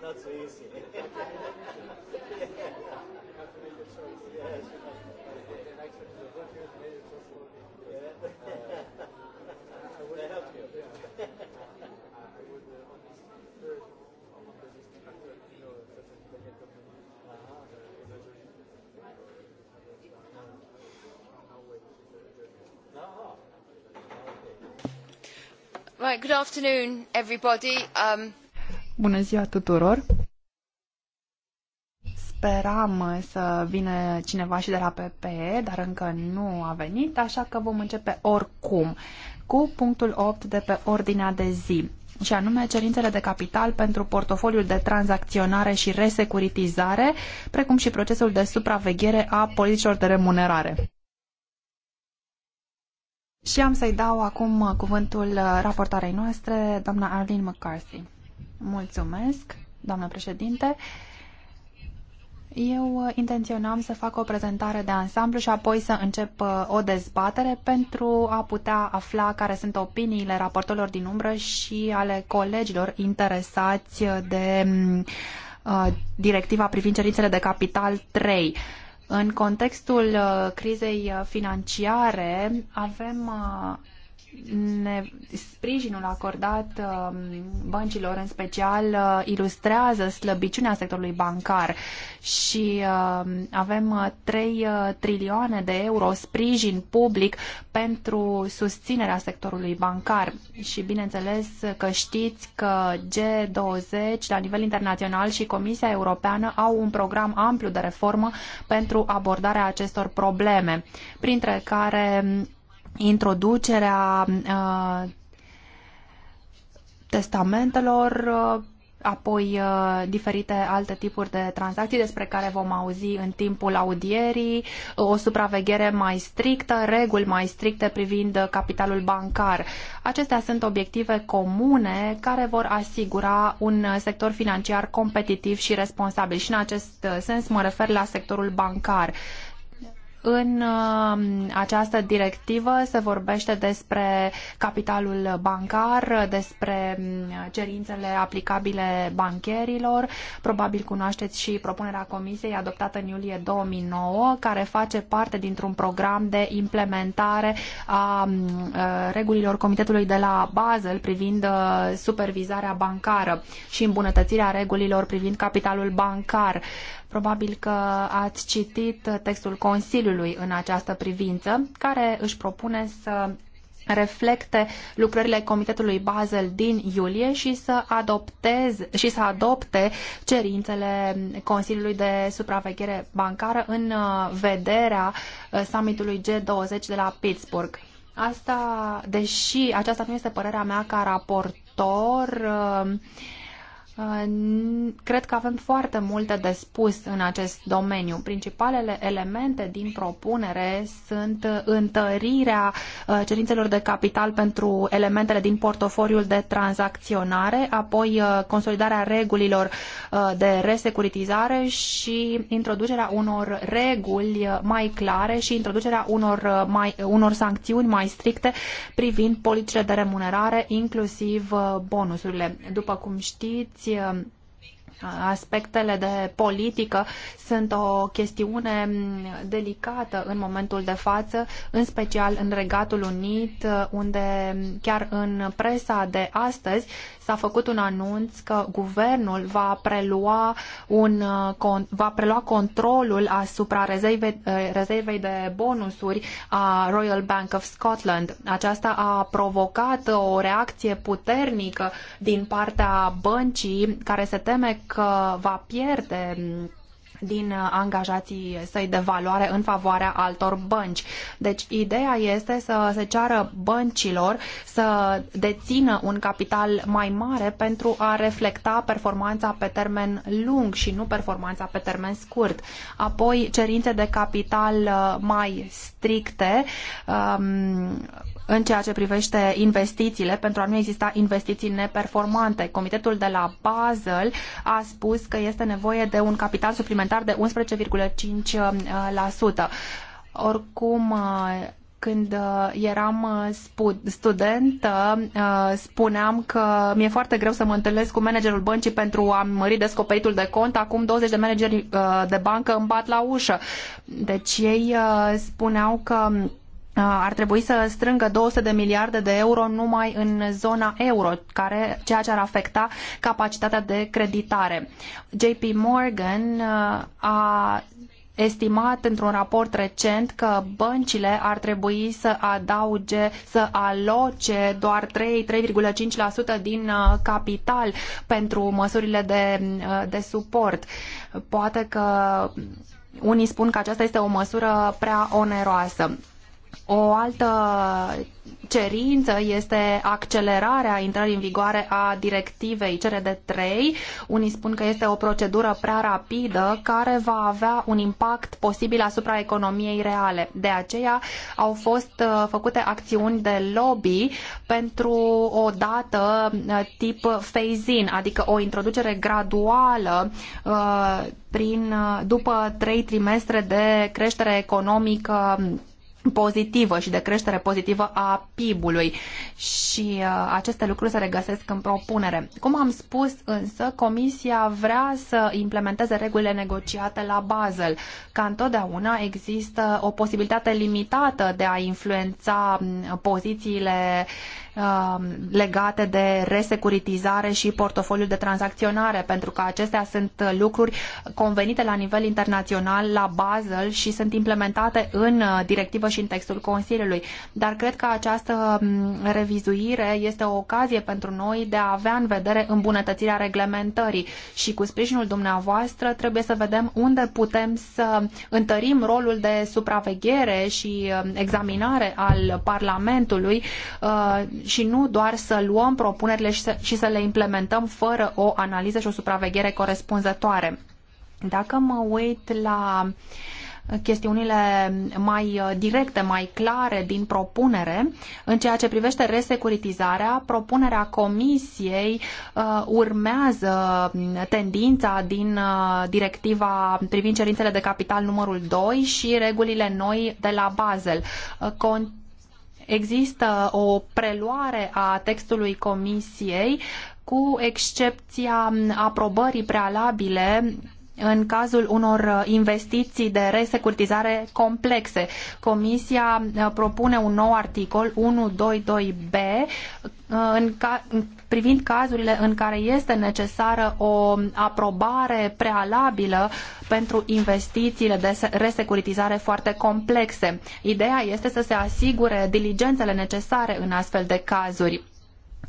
easy. Right, good afternoon, everybody. Um, Bună ziua tuturor! Speram uh, să vină cineva și de la PPE, dar încă nu a venit, așa că vom începe oricum cu punctul 8 de pe ordinea de zi și anume cerințele de capital pentru portofoliul de tranzacționare și resecuritizare, precum și procesul de supraveghere a politicilor de remunerare. Și am să-i dau acum uh, cuvântul uh, raportarei noastre, doamna Arlene McCarthy. Mulțumesc, doamnă președinte. Eu uh, intenționam să fac o prezentare de ansamblu și apoi să încep uh, o dezbatere pentru a putea afla care sunt opiniile raportorilor din umbră și ale colegilor interesați de mm, uh, directiva privind cerințele de capital 3. În contextul crizei financiare avem ne, sprijinul acordat um, băncilor în special uh, ilustrează slăbiciunea sectorului bancar și um, avem 3 uh, uh, trilioane de euro sprijin public pentru susținerea sectorului bancar și bineînțeles că știți că G20 la nivel internațional și Comisia Europeană au un program amplu de reformă pentru abordarea acestor probleme, printre care introducerea uh, testamentelor, uh, apoi uh, diferite alte tipuri de tranzacții despre care vom auzi în timpul audierii, o supraveghere mai strictă, reguli mai stricte privind capitalul bancar. Acestea sunt obiective comune care vor asigura un sector financiar competitiv și responsabil și în acest sens mă refer la sectorul bancar. În um, această directivă se vorbește despre capitalul bancar, despre um, cerințele aplicabile bancherilor. Probabil cunoașteți și propunerea Comisiei adoptată în iulie 2009, care face parte dintr-un program de implementare a um, uh, regulilor Comitetului de la Basel privind uh, supervizarea bancară și îmbunătățirea regulilor privind capitalul bancar. Probabil că ați citit textul Consiliului în această privință, care își propune să reflecte lucrările Comitetului Basel din iulie și să, adoptez, și să adopte cerințele Consiliului de Supraveghere Bancară în uh, vederea uh, summitului G20 de la Pittsburgh. Asta, deși aceasta nu este părerea mea ca raportor, uh, Uh, cred că avem foarte multe de spus în acest domeniu. Principalele elemente din propunere sunt întărirea uh, cerințelor de capital pentru elementele din portofoliul de tranzacționare, apoi uh, consolidarea regulilor de resecuritizare și introducerea unor reguli mai clare și introducerea unor, mai, unor sancțiuni mai stricte privind politicile de remunerare, inclusiv bonusurile. După cum știți, aspectele de politică sunt o chestiune delicată în momentul de față, în special în Regatul Unit, unde chiar în presa de astăzi s-a făcut un anunț că guvernul va prelua, un, uh, va prelua controlul asupra rezervei, uh, rezervei de bonusuri a Royal Bank of Scotland. Aceasta a provocat o reacție puternică din partea băncii care se teme că va pierde mm, din uh, angajații săi de valoare în favoarea altor bănci. Deci ideea este să se ceară băncilor să dețină un capital mai mare pentru a reflecta performanța pe termen lung și nu performanța pe termen scurt. Apoi cerințe de capital uh, mai stricte um, în ceea ce privește investițiile, pentru a nu exista investiții neperformante. Comitetul de la Basel a spus că este nevoie de un capital suplimentar de 11,5%. Uh, Oricum, uh, când uh, eram studentă, spuneam că mi-e foarte greu să mă întâlnesc cu managerul băncii pentru a mări descoperitul de cont. Acum 20 de manageri de bancă îmi bat la ușă. Deci ei spuneau că Uh, ar trebui să strângă 200 de miliarde de euro numai în zona euro, care, ceea ce ar afecta capacitatea de creditare. JP Morgan uh, a estimat într-un raport recent că băncile ar trebui să adauge, să aloce doar 3,5% din uh, capital pentru măsurile de, de suport. Poate că unii spun că aceasta este o măsură prea oneroasă. O altă cerință este accelerarea intrării în vigoare a directivei CRD3. Unii spun că este o procedură prea rapidă care va avea un impact posibil asupra economiei reale. De aceea au fost uh, făcute acțiuni de lobby pentru o dată uh, tip phase-in, adică o introducere graduală uh, prin, după trei trimestre de creștere economică pozitivă și de creștere pozitivă a PIB-ului și uh, aceste lucruri se regăsesc în propunere. Cum am spus însă, Comisia vrea să implementeze regulile negociate la Basel. Ca întotdeauna există o posibilitate limitată de a influența mm, pozițiile uh, Um, legate de resecuritizare și portofoliul de tranzacționare, pentru că acestea sunt lucruri convenite la nivel internațional, la Basel și sunt implementate în uh, directivă și în textul Consiliului. Dar cred că această um, revizuire este o ocazie pentru noi de a avea în vedere îmbunătățirea reglementării și cu sprijinul dumneavoastră trebuie să vedem unde putem să întărim rolul de supraveghere și um, examinare al Parlamentului uh, și nu doar să luăm propunerile și să, și să le implementăm fără o analiză și o supraveghere corespunzătoare. Dacă mă uit la chestiunile mai directe, mai clare din propunere. În ceea ce privește resecuritizarea, propunerea comisiei uh, urmează tendința din uh, directiva privind cerințele de capital numărul 2 și regulile noi de la Basel. Uh, Există o preluare a textului comisiei cu excepția aprobării prealabile în cazul unor investiții de resecurtizare complexe. Comisia propune un nou articol 122b Uh, în ca, privind cazurile în care este necesară o aprobare prealabilă pentru investițiile de resecuritizare foarte complexe. Ideea este să se asigure diligențele necesare în astfel de cazuri.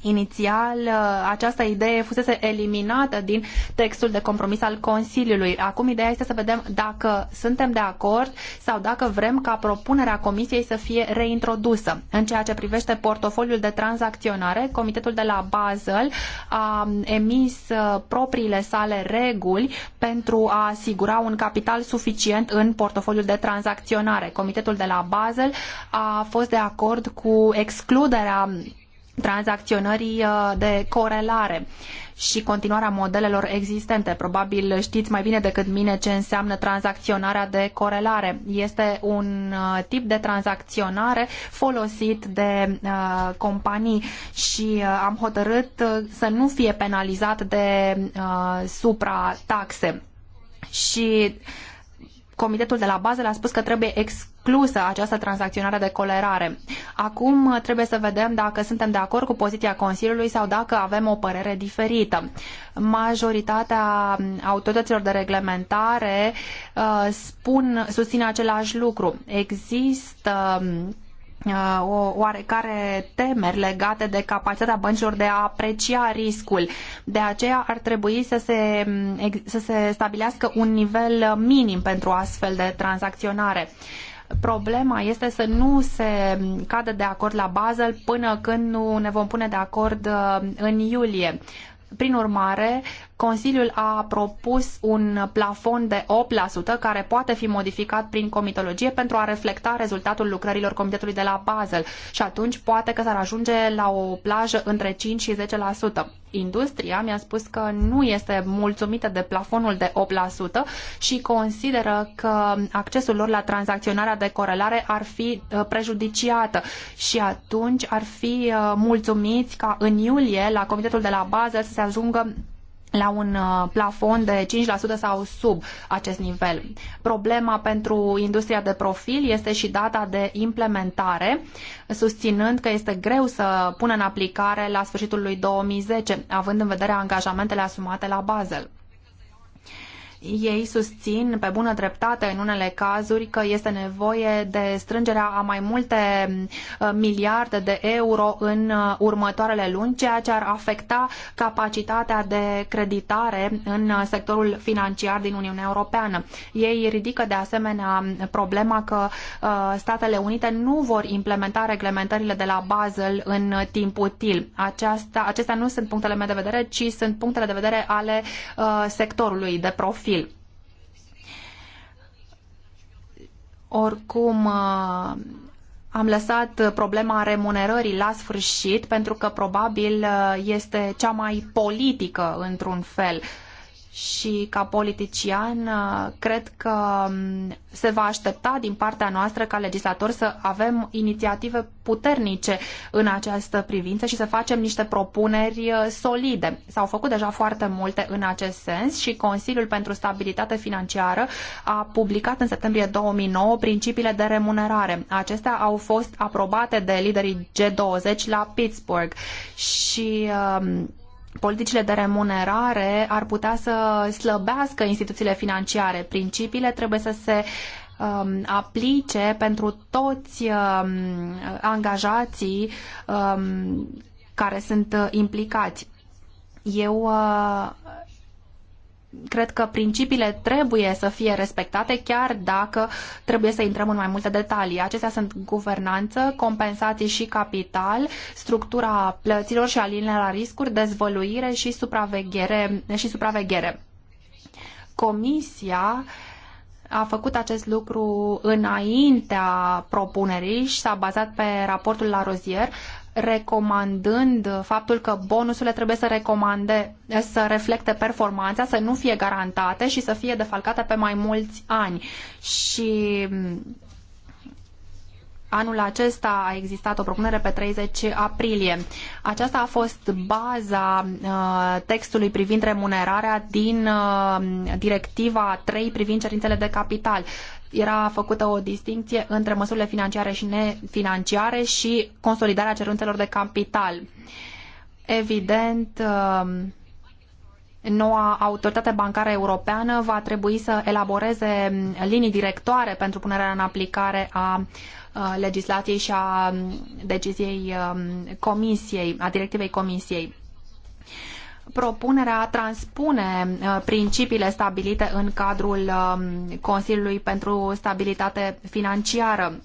Inițial, uh, această idee fusese eliminată din textul de compromis al Consiliului. Acum, ideea este să vedem dacă suntem de acord sau dacă vrem ca propunerea Comisiei să fie reintrodusă. În ceea ce privește portofoliul de tranzacționare, Comitetul de la Basel a emis uh, propriile sale reguli pentru a asigura un capital suficient în portofoliul de tranzacționare. Comitetul de la Basel a fost de acord cu excluderea tranzacționării uh, de corelare și continuarea modelelor existente. Probabil știți mai bine decât mine ce înseamnă tranzacționarea de corelare. Este un uh, tip de tranzacționare folosit de uh, companii și uh, am hotărât uh, să nu fie penalizat de uh, taxe. Și uh, comitetul de la bază le-a spus că trebuie exclusă această tranzacționare de colerare. Acum uh, trebuie să vedem dacă suntem de acord cu poziția Consiliului sau dacă avem o părere diferită. Majoritatea um, autorităților de reglementare uh, spun, susține același lucru. Există uh, Uh, o oarecare temeri legate de capacitatea băncilor de a aprecia riscul. De aceea ar trebui să se, mm, să se stabilească un nivel minim pentru astfel de tranzacționare. Problema este să nu se cadă de acord la Basel până când nu ne vom pune de acord uh, în iulie. Prin urmare, Consiliul a propus un plafon de 8% care poate fi modificat prin comitologie pentru a reflecta rezultatul lucrărilor Comitetului de la Basel și atunci poate că s-ar ajunge la o plajă între 5 și 10%. Industria mi-a spus că nu este mulțumită de plafonul de 8% și consideră că accesul lor la tranzacționarea de corelare ar fi uh, prejudiciată și atunci ar fi uh, mulțumiți ca în iulie la Comitetul de la Basel să se ajungă la un uh, plafon de 5% sau sub acest nivel. Problema pentru industria de profil este și data de implementare, susținând că este greu să pună în aplicare la sfârșitul lui 2010, având în vedere angajamentele asumate la Basel. Ei susțin pe bună dreptate în unele cazuri că este nevoie de strângerea a mai multe uh, miliarde de euro în uh, următoarele luni, ceea ce ar afecta capacitatea de creditare în uh, sectorul financiar din Uniunea Europeană. Ei ridică de asemenea problema că Statele Unite nu vor implementa reglementările de la Basel în timp util. Aceasta, acestea nu sunt punctele mele de vedere, ci sunt punctele de vedere ale sectorului de profil stil. Oricum, uh, am lăsat problema remunerării la sfârșit pentru că probabil uh, este cea mai politică într-un fel. Uh, și ca politician uh, cred că um, se va aștepta din partea noastră ca legislator să avem inițiative puternice în această privință și să facem niște propuneri uh, solide. S-au făcut deja foarte multe în acest sens și Consiliul pentru Stabilitate Financiară a publicat în septembrie 2009 principiile de remunerare. Acestea au fost aprobate de liderii G20 la Pittsburgh și um, politicile de remunerare ar putea să slăbească instituțiile financiare. Principiile trebuie să se um, aplice pentru toți um, angajații um, care sunt implicați. Eu uh, cred că principiile trebuie să fie respectate, chiar dacă trebuie să intrăm în mai multe detalii. Acestea sunt guvernanță, compensații și capital, structura plăților și alinierea la riscuri, dezvăluire și supraveghere. Și supraveghere. Comisia a făcut acest lucru înaintea propunerii și s-a bazat pe raportul la rozier, recomandând faptul că bonusurile trebuie să recomande, să reflecte performanța, să nu fie garantate și să fie defalcate pe mai mulți ani. Și mm, anul acesta a existat o propunere pe 30 aprilie. Aceasta a fost baza uh, textului privind remunerarea din uh, directiva 3 privind cerințele de capital era făcută o distinție între măsurile financiare și nefinanciare și consolidarea cerințelor de capital. Evident, um, noua autoritate bancară europeană va trebui să elaboreze linii directoare pentru punerea în aplicare a uh, legislației și a um, deciziei um, comisiei, a directivei comisiei propunerea transpune uh, principiile stabilite în cadrul um, Consiliului pentru Stabilitate Financiară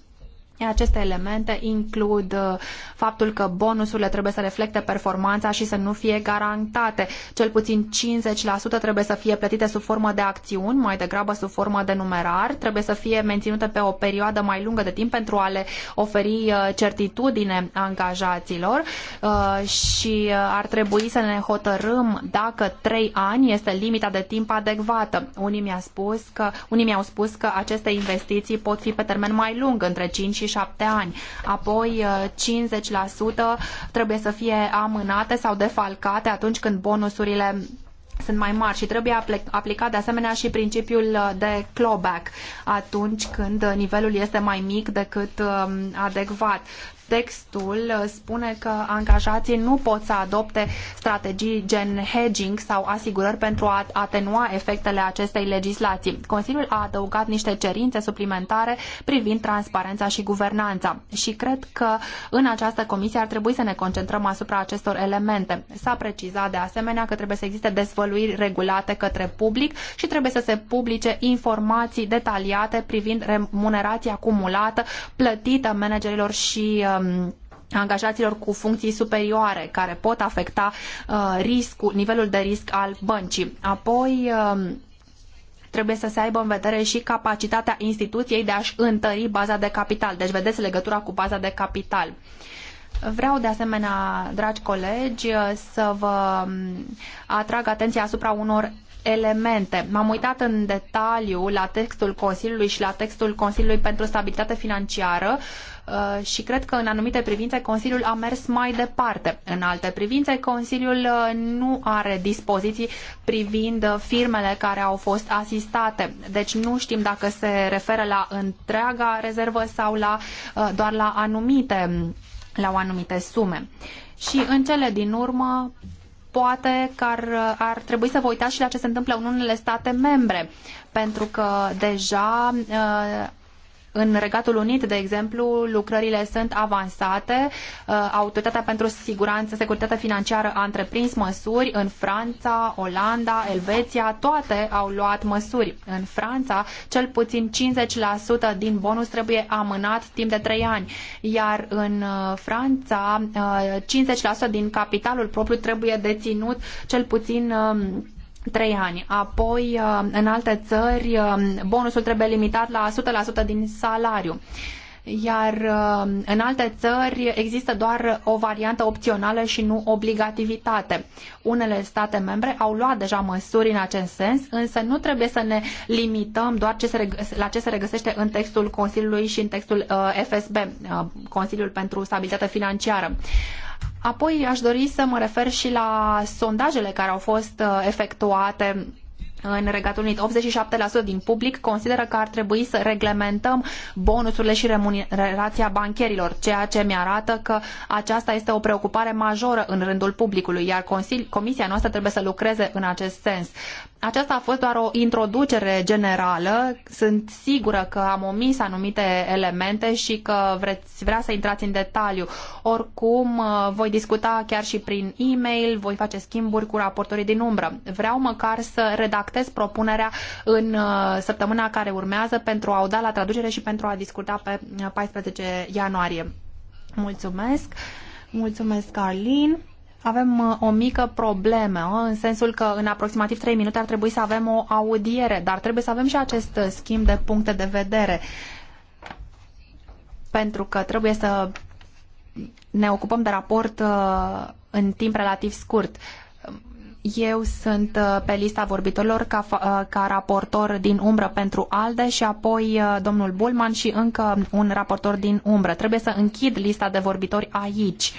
aceste elemente includ uh, faptul că bonusurile trebuie să reflecte performanța și să nu fie garantate. Cel puțin 50% trebuie să fie plătite sub formă de acțiuni, mai degrabă sub formă de numerar. Trebuie să fie menținute pe o perioadă mai lungă de timp pentru a le oferi uh, certitudine angajaților uh, și ar trebui să ne hotărâm dacă 3 ani este limita de timp adecvată. Unii mi-au spus că, unii mi-au spus că aceste investiții pot fi pe termen mai lung, între 5 și 27 ani. Apoi 50% uh, trebuie să fie amânate sau defalcate atunci când bonusurile sunt mai mari și trebuie aplicat de asemenea și principiul uh, de clawback atunci când nivelul este mai mic decât um, adecvat textul uh, spune că angajații nu pot să adopte strategii gen hedging sau asigurări pentru a atenua efectele acestei legislații. Consiliul a adăugat niște cerințe suplimentare privind transparența și guvernanța și cred că în această comisie ar trebui să ne concentrăm asupra acestor elemente. S-a precizat de asemenea că trebuie să existe dezvăluiri regulate către public și trebuie să se publice informații detaliate privind remunerația acumulată plătită managerilor și uh, Um, angajaților cu funcții superioare care pot afecta uh, riscul, nivelul de risc al băncii. Apoi um, trebuie să se aibă în vedere și capacitatea instituției de a-și întări baza de capital. Deci vedeți legătura cu baza de capital. Vreau de asemenea, dragi colegi, uh, să vă um, atrag atenția asupra unor elemente. M-am uitat în detaliu la textul Consiliului și la textul Consiliului pentru Stabilitate Financiară uh, și cred că în anumite privințe Consiliul a mers mai departe. În alte privințe, Consiliul uh, nu are dispoziții privind firmele care au fost asistate. Deci nu știm dacă se referă la întreaga rezervă sau la, uh, doar la anumite, la o anumite sume. Și în cele din urmă, poate că ar, ar trebui să vă uitați și la ce se întâmplă în unele state membre, pentru că deja uh, în Regatul Unit, de exemplu, lucrările sunt avansate. Uh, Autoritatea pentru Siguranță, Securitatea Financiară a întreprins măsuri în Franța, Olanda, Elveția, toate au luat măsuri. În Franța, cel puțin 50% din bonus trebuie amânat timp de 3 ani, iar în uh, Franța, 50% uh, din capitalul propriu trebuie deținut cel puțin um, trei ani. Apoi, uh, în alte țări, uh, bonusul trebuie limitat la 100% din salariu. Iar uh, în alte țări există doar o variantă opțională și nu obligativitate. Unele state membre au luat deja măsuri în acest sens, însă nu trebuie să ne limităm doar ce se la ce se regăsește în textul Consiliului și în textul FSB, Consiliul pentru Stabilitate Financiară. Apoi aș dori să mă refer și la sondajele care au fost uh, efectuate în Regatul Unit. 87% din public consideră că ar trebui să reglementăm bonusurile și remunerația bancherilor, ceea ce mi-arată că aceasta este o preocupare majoră în rândul publicului, iar Comisia noastră trebuie să lucreze în acest sens. Aceasta a fost doar o introducere generală. Sunt sigură că am omis anumite elemente și că vreți, vrea să intrați în detaliu. Oricum, uh, voi discuta chiar și prin e-mail, voi face schimburi cu raportorii din umbră. Vreau măcar să redactez propunerea în uh, săptămâna care urmează pentru a o da la traducere și pentru a discuta pe 14 uh, ianuarie. Mulțumesc! Mulțumesc, Carlin! avem uh, o mică problemă, uh, în sensul că în aproximativ 3 minute ar trebui să avem o audiere, dar trebuie să avem și acest uh, schimb de puncte de vedere, pentru că trebuie să ne ocupăm de raport în timp relativ scurt. Eu sunt pe lista vorbitorilor ca, ca raportor din umbră pentru ALDE și apoi domnul Bulman și încă un raportor din umbră. Trebuie să închid lista de vorbitori aici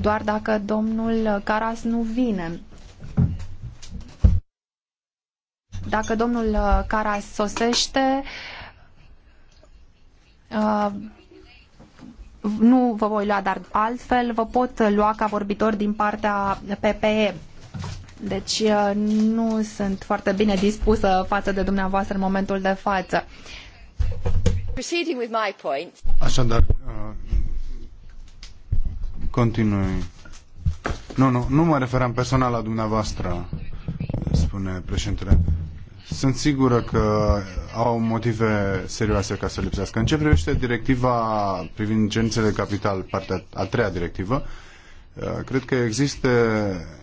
doar dacă domnul Caras nu vine. Dacă domnul uh, Caras sosește, uh, nu vă voi lua, dar altfel vă pot lua ca vorbitor din partea PPE. Deci uh, nu sunt foarte bine dispusă față de dumneavoastră în momentul de față. Așadar, Continui. Nu, nu, nu mă referam personal la dumneavoastră, spune președintele. Sunt sigură că au motive serioase ca să lipsească. În ce privește directiva privind cerințele de capital, partea a treia directivă, uh, cred că există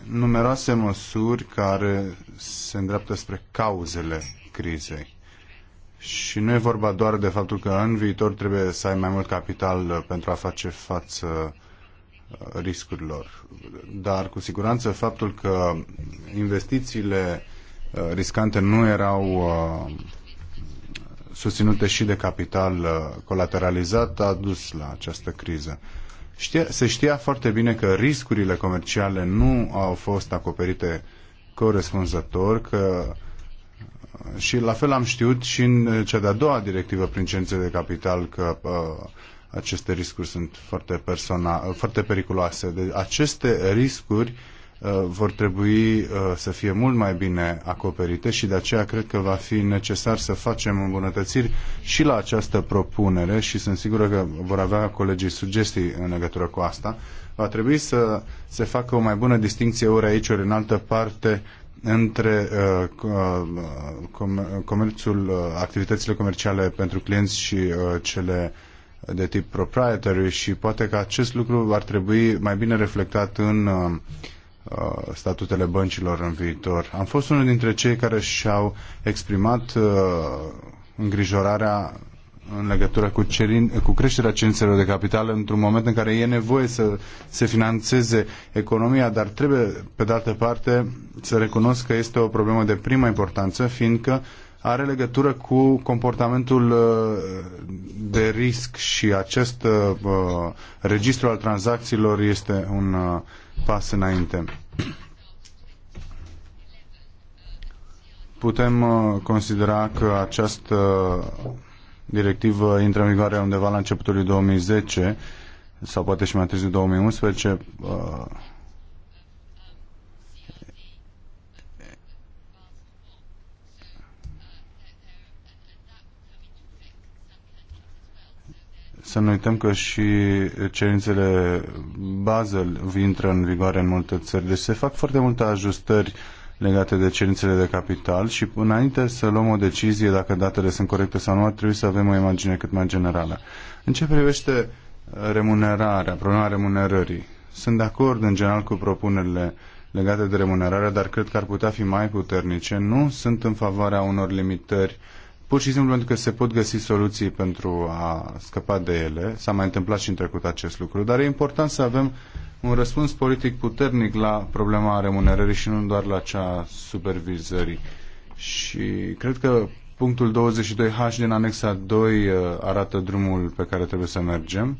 numeroase măsuri care se îndreaptă spre cauzele crizei. Și nu e vorba doar de faptul că în viitor trebuie să ai mai mult capital pentru a face față riscurilor. Dar cu siguranță faptul că investițiile uh, riscante nu erau uh, susținute și de capital uh, colateralizat a dus la această criză. Știa, se știa foarte bine că riscurile comerciale nu au fost acoperite corespunzător, că și la fel am știut și în cea de-a doua directivă prin cerințe de capital că uh, aceste riscuri sunt foarte, persona, foarte periculoase. De deci, aceste riscuri uh, vor trebui uh, să fie mult mai bine acoperite și de aceea cred că va fi necesar să facem îmbunătățiri și la această propunere și sunt sigură că vor avea colegii sugestii în legătură cu asta. Va trebui să se facă o mai bună distinție ori aici, ori în altă parte între uh, uh comerțul, activitățile comerciale pentru clienți și uh, cele de tip proprietary și poate că acest lucru ar trebui mai bine reflectat în uh, uh, statutele băncilor în viitor. Am fost unul dintre cei care și-au exprimat uh, îngrijorarea în legătură cu, cerin, cu creșterea cerințelor de capital într-un moment în care e nevoie să se financeze economia, dar trebuie, pe de altă parte, să recunosc că este o problemă de primă importanță, fiindcă uh, are legătură cu comportamentul uh, de risc și acest uh, uh, registru al tranzacțiilor este un pas înainte. Putem considera că această directivă intră în vigoare undeva la începutul 2010 sau poate și mai târziu 2011. Să nu uităm că și cerințele Basel intră în vigoare în multe țări. Deci se fac foarte multe ajustări legate de cerințele de capital și înainte să luăm o decizie dacă datele sunt corecte sau nu, ar trebui să avem o imagine cât mai generală. În ce privește remunerarea, problema remunerării, sunt de acord în general cu propunerile legate de remunerare, dar cred că ar putea fi mai puternice. Nu sunt în favoarea unor limitări pur și simplu pentru că se pot găsi soluții pentru a scăpa de ele. S-a mai întâmplat și în trecut acest lucru, dar e important să avem un răspuns politic puternic la problema remunerării și nu doar la cea supervizării. Și cred că punctul 22H din anexa 2 uh, arată drumul pe care trebuie să mergem.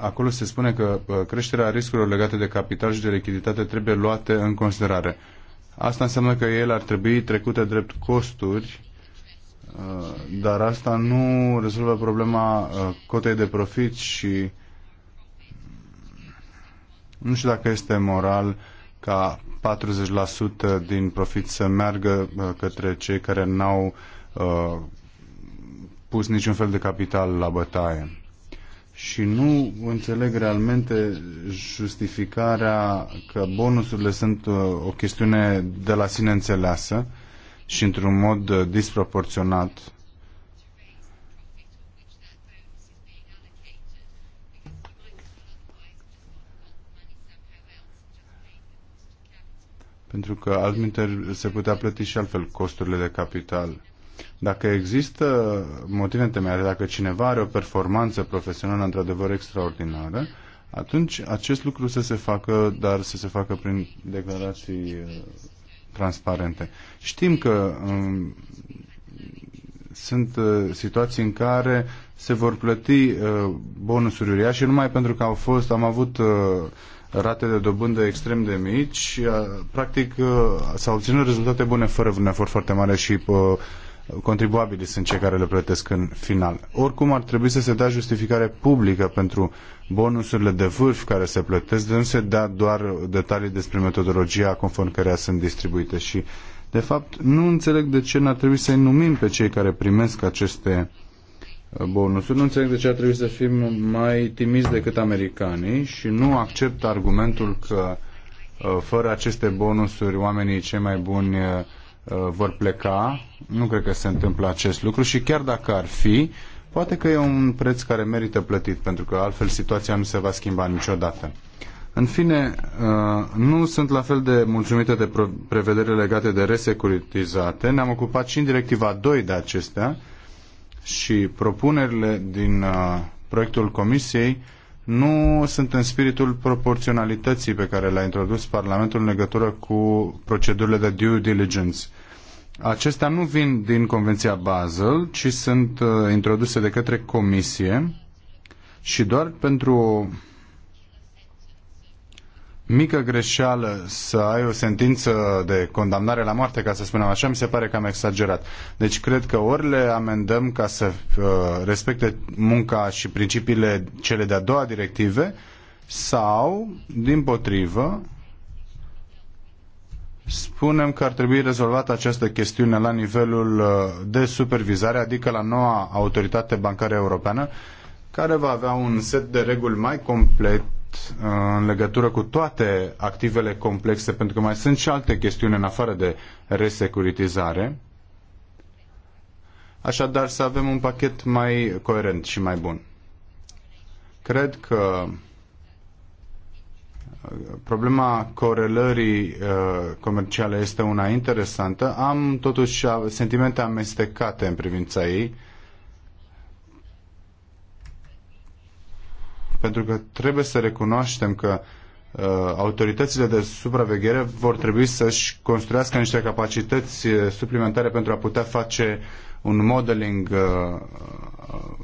Acolo se spune că uh, creșterea riscurilor legate de capital și de lichiditate trebuie luate în considerare. Asta înseamnă că ele ar trebui trecute drept costuri Uh, dar asta nu rezolvă problema uh, cotei de profit și nu știu dacă este moral ca 40% din profit să meargă uh, către cei care n-au uh, pus niciun fel de capital la bătaie. Și nu înțeleg realmente justificarea că bonusurile sunt o chestiune de la sine înțeleasă și într-un mod uh, disproporționat pentru că altminteri se putea plăti și altfel costurile de capital. Dacă există motive temeiare, dacă cineva are o performanță profesională într-adevăr extraordinară, atunci acest lucru să se facă, dar să se facă prin declarații uh, transparente. Știm că um, sunt uh, situații în care se vor plăti uh, bonusuri uriașe numai pentru că au fost, am avut uh, rate de dobândă extrem de mici. Uh, practic uh, s-au obținut rezultate bune fără un efort foarte mare și uh, contribuabilii sunt cei care le plătesc în final. Oricum ar trebui să se dea justificare publică pentru bonusurile de vârf care se plătesc, de nu se dea doar detalii despre metodologia conform cărea sunt distribuite și de fapt nu înțeleg de ce n-ar trebui să-i numim pe cei care primesc aceste uh, bonusuri. Nu înțeleg de ce ar trebui să fim mai timizi decât americanii și nu accept argumentul că uh, fără aceste bonusuri oamenii cei mai buni uh, Uh, vor pleca. Nu cred că se întâmplă acest lucru și chiar dacă ar fi, poate că e un preț care merită plătit, pentru că altfel situația nu se va schimba niciodată. În fine, uh, nu sunt la fel de mulțumită de prevedere legate de resecuritizate. Ne-am ocupat și în directiva 2 de acestea și propunerile din uh, proiectul Comisiei nu sunt în spiritul proporționalității pe care l-a introdus Parlamentul în legătură cu procedurile de due diligence. Acestea nu vin din Convenția Basel, ci sunt uh, introduse de către Comisie și doar pentru mică greșeală să ai o sentință de condamnare la moarte, ca să spunem așa, mi se pare că am exagerat. Deci cred că ori le amendăm ca să uh, respecte munca și principiile cele de-a doua directive, sau, din potrivă, spunem că ar trebui rezolvată această chestiune la nivelul uh, de supervizare, adică la noua autoritate bancară europeană, care va avea un set de reguli mai complet Uh, în legătură cu toate activele complexe, pentru că mai sunt și alte chestiuni în afară de resecuritizare. Așadar, să avem un pachet mai coerent și mai bun. Cred că uh, problema corelării uh, comerciale este una interesantă. Am totuși sentimente amestecate în privința ei pentru că trebuie să recunoaștem că uh, autoritățile de supraveghere vor trebui să-și construiască niște capacități uh, suplimentare pentru a putea face un modeling uh, uh,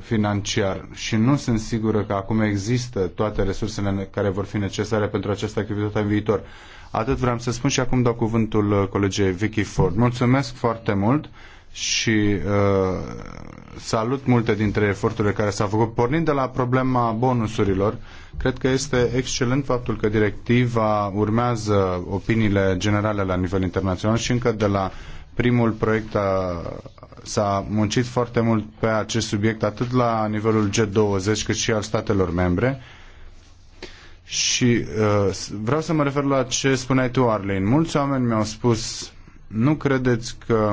financiar și nu sunt sigură că acum există toate resursele care vor fi necesare pentru această activitate în viitor. Atât vreau să spun și acum dau cuvântul uh, colegei Vicky Ford. Mulțumesc foarte mult! și uh, salut multe dintre eforturile care s-au făcut. Pornind de la problema bonusurilor, cred că este excelent faptul că directiva urmează opiniile generale la nivel internațional și încă de la primul proiect a, s-a muncit foarte mult pe acest subiect, atât la nivelul G20 cât și al statelor membre. Și uh, vreau să mă refer la ce spuneai tu, Arlin. Mulți oameni mi-au spus, nu credeți că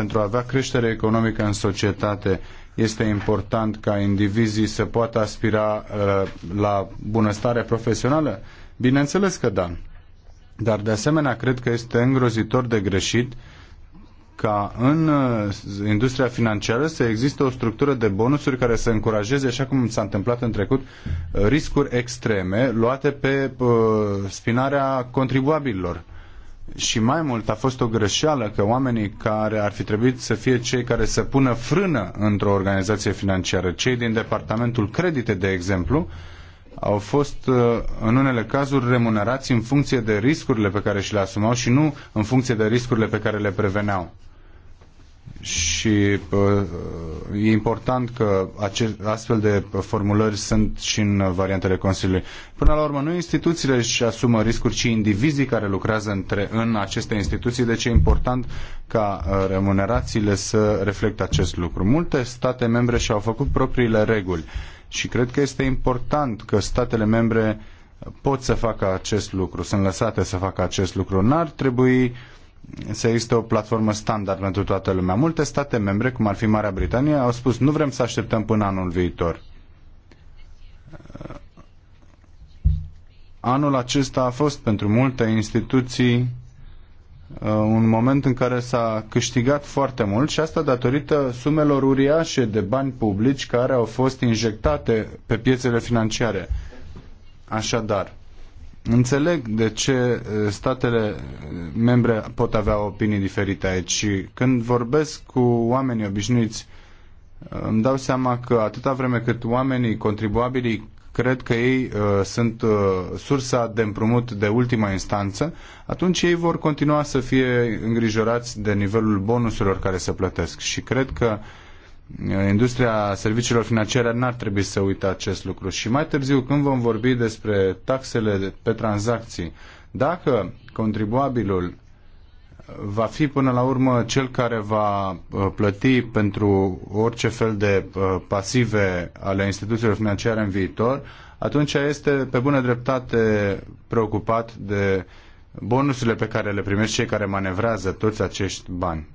pentru a avea creștere economică în societate, este important ca indivizii să poată aspira uh, la bunăstare profesională? Bineînțeles că da. Dar de asemenea cred că este îngrozitor de greșit ca în uh, industria financiară să existe o structură de bonusuri care să încurajeze, așa cum s-a întâmplat în trecut, riscuri extreme luate pe uh, spinarea contribuabililor și mai mult a fost o greșeală că oamenii care ar fi trebuit să fie cei care să pună frână într-o organizație financiară, cei din departamentul credite, de exemplu, au fost uh, în unele cazuri remunerați în funcție de riscurile pe care și le asumau și nu în funcție de riscurile pe care le preveneau și uh, e important că ace- astfel de formulări sunt și în variantele Consiliului. Până la urmă, nu instituțiile își asumă riscuri, ci indivizii care lucrează între, în aceste instituții, deci e important ca uh, remunerațiile să reflecte acest lucru. Multe state membre și-au făcut propriile reguli și cred că este important că statele membre pot să facă acest lucru, sunt lăsate să facă acest lucru. N-ar trebui să existe o platformă standard pentru toată lumea. Multe state membre, cum ar fi Marea Britanie, au spus nu vrem să așteptăm până anul viitor. Anul acesta a fost pentru multe instituții uh, un moment în care s-a câștigat foarte mult și asta datorită sumelor uriașe de bani publici care au fost injectate pe piețele financiare. Așadar, Înțeleg de ce eh, statele eh, membre pot avea opinii diferite aici și când vorbesc cu oamenii obișnuiți, eh, îmi dau seama că atâta vreme cât oamenii contribuabili cred că ei uh, sunt uh, sursa de împrumut de ultima instanță, atunci ei vor continua să fie îngrijorați de nivelul bonusurilor care se plătesc. Și cred că uh, Industria serviciilor financiare n-ar trebui să uite acest lucru. Și mai târziu, când vom vorbi despre taxele pe tranzacții, dacă contribuabilul va fi până la urmă cel care va uh, plăti pentru orice fel de uh, pasive ale instituțiilor financiare în viitor, atunci este pe bună dreptate preocupat de bonusurile pe care le primesc cei care manevrează toți acești bani.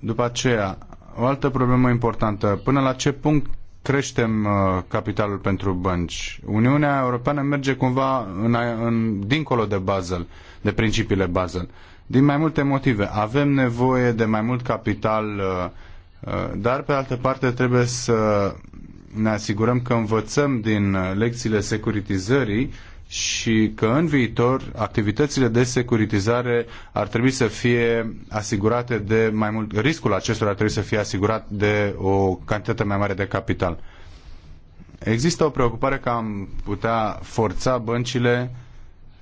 După aceea, o altă problemă importantă. Până la ce punct creștem uh, capitalul pentru bănci? Uniunea Europeană merge cumva în, în, dincolo de Basel, de principiile Basel. Din mai multe motive. Avem nevoie de mai mult capital, uh, uh, dar pe altă parte trebuie să ne asigurăm că învățăm din lecțiile securitizării și că în viitor activitățile de securitizare ar trebui să fie asigurate de mai mult, riscul acestora ar trebui să fie asigurat de o cantitate mai mare de capital. Există o preocupare că am putea forța băncile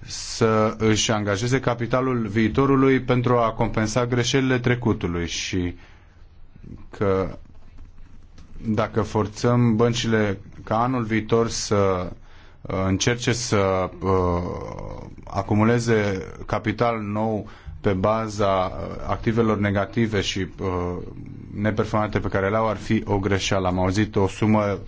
să își angajeze capitalul viitorului pentru a compensa greșelile trecutului și că dacă forțăm băncile ca anul viitor să Uh, încerce să uh, acumuleze capital nou pe baza uh, activelor negative și neperformante pe care le au ar fi o greșeală. Am auzit o sumă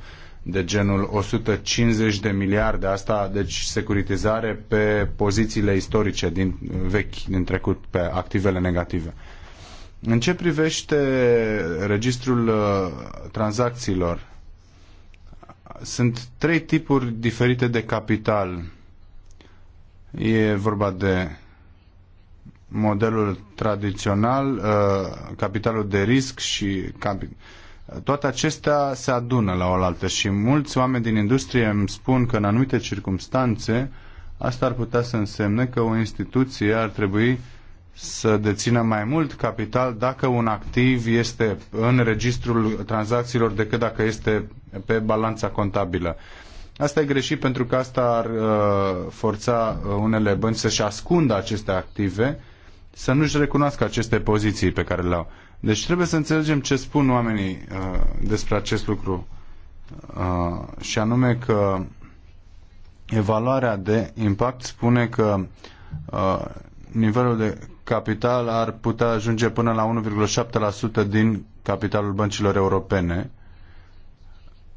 de genul 150 de miliarde, asta deci securitizare pe pozițiile istorice din vechi, din trecut, pe activele negative. În ce privește registrul tranzacțiilor, sunt trei tipuri diferite de capital. E vorba de modelul tradițional, uh, capitalul de risc și capi- toate acestea se adună la oaltă și mulți oameni din industrie îmi spun că în anumite circunstanțe asta ar putea să însemne că o instituție ar trebui să dețină mai mult capital dacă un activ este în registrul tranzacțiilor decât dacă este pe balanța contabilă. Asta e greșit pentru că asta ar uh, forța uh, unele bănci să-și ascundă aceste active, să nu-și recunoască aceste poziții pe care le-au. Deci trebuie să înțelegem ce spun oamenii uh, despre acest lucru. Uh, și anume că evaluarea de impact spune că uh, nivelul de capital ar putea ajunge până la 1,7% din capitalul băncilor europene.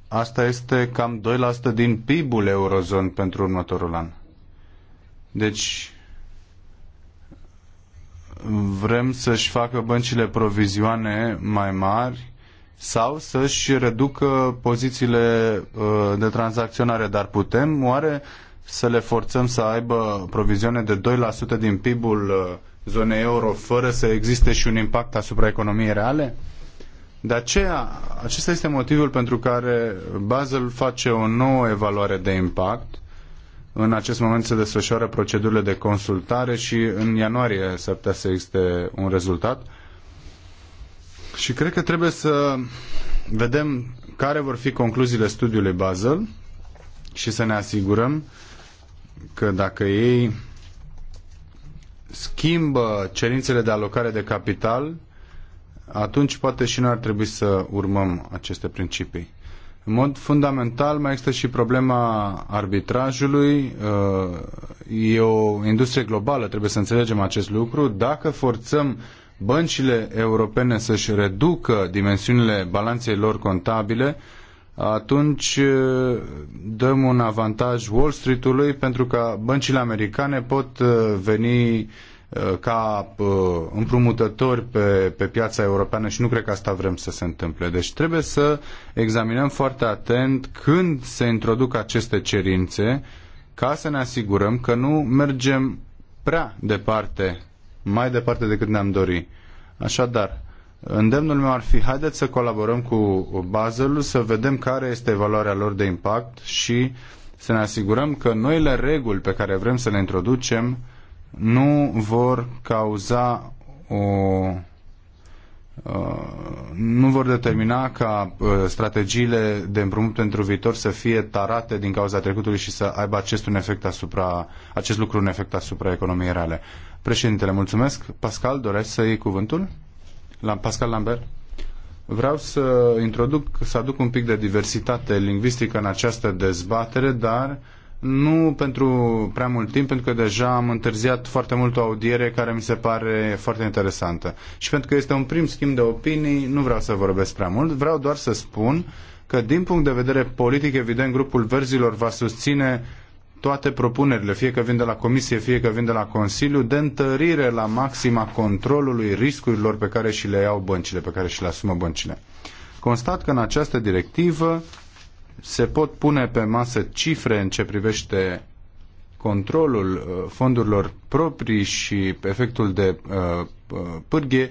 Asta este cam 2% din PIB-ul eurozon pentru următorul an. Deci vrem să-și facă băncile provizioane mai mari sau să-și reducă pozițiile uh, de tranzacționare, dar putem oare să le forțăm să aibă provizioane de 2% din PIB-ul uh, zonei euro fără să existe și un impact asupra economiei reale? De aceea, acesta este motivul pentru care Basel face o nouă evaluare de impact. În acest moment se desfășoară procedurile de consultare și în ianuarie s-ar putea să existe un rezultat. Și cred că trebuie să vedem care vor fi concluziile studiului Basel și să ne asigurăm că dacă ei schimbă cerințele de alocare de capital, atunci poate și noi ar trebui să urmăm aceste principii. În mod fundamental mai există și problema arbitrajului. Uh, e o industrie globală, trebuie să înțelegem acest lucru. Dacă forțăm băncile europene să-și reducă dimensiunile balanței lor contabile, atunci dăm un avantaj Wall Street-ului pentru că băncile americane pot veni ca împrumutători pe, pe piața europeană și nu cred că asta vrem să se întâmple. Deci trebuie să examinăm foarte atent când se introduc aceste cerințe ca să ne asigurăm că nu mergem prea departe, mai departe decât ne-am dori. Așadar, Îndemnul meu ar fi, haideți să colaborăm cu Basel să vedem care este valoarea lor de impact și să ne asigurăm că noile reguli pe care vrem să le introducem nu vor cauza o uh, nu vor determina ca uh, strategiile de împrumut pentru viitor să fie tarate din cauza trecutului și să aibă acest, un efect asupra, acest lucru un efect asupra economiei reale. Președintele, mulțumesc. Pascal, doresc să iei cuvântul? la Pascal Lambert. Vreau să introduc, să aduc un pic de diversitate lingvistică în această dezbatere, dar nu pentru prea mult timp, pentru că deja am întârziat foarte mult o audiere care mi se pare foarte interesantă. Și pentru că este un prim schimb de opinii, nu vreau să vorbesc prea mult, vreau doar să spun că din punct de vedere politic, evident, grupul verzilor va susține toate propunerile, fie că vin de la Comisie, fie că vin de la Consiliu, de întărire la maxima controlului riscurilor pe care și le iau băncile, pe care și le asumă băncile. Constat că în această directivă se pot pune pe masă cifre în ce privește controlul uh, fondurilor proprii și efectul de uh, uh, pârghie.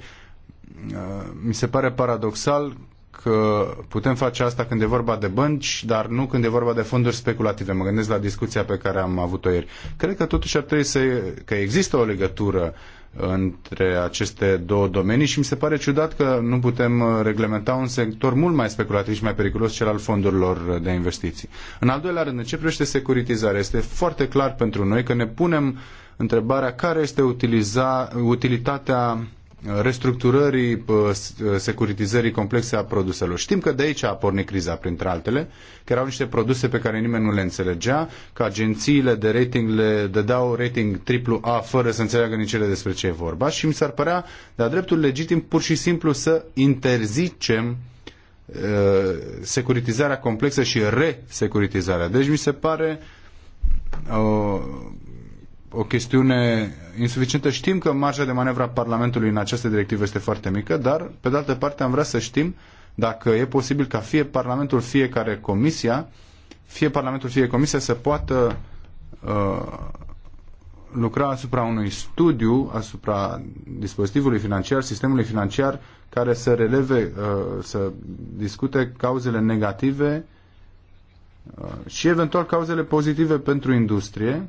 mi se pare paradoxal că putem face asta când e vorba de bănci, dar nu când e vorba de fonduri speculative. Mă gândesc la discuția pe care am avut-o ieri. Cred că totuși ar trebui să, că există o legătură între aceste două domenii și mi se pare ciudat că nu putem uh, reglementa un sector mult mai speculativ și mai periculos, cel al fondurilor de investiții. În al doilea rând, în ce privește securitizarea, este foarte clar pentru noi că ne punem întrebarea care este utiliza, utilitatea restructurării ă, securitizării complexe a produselor. Știm că de aici a pornit criza, printre altele, că erau niște produse pe care nimeni nu le înțelegea, că agențiile de rating le dădeau rating AAA fără să înțeleagă nici ele despre ce e vorba și mi s-ar părea de-a dreptul legitim pur și simplu să interzicem ă, securitizarea complexă și resecuritizarea. Deci mi se pare uh, o chestiune insuficientă. Știm că marja de manevră a Parlamentului în această directivă este foarte mică, dar, pe de altă parte, am vrea să știm dacă e posibil ca fie Parlamentul, fiecare comisia, fie Parlamentul, fie comisia să poată uh, lucra asupra unui studiu asupra dispozitivului financiar, sistemului financiar, care să releve, uh, să discute cauzele negative uh, și eventual cauzele pozitive pentru industrie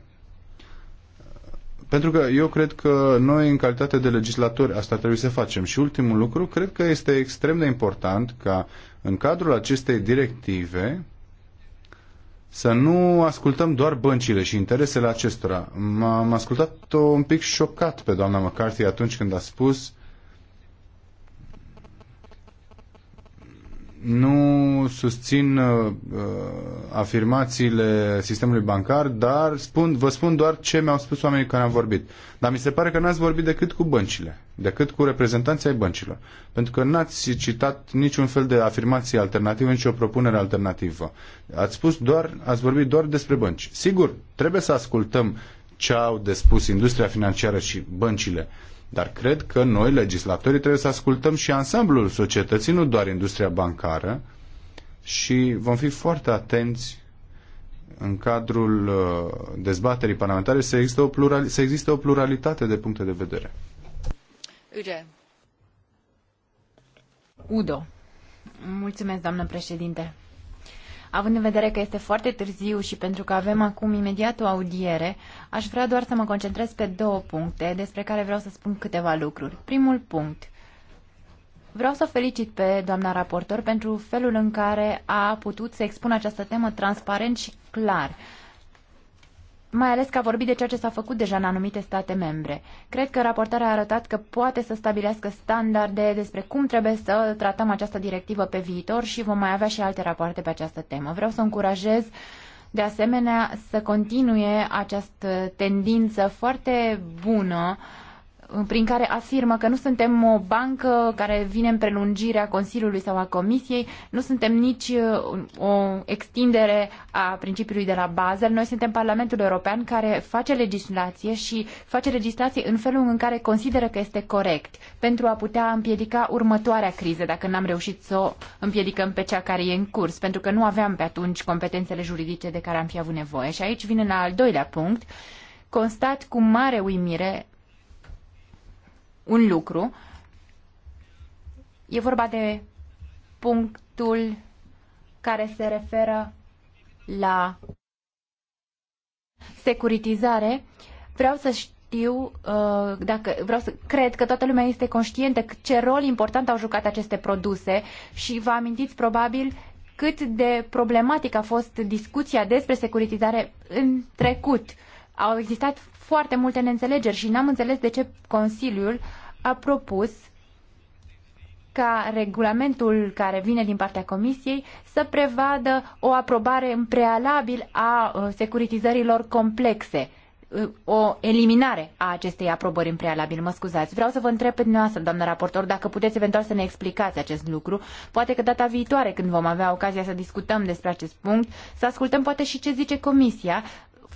pentru că eu cred că noi, în calitate de legislatori, asta trebuie să facem. Și ultimul lucru, cred că este extrem de important ca în cadrul acestei directive să nu ascultăm doar băncile și interesele acestora. M-am ascultat un pic șocat pe doamna McCarthy atunci când a spus nu susțin uh, uh, afirmațiile sistemului bancar, dar spun, vă spun doar ce mi-au spus oamenii care am vorbit. Dar mi se pare că n-ați vorbit decât cu băncile, decât cu reprezentanții ai băncilor. Pentru că n-ați citat niciun fel de afirmație alternativă, nicio propunere alternativă. Ați spus doar, ați vorbit doar despre bănci. Sigur, trebuie să ascultăm ce au de spus industria financiară și băncile. Uh, dar cred că noi, legislatorii, trebuie să ascultăm și ansamblul societății, nu doar industria bancară, și vom fi foarte atenți în cadrul uh, dezbaterii parlamentare să există o, plural, să există o pluralitate de puncte de vedere. Ude. Udo. Mulțumesc, doamnă președinte. Având în vedere că este foarte târziu și pentru că avem acum imediat o audiere, aș vrea doar să mă concentrez pe două puncte despre care vreau să spun câteva lucruri. Primul punct. Vreau să felicit pe doamna raportor pentru felul în care a putut să expună această temă transparent și clar mai ales că a vorbit de ceea ce s-a făcut deja în anumite state membre. Cred că raportarea a arătat că poate să stabilească standarde despre cum trebuie să tratăm această directivă pe viitor și vom mai avea și alte rapoarte pe această temă. Vreau să încurajez de asemenea să continue această tendință foarte bună uh, prin care afirmă că nu suntem o bancă care vine în prelungirea Consiliului sau a Comisiei, nu suntem nici uh, o extindere a principiului de la Basel. Noi suntem Parlamentul European care face legislație și face legislație în felul în care consideră că este corect pentru a putea împiedica următoarea criză, dacă n-am reușit să o împiedicăm pe cea care e în curs, pentru că nu aveam pe atunci competențele juridice de care am fi avut nevoie. Și aici vine la al doilea punct. Constat cu mare uimire un lucru. E vorba de punctul care se referă la securitizare. Vreau să știu uh, dacă vreau să cred că toată lumea este conștientă ce rol important au jucat aceste produse și vă amintiți probabil cât de problematic a fost discuția despre securitizare în trecut. Uh, au existat foarte multe neînțelegeri și n-am înțeles de ce Consiliul a propus ca regulamentul care vine din partea Comisiei să prevadă o aprobare în prealabil a uh, securitizărilor complexe uh, o eliminare a acestei aprobări în prealabil. Mă scuzați. Vreau să vă întreb pe dumneavoastră, doamnă raportor, dacă puteți eventual să ne explicați acest lucru. Poate că data viitoare, când vom avea ocazia să discutăm despre acest punct, să ascultăm poate și ce zice Comisia,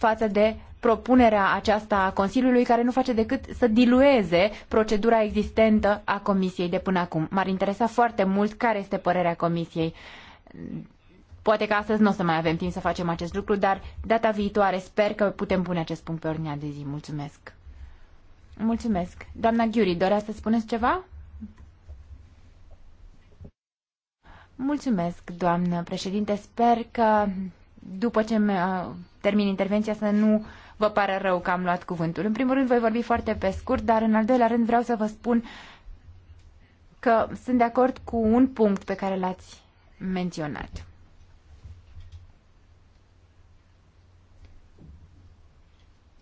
față de propunerea aceasta a Consiliului, care nu face decât să dilueze procedura existentă a Comisiei de până acum. M-ar interesa foarte mult care este părerea Comisiei. Poate că astăzi nu o să mai avem timp să facem acest lucru, dar data viitoare sper că putem pune acest punct pe ordinea de zi. Mulțumesc! Mulțumesc! Doamna Ghiuri, dorea să spuneți ceva? Mulțumesc, doamnă președinte. Sper că după ce termin intervenția, să nu vă pară rău că am luat cuvântul. În primul rând voi vorbi foarte pe scurt, dar în al doilea rând vreau să vă spun că sunt de acord cu un punct pe care l-ați menționat.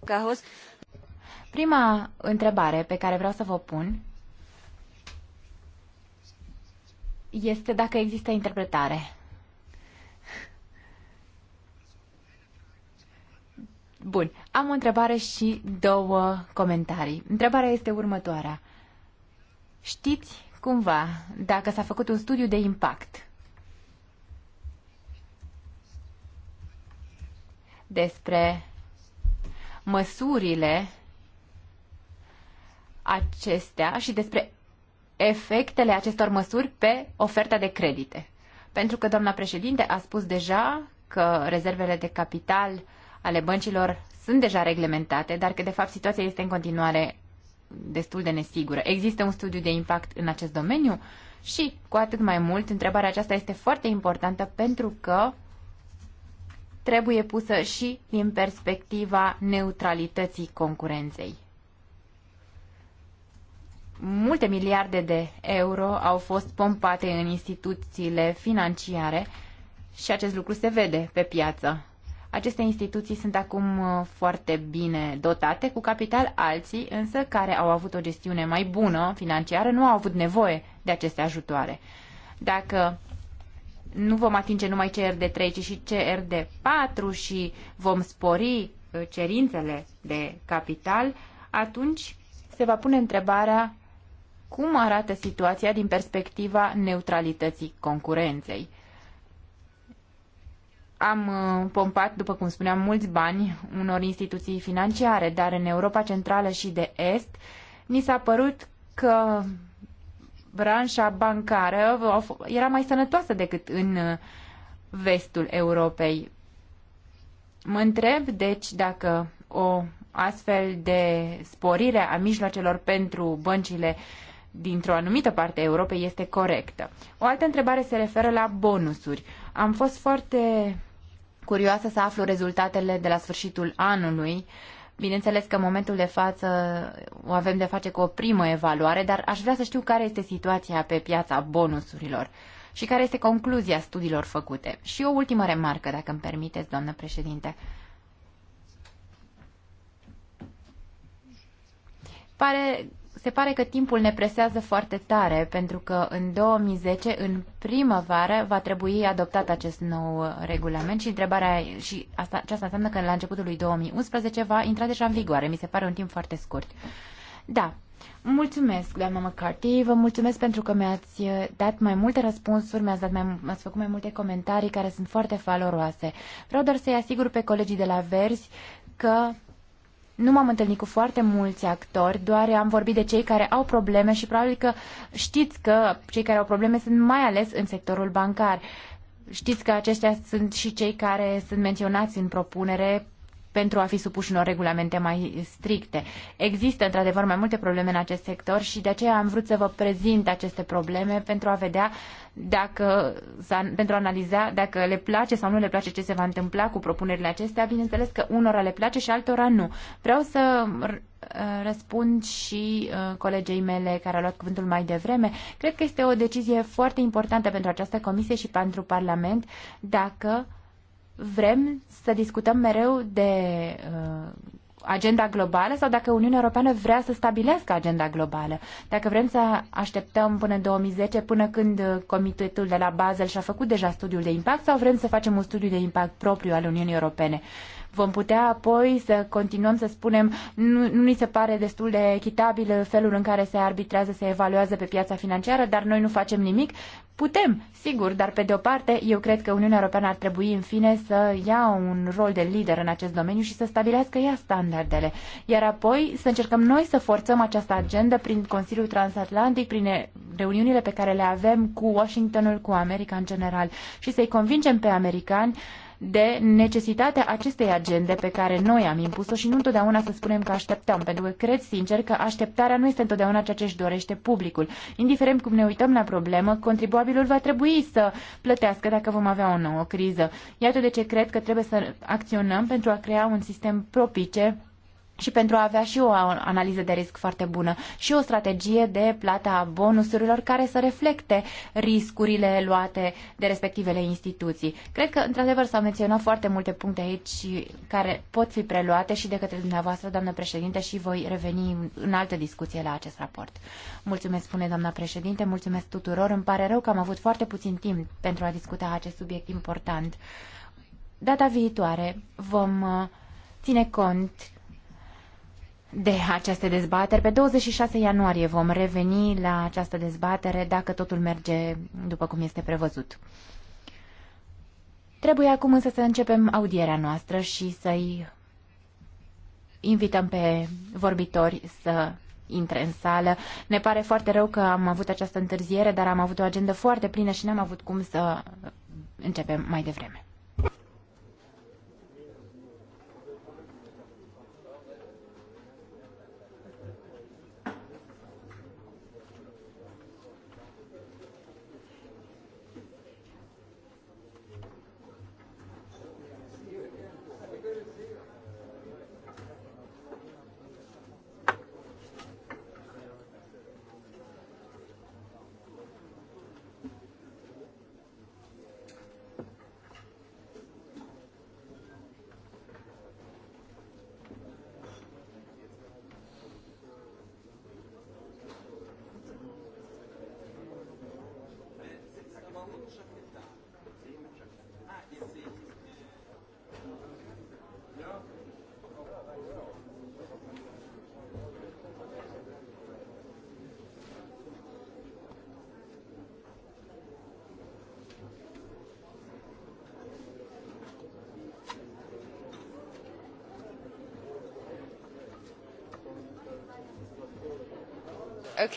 Cahos. Prima întrebare pe care vreau să vă pun este dacă există interpretare. Bun, am o întrebare și două comentarii. Întrebarea este următoarea. Știți cumva dacă s-a făcut un studiu de impact despre măsurile acestea și despre efectele acestor măsuri pe oferta de credite. Pentru că doamna președinte a spus deja că rezervele de capital uh, ale băncilor sunt deja reglementate, dar că de fapt situația este în continuare destul de nesigură. Există un studiu de impact în acest domeniu și, cu atât mai mult, întrebarea aceasta este foarte importantă pentru că trebuie pusă și din perspectiva neutralității concurenței. Multe miliarde de euro au fost pompate în instituțiile financiare și acest lucru se vede pe piață. Aceste instituții sunt acum uh, foarte bine dotate cu capital, alții însă care au avut o gestiune mai bună financiară nu au avut nevoie de aceste ajutoare. Dacă nu vom atinge numai CRD3, ci și CRD4 și vom spori uh, cerințele de capital, atunci se va pune întrebarea cum arată situația din perspectiva neutralității concurenței am uh, pompat, după cum spuneam, mulți bani unor instituții financiare, dar în Europa Centrală și de Est ni s-a părut că branșa bancară era mai sănătoasă decât în uh, vestul Europei. Mă întreb, deci, dacă o astfel de sporire a mijloacelor pentru băncile dintr-o anumită parte a Europei este corectă. O altă întrebare se referă la bonusuri. Am fost foarte curioasă să aflu rezultatele de la sfârșitul anului. Bineînțeles că în momentul de față o avem de face cu o primă evaluare, dar aș vrea să știu care este situația pe piața bonusurilor și care este concluzia studiilor făcute. Și o ultimă remarcă, dacă îmi permiteți, doamnă președinte. Pare se pare că timpul ne presează foarte tare, pentru că în 2010, în primăvară, va trebui adoptat acest nou uh, regulament și întrebarea, și asta, aceasta înseamnă că la începutul lui 2011 va intra deja în vigoare. Mi se pare un timp foarte scurt. Da, Mulțumesc, doamna McCarthy. Vă mulțumesc pentru că mi-ați uh, dat mai multe răspunsuri, mi-ați, dat mai, mi-ați făcut mai multe comentarii care sunt foarte valoroase. Vreau doar să-i asigur pe colegii de la Verzi că nu m-am întâlnit cu foarte mulți actori, doar am vorbit de cei care au probleme și probabil că știți că cei care au probleme sunt mai ales în sectorul bancar. Știți că aceștia sunt și cei care sunt menționați în propunere pentru a fi supuși unor regulamente mai stricte. Există într-adevăr mai multe probleme în acest sector și de aceea am vrut să vă prezint aceste probleme pentru a vedea dacă, pentru a analiza dacă le place sau nu le place ce se va întâmpla cu propunerile acestea. Bineînțeles că unora le place și altora nu. Vreau să uh, răspund și uh, colegei mele care a luat cuvântul mai devreme. Cred că este o decizie foarte importantă pentru această comisie și pentru Parlament dacă vrem să discutăm mereu de uh, agenda globală sau dacă Uniunea Europeană vrea să stabilească agenda globală. Dacă vrem să așteptăm până în 2010, până când uh, comitetul de la Basel și-a făcut deja studiul de impact sau vrem să facem un studiu de impact propriu al Uniunii Europene. Uh, Vom putea apoi să continuăm să spunem nu, nu ni se pare destul de echitabil felul în care se arbitrează, se evaluează pe piața financiară, dar noi nu facem nimic. Putem, sigur, dar pe de o parte eu cred că Uniunea Europeană ar trebui în fine să ia un rol de lider în acest domeniu și să stabilească ea standardele. Iar apoi să încercăm noi să forțăm această agendă prin Consiliul Transatlantic, prin reuniunile pe care le avem cu Washingtonul, cu America în general și să-i convingem pe americani de necesitatea acestei agende pe care noi am impus-o și nu întotdeauna să spunem că așteptăm, pentru că cred sincer că așteptarea nu este întotdeauna ceea ce își dorește publicul. Indiferent cum ne uităm la problemă, contribuabilul va trebui să plătească dacă vom avea o nouă criză. Iată de ce cred că trebuie să acționăm pentru a crea un sistem propice și pentru a avea și o analiză de risc foarte bună și o strategie de plata a bonusurilor care să reflecte riscurile luate de respectivele instituții. Cred că, într-adevăr, s-au menționat foarte multe puncte aici care pot fi preluate și de către dumneavoastră, doamnă președinte, și voi reveni în altă discuție la acest raport. Mulțumesc, spune doamna președinte, mulțumesc tuturor. Îmi pare rău că am avut foarte puțin timp pentru a discuta acest subiect important. Data viitoare vom uh, ține cont de aceste dezbateri. Pe 26 ianuarie vom reveni la această dezbatere dacă totul merge după cum este prevăzut. Trebuie acum însă să începem audierea noastră și să-i invităm pe vorbitori să intre în sală. Ne pare foarte rău că am avut această întârziere, dar am avut o agendă foarte plină și n-am avut cum să începem mai devreme. Um,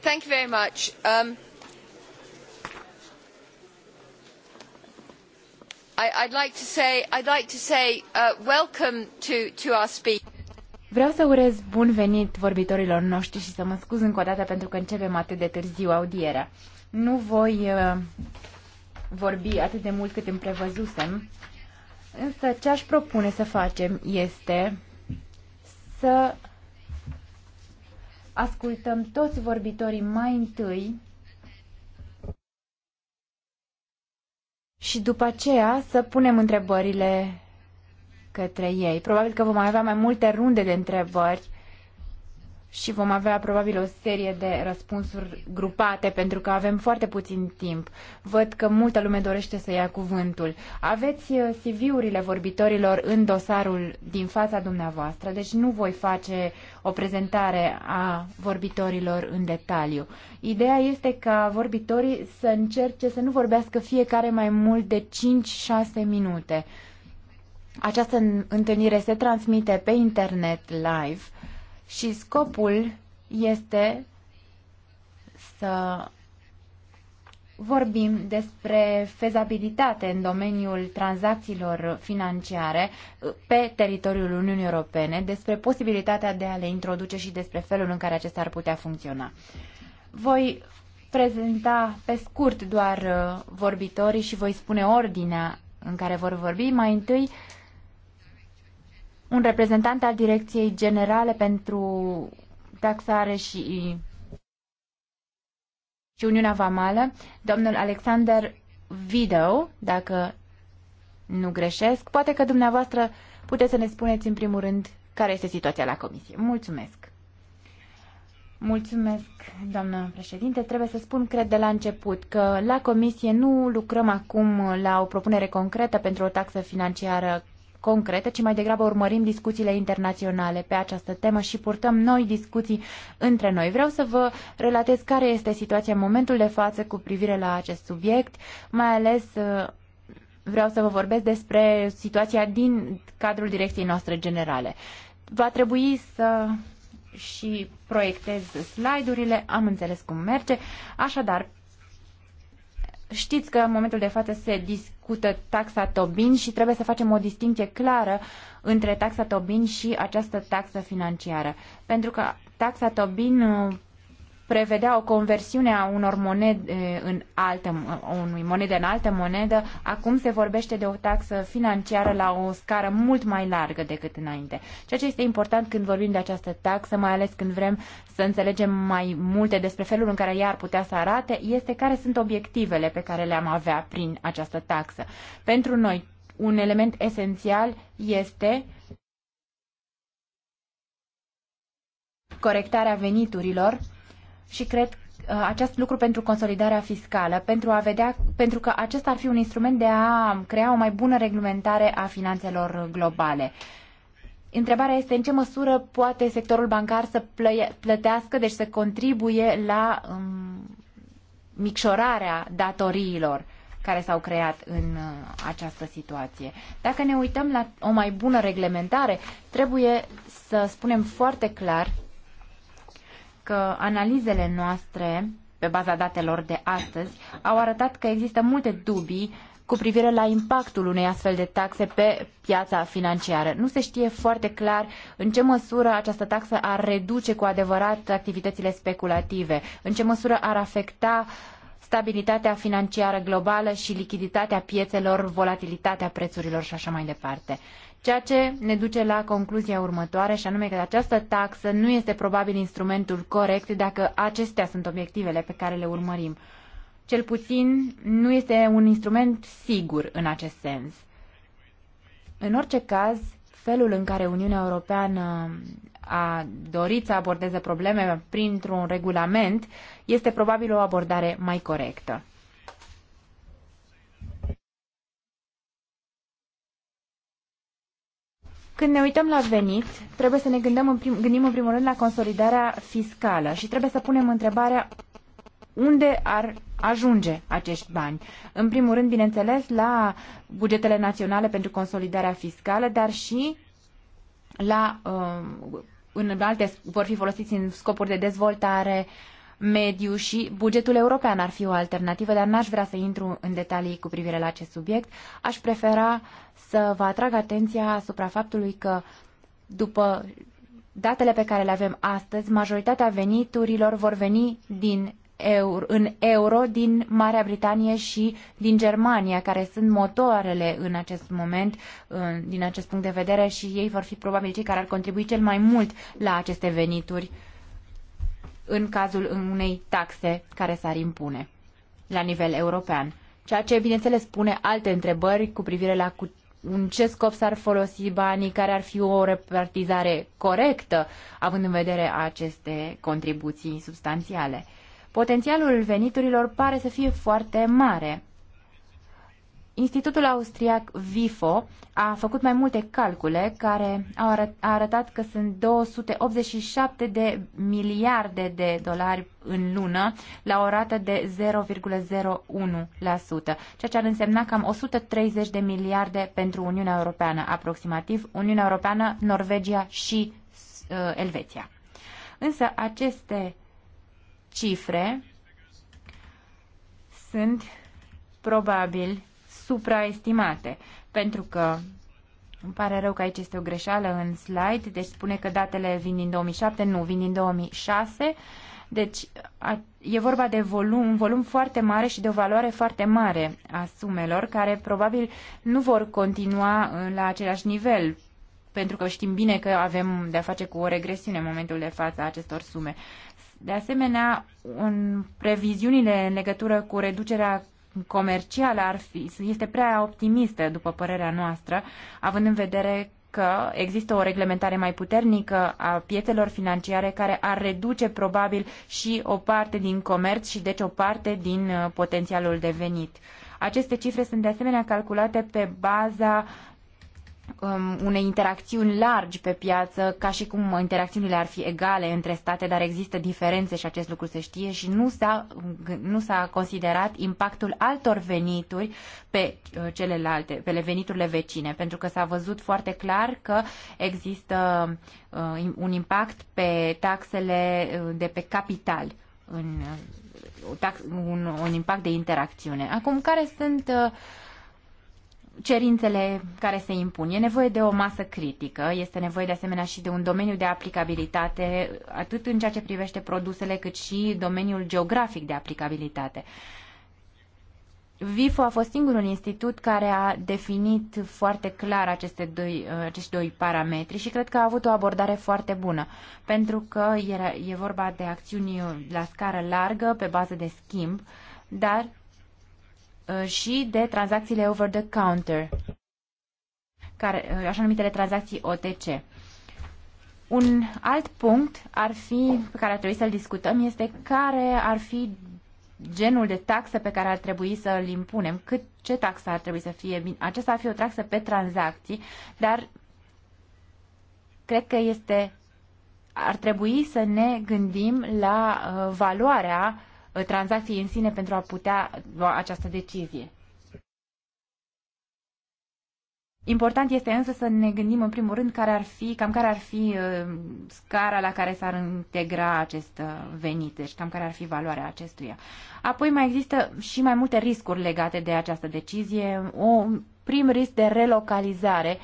thank you very much. Um, I, like to say, uh, welcome to, our Vreau să urez bun venit vorbitorilor noștri și să mă scuz încă o dată pentru că începem atât de târziu audierea. Nu voi uh, vorbi atât de mult cât îmi prevăzusem, însă ce aș propune să facem este să ascultăm toți vorbitorii mai întâi și după aceea să punem întrebările către ei. Probabil că vom mai avea mai multe runde de întrebări și vom avea probabil o serie de răspunsuri grupate pentru că avem foarte puțin timp. Văd că multă lume dorește să ia cuvântul. Aveți uh, CV-urile vorbitorilor în dosarul din fața dumneavoastră, deci nu voi face o prezentare a vorbitorilor în detaliu. Ideea este ca vorbitorii să încerce să nu vorbească fiecare mai mult de 5-6 minute. Această întâlnire se transmite pe internet live și scopul este să vorbim despre fezabilitate în domeniul tranzacțiilor financiare pe teritoriul Uniunii Europene, despre posibilitatea de a le introduce și despre felul în care acestea ar putea funcționa. Voi prezenta pe scurt doar uh, vorbitorii și voi spune ordinea în care vor vorbi. Mai întâi un reprezentant al Direcției Generale pentru Taxare și, și Uniunea Vamală, domnul Alexander Video, dacă nu greșesc. Poate că dumneavoastră puteți să ne spuneți în primul rând care este situația la comisie. Mulțumesc! Mulțumesc, doamnă președinte. Trebuie să spun, cred, de la început că la comisie nu lucrăm acum la o propunere concretă pentru o taxă financiară concrete, ci mai degrabă urmărim discuțiile internaționale pe această temă și purtăm noi discuții între noi. Vreau să vă relatez care este situația în momentul de față cu privire la acest subiect, mai ales uh, vreau să vă vorbesc despre situația din cadrul direcției noastre generale. Va trebui să și proiectez slide-urile, am înțeles cum merge. Așadar, știți că în momentul de față se discută discută taxa Tobin și trebuie să facem o distinție clară între taxa Tobin și această taxă financiară. Pentru că taxa Tobin uh, prevedea o conversiune a unor monede eh, în alte, unui monede în altă monedă, acum se vorbește de o taxă financiară la o scară mult mai largă decât înainte. Ceea ce este important când vorbim de această taxă, mai ales când vrem să înțelegem mai multe despre felul în care ea ar putea să arate, este care sunt obiectivele pe care le-am avea prin această taxă. Pentru noi, un element esențial este corectarea veniturilor și cred uh, acest lucru pentru consolidarea fiscală, pentru a vedea, pentru că acesta ar fi un instrument de a crea o mai bună reglementare a finanțelor globale. Întrebarea este în ce măsură poate sectorul bancar să plătească, deci să contribuie la um, micșorarea datoriilor care s-au creat în uh, această situație. Dacă ne uităm la o mai bună reglementare, trebuie să spunem foarte clar că analizele noastre, pe baza datelor de astăzi, au arătat că există multe dubii cu privire la impactul unei astfel de taxe pe piața financiară. Nu se știe foarte clar în ce măsură această taxă ar reduce cu adevărat activitățile speculative, în ce măsură ar afecta stabilitatea financiară globală și lichiditatea piețelor, volatilitatea prețurilor și așa mai departe. Ceea ce ne duce la concluzia următoare, și anume că această taxă nu este probabil instrumentul corect dacă acestea sunt obiectivele pe care le urmărim. Cel puțin nu este un instrument sigur în acest sens. În orice caz, felul în care Uniunea Europeană a dorit să abordeze probleme printr-un regulament este probabil o abordare mai corectă. Când ne uităm la venit, trebuie să ne gândim în, prim, gândim în primul rând la consolidarea fiscală și trebuie să punem întrebarea unde ar ajunge acești bani. În primul rând, bineînțeles, la bugetele naționale pentru consolidarea fiscală, dar și la, uh, în alte vor fi folosiți în scopuri de dezvoltare, uh, mediu și bugetul european ar fi o alternativă, dar n-aș vrea să intru în detalii cu privire la acest subiect. Aș prefera să vă atrag atenția asupra faptului că după datele pe care le avem astăzi, majoritatea veniturilor vor veni din euro, în euro din Marea Britanie și din Germania, care sunt motoarele în acest moment, din acest punct de vedere, și ei vor fi probabil cei care ar contribui cel mai mult la aceste venituri în cazul unei taxe care s-ar impune la nivel european. Ceea ce, bineînțeles, pune alte întrebări cu privire la cu în ce scop s-ar folosi banii, care ar fi o repartizare corectă, având în vedere aceste contribuții substanțiale. Potențialul veniturilor pare să fie foarte mare, Institutul austriac VIFO a făcut mai multe calcule care au arăt, a arătat că sunt 287 de miliarde de dolari în lună la o rată de 0,01%, ceea ce ar însemna cam 130 de miliarde pentru Uniunea Europeană, aproximativ Uniunea Europeană, Norvegia și uh, Elveția. Însă aceste cifre sunt probabil supraestimate, pentru că îmi pare rău că aici este o greșeală în slide, deci spune că datele vin din 2007, nu, vin din 2006, deci a, e vorba de volum, un volum foarte mare și de o valoare foarte mare a sumelor, care probabil nu vor continua la același nivel, pentru că știm bine că avem de-a face cu o regresiune în momentul de față a acestor sume. De asemenea, în previziunile în legătură cu reducerea comercială ar fi, este prea optimistă, după părerea noastră, având în vedere că există o reglementare mai puternică a piețelor financiare care ar reduce probabil și o parte din comerț și deci o parte din uh, potențialul de venit. Aceste cifre sunt de asemenea calculate pe baza Um, unei interacțiuni largi pe piață, ca și cum interacțiunile ar fi egale între state, dar există diferențe și acest lucru se știe și nu s-a, nu s-a considerat impactul altor venituri pe uh, celelalte, pe veniturile vecine, pentru că s-a văzut foarte clar că există uh, un impact pe taxele uh, de pe capital în, un, un impact de interacțiune. Acum, care sunt uh, cerințele care se impun. E nevoie de o masă critică, este nevoie de asemenea și de un domeniu de aplicabilitate, atât în ceea ce privește produsele, cât și domeniul geografic de aplicabilitate. VIFO a fost singurul institut care a definit foarte clar aceste doi, acești doi parametri și cred că a avut o abordare foarte bună, pentru că era, e vorba de acțiuni la scară largă, pe bază de schimb, dar Uh, și de tranzacțiile over the counter, care, uh, așa numitele tranzacții OTC. Un alt punct ar fi, pe care ar trebui să-l discutăm este care ar fi genul de taxă pe care ar trebui să l impunem, cât, ce taxă ar trebui să fie. Acesta ar fi o taxă pe tranzacții, dar cred că este ar trebui să ne gândim la uh, valoarea Uh, tranzacției în sine pentru a putea lua această decizie. Important este însă să ne gândim în primul rând care ar fi, cam care ar fi uh, scara la care s-ar integra acest uh, venit, deci cam care ar fi valoarea acestuia. Apoi mai există și mai multe riscuri legate de această decizie. Un prim risc de relocalizare,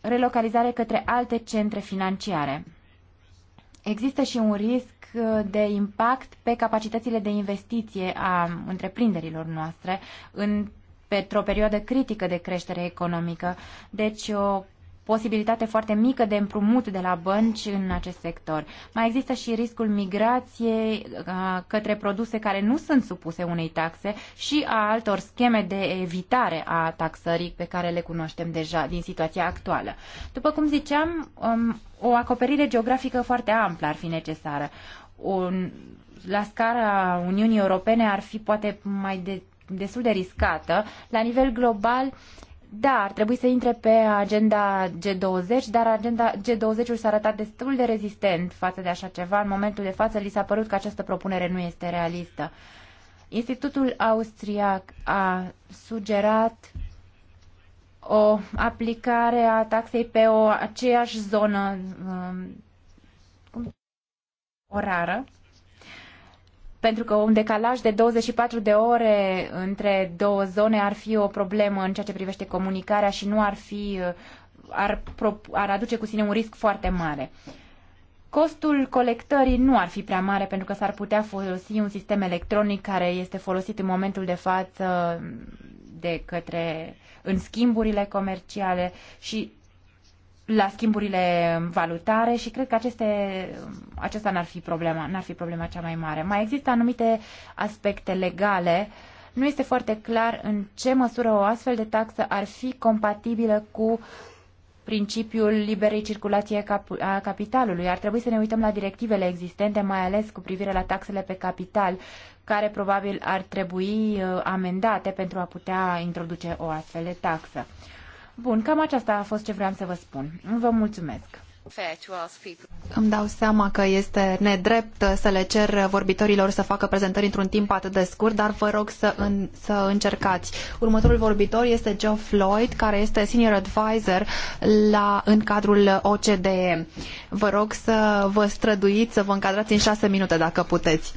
relocalizare către alte centre financiare. Există și un risc uh, de impact pe capacitățile de investiție a întreprinderilor noastre în, pentru o perioadă critică de creștere economică. Deci o posibilitate foarte mică de împrumut de la bănci în acest sector. Mai există și riscul migrației către produse care nu sunt supuse unei taxe și a altor scheme de evitare a taxării pe care le cunoaștem deja din situația actuală. După cum ziceam, um, o acoperire geografică foarte amplă ar fi necesară. Un, la scara Uniunii Europene ar fi poate mai de, destul de riscată. La nivel global, da, ar trebui să intre pe agenda G20, dar agenda G20-ul s-a arătat destul de rezistent față de așa ceva. În momentul de față li s-a părut că această propunere nu este realistă. Institutul austriac a sugerat o aplicare a taxei pe o aceeași zonă um, orară pentru că un decalaj de 24 de ore între două zone ar fi o problemă în ceea ce privește comunicarea și nu ar fi ar, ar aduce cu sine un risc foarte mare. Costul colectării nu ar fi prea mare pentru că s-ar putea folosi un sistem electronic care este folosit în momentul de față de către în schimburile comerciale și la schimburile valutare și cred că aceste, acesta n-ar fi problema, n-ar fi problema cea mai mare. Mai există anumite aspecte legale. Nu este foarte clar în ce măsură o astfel de taxă ar fi compatibilă cu principiul liberei circulației a capitalului. Ar trebui să ne uităm la directivele existente, mai ales cu privire la taxele pe capital, care probabil ar trebui uh, amendate pentru a putea introduce o astfel de taxă. Bun, cam aceasta a fost ce vreau să vă spun. Vă mulțumesc! Îmi dau seama că este nedrept să le cer vorbitorilor să facă prezentări într-un timp atât de scurt, dar vă rog să, în, să încercați. Următorul vorbitor este Joe Floyd, care este senior advisor la, în cadrul OCDE. Vă rog să vă străduiți, să vă încadrați în șase minute dacă puteți.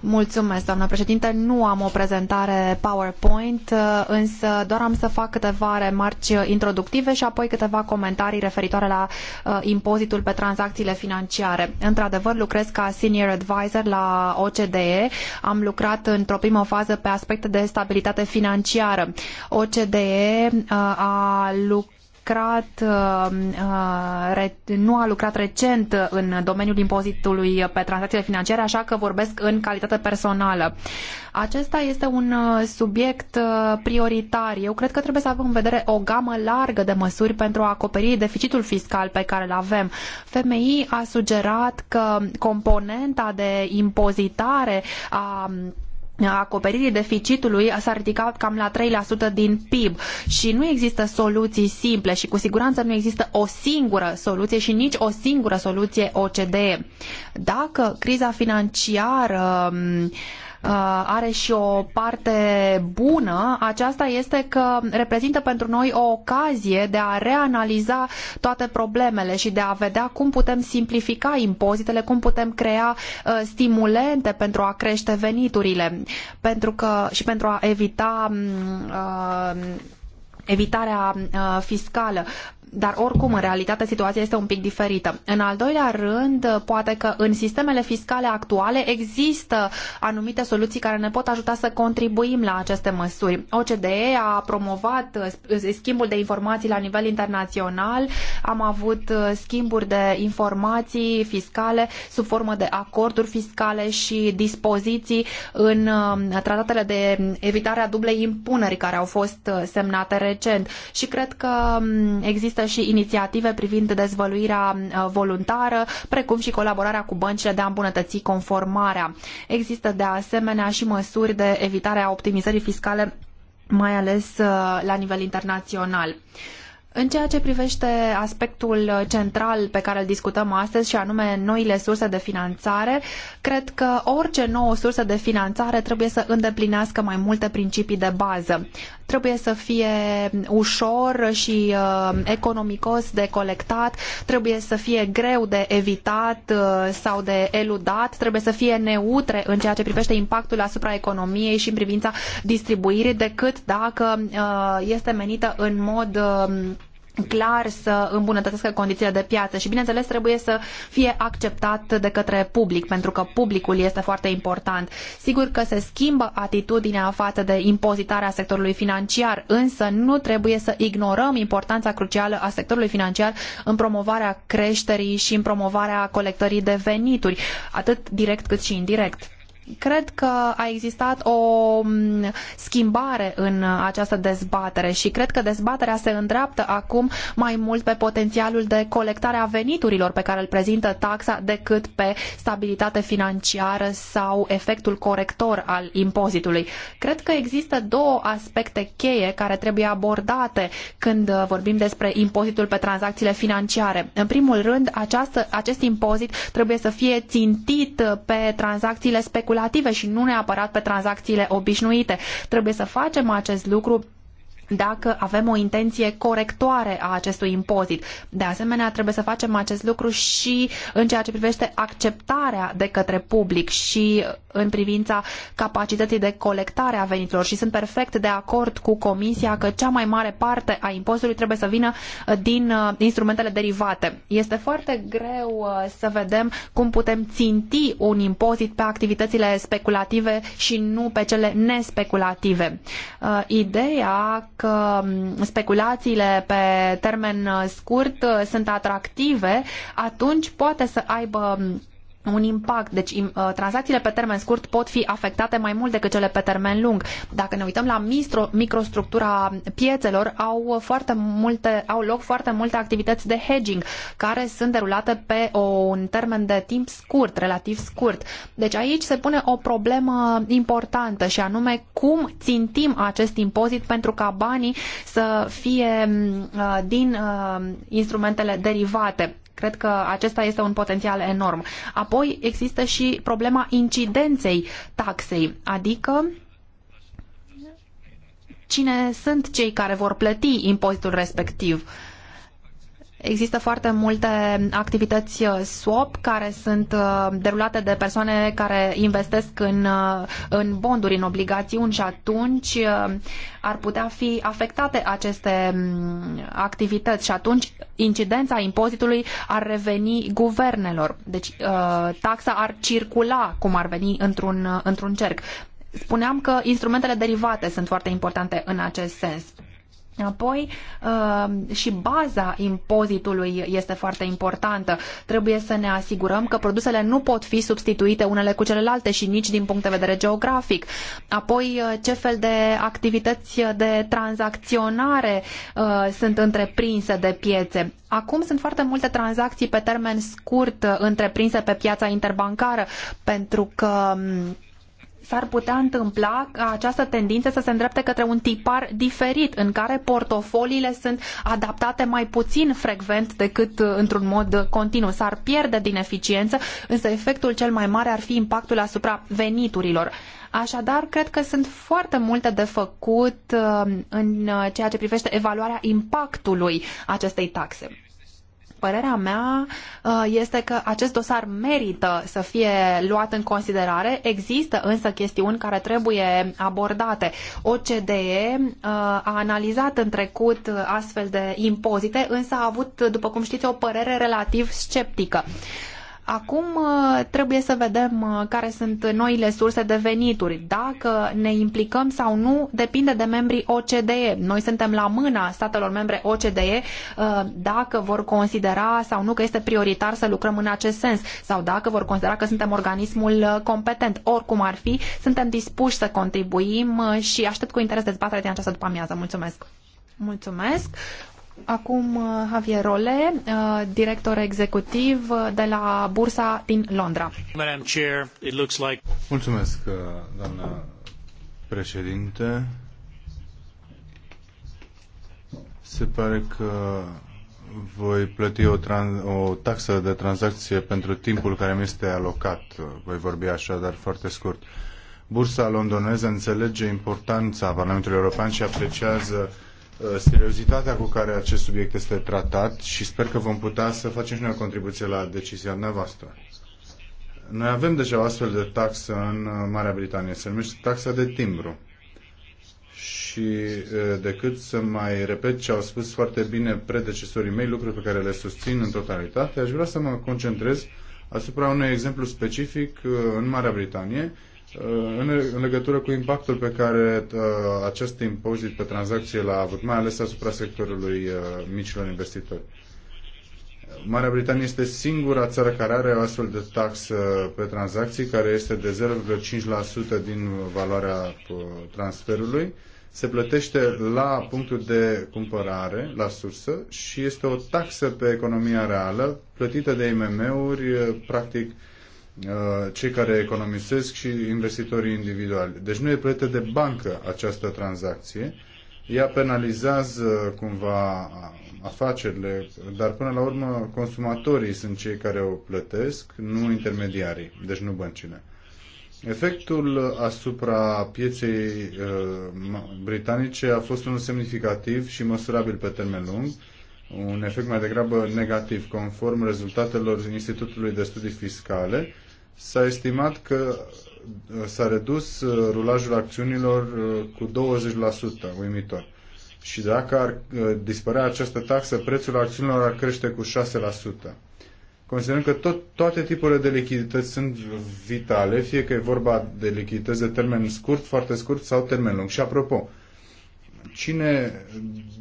Mulțumesc, doamnă președinte. Nu am o prezentare PowerPoint, uh, însă doar am să fac câteva remarci introductive și apoi câteva comentarii referitoare la uh, impozitul pe tranzacțiile financiare. Într-adevăr, lucrez ca senior advisor la OCDE. Am lucrat într-o primă fază pe aspecte de stabilitate financiară. OCDE uh, a lucrat lucrat, uh, uh, nu a lucrat recent în domeniul impozitului pe tranzacțiile financiare, așa că vorbesc în calitate personală. Acesta este un uh, subiect prioritar. Eu cred că trebuie să avem în vedere o gamă largă de măsuri pentru a acoperi deficitul fiscal pe care îl avem. FMI a sugerat că componenta de impozitare a acoperirii deficitului s-a ridicat cam la 3% din PIB și nu există soluții simple și cu siguranță nu există o singură soluție și nici o singură soluție OCDE. Dacă criza financiară Uh, are și o parte bună, aceasta este că reprezintă pentru noi o ocazie de a reanaliza toate problemele și de a vedea cum putem simplifica impozitele, cum putem crea uh, stimulente pentru a crește veniturile pentru că, și pentru a evita mm, uh, evitarea fiscală dar oricum, în realitate, situația este un pic diferită. În al doilea rând, poate că în sistemele fiscale actuale există anumite soluții care ne pot ajuta să contribuim la aceste măsuri. OCDE a promovat uh, schimbul de informații la nivel internațional, am avut uh, schimburi de informații fiscale sub formă de acorduri fiscale și dispoziții în uh, tratatele de evitare a dublei impuneri care au fost semnate recent. Și cred că um, există Există și inițiative privind dezvăluirea uh, voluntară, precum și colaborarea cu băncile de a îmbunătăți conformarea. Există de asemenea și măsuri de evitare a optimizării fiscale, mai ales uh, la nivel internațional. În ceea ce privește aspectul central pe care îl discutăm astăzi și anume noile surse de finanțare, cred că orice nouă sursă de finanțare trebuie să îndeplinească mai multe principii de bază trebuie să fie ușor și uh, economicos de colectat, trebuie să fie greu de evitat uh, sau de eludat, trebuie să fie neutre în ceea ce privește impactul asupra economiei și în privința distribuirii, decât dacă uh, este menită în mod um, clar să îmbunătățească condițiile de piață și, bineînțeles, trebuie să fie acceptat de către public, pentru că publicul este foarte important. Sigur că se schimbă atitudinea față de impozitarea sectorului financiar, însă nu trebuie să ignorăm importanța crucială a sectorului financiar în promovarea creșterii și în promovarea colectării de venituri, atât direct cât și indirect. Cred că a existat o mm, schimbare în această dezbatere și cred că dezbaterea se îndreaptă acum mai mult pe potențialul de colectare a veniturilor pe care îl prezintă taxa decât pe stabilitate financiară sau efectul corector al impozitului. Cred că există două aspecte cheie care trebuie abordate când vorbim despre impozitul pe tranzacțiile financiare. În primul rând, această, acest impozit trebuie să fie țintit pe tranzacțiile speculative speculative și nu neapărat pe tranzacțiile obișnuite. Trebuie să facem acest lucru dacă avem o intenție corectoare a acestui impozit. De asemenea, trebuie să facem acest lucru și în ceea ce privește acceptarea de către public și în privința capacității de colectare a veniturilor și sunt perfect de acord cu Comisia că cea mai mare parte a impozitului trebuie să vină uh, din uh, instrumentele derivate. Este foarte greu uh, să vedem cum putem ținti un impozit pe activitățile speculative și nu pe cele nespeculative. Ideea că speculațiile pe termen uh, scurt uh, sunt atractive, atunci poate să aibă un impact. Deci uh, tranzacțiile pe termen scurt pot fi afectate mai mult decât cele pe termen lung. Dacă ne uităm la mistro, microstructura piețelor, au, foarte multe, au loc foarte multe activități de hedging care sunt derulate pe o, un termen de timp scurt, relativ scurt. Deci aici se pune o problemă importantă și anume cum țintim acest impozit pentru ca banii să fie mm, uh, din uh, instrumentele derivate. Cred că acesta este un potențial enorm. Apoi există și problema incidenței taxei, adică cine sunt cei care vor plăti impozitul respectiv Există foarte multe activități uh, swap care sunt uh, derulate de persoane care investesc în, uh, în bonduri, în obligațiuni și atunci ar putea fi afectate aceste mm, activități și atunci incidența impozitului ar reveni guvernelor. Deci taxa ar circula cum ar veni într-un, într-un cerc. Spuneam că instrumentele derivate sunt foarte importante în acest sens Apoi uh, și baza impozitului este foarte importantă. Trebuie să ne asigurăm că produsele nu pot fi substituite unele cu celelalte și nici din punct de vedere geografic. Apoi uh, ce fel de activități de tranzacționare uh, sunt întreprinse de piețe. Acum sunt foarte multe tranzacții pe termen scurt întreprinse pe piața interbancară pentru că um, s-ar putea întâmpla ca această tendință să se îndrepte către un tipar diferit, în care portofoliile sunt adaptate mai puțin frecvent decât uh, într-un mod continuu. S-ar pierde din eficiență, însă efectul cel mai mare ar fi impactul asupra veniturilor. Așadar, cred că sunt foarte multe de făcut uh, în uh, ceea ce privește evaluarea impactului acestei taxe. Părerea mea uh, este că acest dosar merită să fie luat în considerare. Există însă chestiuni care trebuie abordate. OCDE uh, a analizat în trecut astfel de impozite, însă a avut, după cum știți, o părere relativ sceptică. Acum uh, trebuie să vedem uh, care sunt noile surse de venituri. Dacă ne implicăm sau nu, depinde de membrii OCDE. Noi suntem la mâna statelor membre OCDE uh, dacă vor considera sau nu că este prioritar să lucrăm în acest sens sau dacă vor considera că suntem organismul competent. Oricum ar fi, suntem dispuși să contribuim și aștept cu interes dezbaterea din această după amiază. Mulțumesc! Mulțumesc! Acum uh, Javier Role, uh, director executiv uh, de la Bursa din Londra. Madam Chair, it looks like... Mulțumesc, doamnă președinte. Se pare că voi plăti o, tran- o taxă de tranzacție pentru timpul care mi este alocat. Voi vorbi așa, dar foarte scurt. Bursa londoneză înțelege importanța Parlamentului European și apreciază uh, Uh, seriozitatea cu care acest subiect este tratat și sper că vom putea să facem și noi o contribuție la decizia noastră. Noi avem deja o astfel de taxă în uh, Marea Britanie, se numește taxa de timbru. Și uh, decât să mai repet ce au spus foarte bine predecesorii mei, lucruri pe care le susțin în totalitate, aș vrea să mă concentrez asupra unui exemplu specific în Marea Britanie în legătură cu impactul pe care uh, acest impozit pe tranzacție l-a avut, mai ales asupra sectorului uh, micilor investitori. Marea Britanie este singura țară care are o astfel de taxă pe tranzacții, care este de 0,5% din valoarea uh, transferului. Se plătește la punctul de cumpărare, la sursă, și este o taxă pe economia reală, plătită de IMM-uri, practic Uh, cei care economisesc și investitorii individuali. Deci nu e plătită de bancă această tranzacție. Ea penalizează cumva afacerile, dar până la urmă consumatorii sunt cei care o plătesc, nu intermediarii, deci nu băncile. Efectul asupra pieței uh, britanice a fost unul semnificativ și măsurabil pe termen lung, un efect mai degrabă negativ, conform rezultatelor Institutului de Studii Fiscale, s-a estimat că uh, s-a redus uh, rulajul acțiunilor uh, cu 20%, uimitor. Și dacă ar dispărea această taxă, prețul acțiunilor ar crește cu 6%. Considerăm că tot, toate tipurile de lichidități sunt vitale, fie că e vorba de lichidități de termen scurt, foarte scurt sau termen lung. Și apropo, cine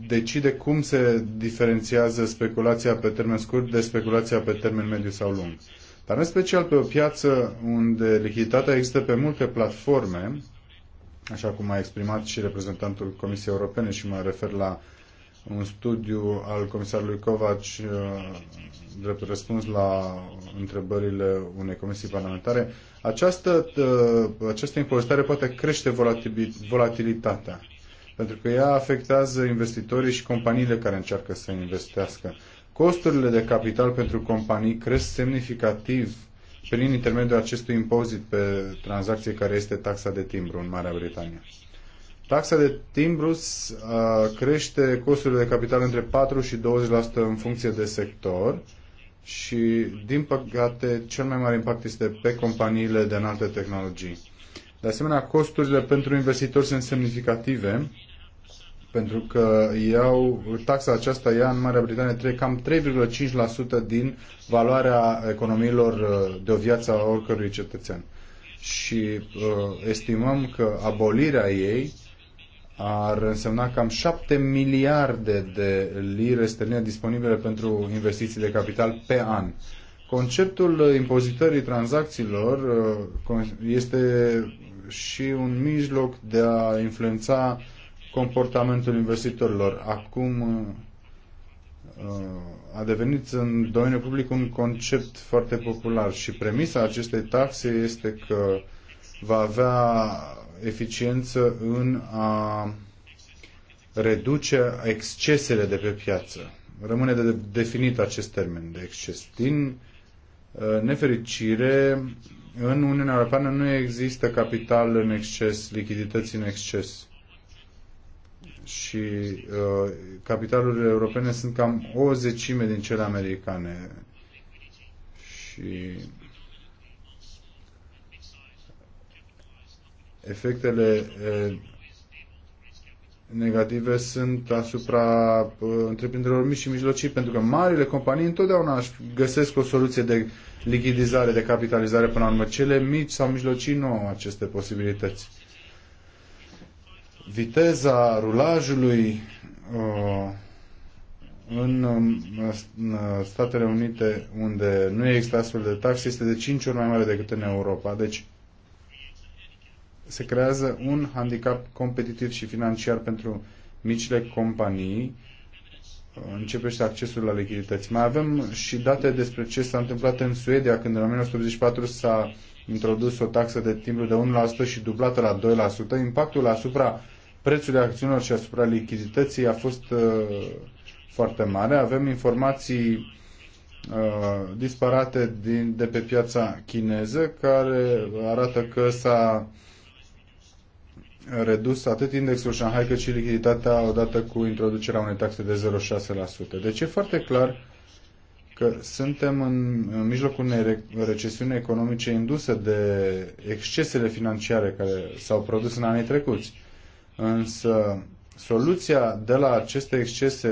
decide cum se diferențiază speculația pe termen scurt de speculația pe termen mediu sau lung? Dar în special pe o piață unde lichiditatea există pe multe platforme, așa cum a exprimat și reprezentantul Comisiei Europene și mă refer la un studiu al comisarului Covaci uh, drept răspuns la întrebările unei comisii parlamentare, această, uh, această impozitare poate crește volatilitatea, pentru că ea afectează investitorii și companiile care încearcă să investească. Costurile de capital pentru companii cresc semnificativ prin intermediul acestui impozit pe tranzacție care este taxa de timbru în Marea Britanie. Taxa de timbru uh, crește costurile de capital între 4 și 20% în funcție de sector și, din păcate, cel mai mare impact este pe companiile de înalte tehnologii. De asemenea, costurile pentru investitori sunt semnificative pentru că iau, taxa aceasta ia în Marea Britanie cam 3,5% din valoarea economiilor uh, de o viață a oricărui cetățean. Și uh, estimăm că abolirea ei ar însemna cam 7 miliarde de lire sterline disponibile pentru investiții de capital pe an. Conceptul impozitării tranzacțiilor uh, este și un mijloc de a influența comportamentul investitorilor. Acum uh, a devenit în domeniul public un concept foarte popular și premisa acestei taxe este că va avea eficiență în a reduce excesele de pe piață. Rămâne de definit acest termen de exces. Din uh, nefericire, în Uniunea Europeană nu există capital în exces, lichidități în exces și uh, capitalurile europene sunt cam o zecime din cele americane. Și efectele uh, negative sunt asupra uh, întreprinderilor mici și mijlocii, pentru că marile companii întotdeauna găsesc o soluție de lichidizare, de capitalizare până la urmă. Cele mici sau mijlocii nu au aceste posibilități viteza rulajului uh, în Statele Unite, unde nu există astfel de taxe, este de 5 ori mai mare decât în Europa. Deci se creează un handicap competitiv și financiar pentru micile companii începește accesul la lichidități. Mai avem și date despre ce s-a întâmplat în Suedia, când în 1984 s-a introdus o taxă de timbru de 1% și dublată la 2%. Impactul asupra uh, prețului acțiunilor și asupra lichidității a fost uh, foarte mare. Avem informații uh, disparate din, de pe piața chineză care arată că s-a redus atât indexul Shanghai cât și lichiditatea odată cu introducerea unei taxe de 0,6%. Deci e foarte clar că suntem în, în mijlocul unei recesiuni economice indusă de excesele financiare care s-au produs în anii trecuți însă soluția de la aceste excese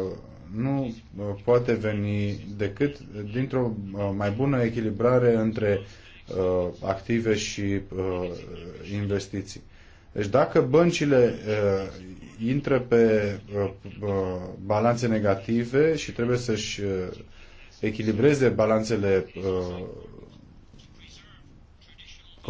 uh, nu uh, poate veni decât dintr-o uh, mai bună echilibrare între active și investiții. Deci dacă băncile intră pe balanțe negative și trebuie să-și echilibreze balanțele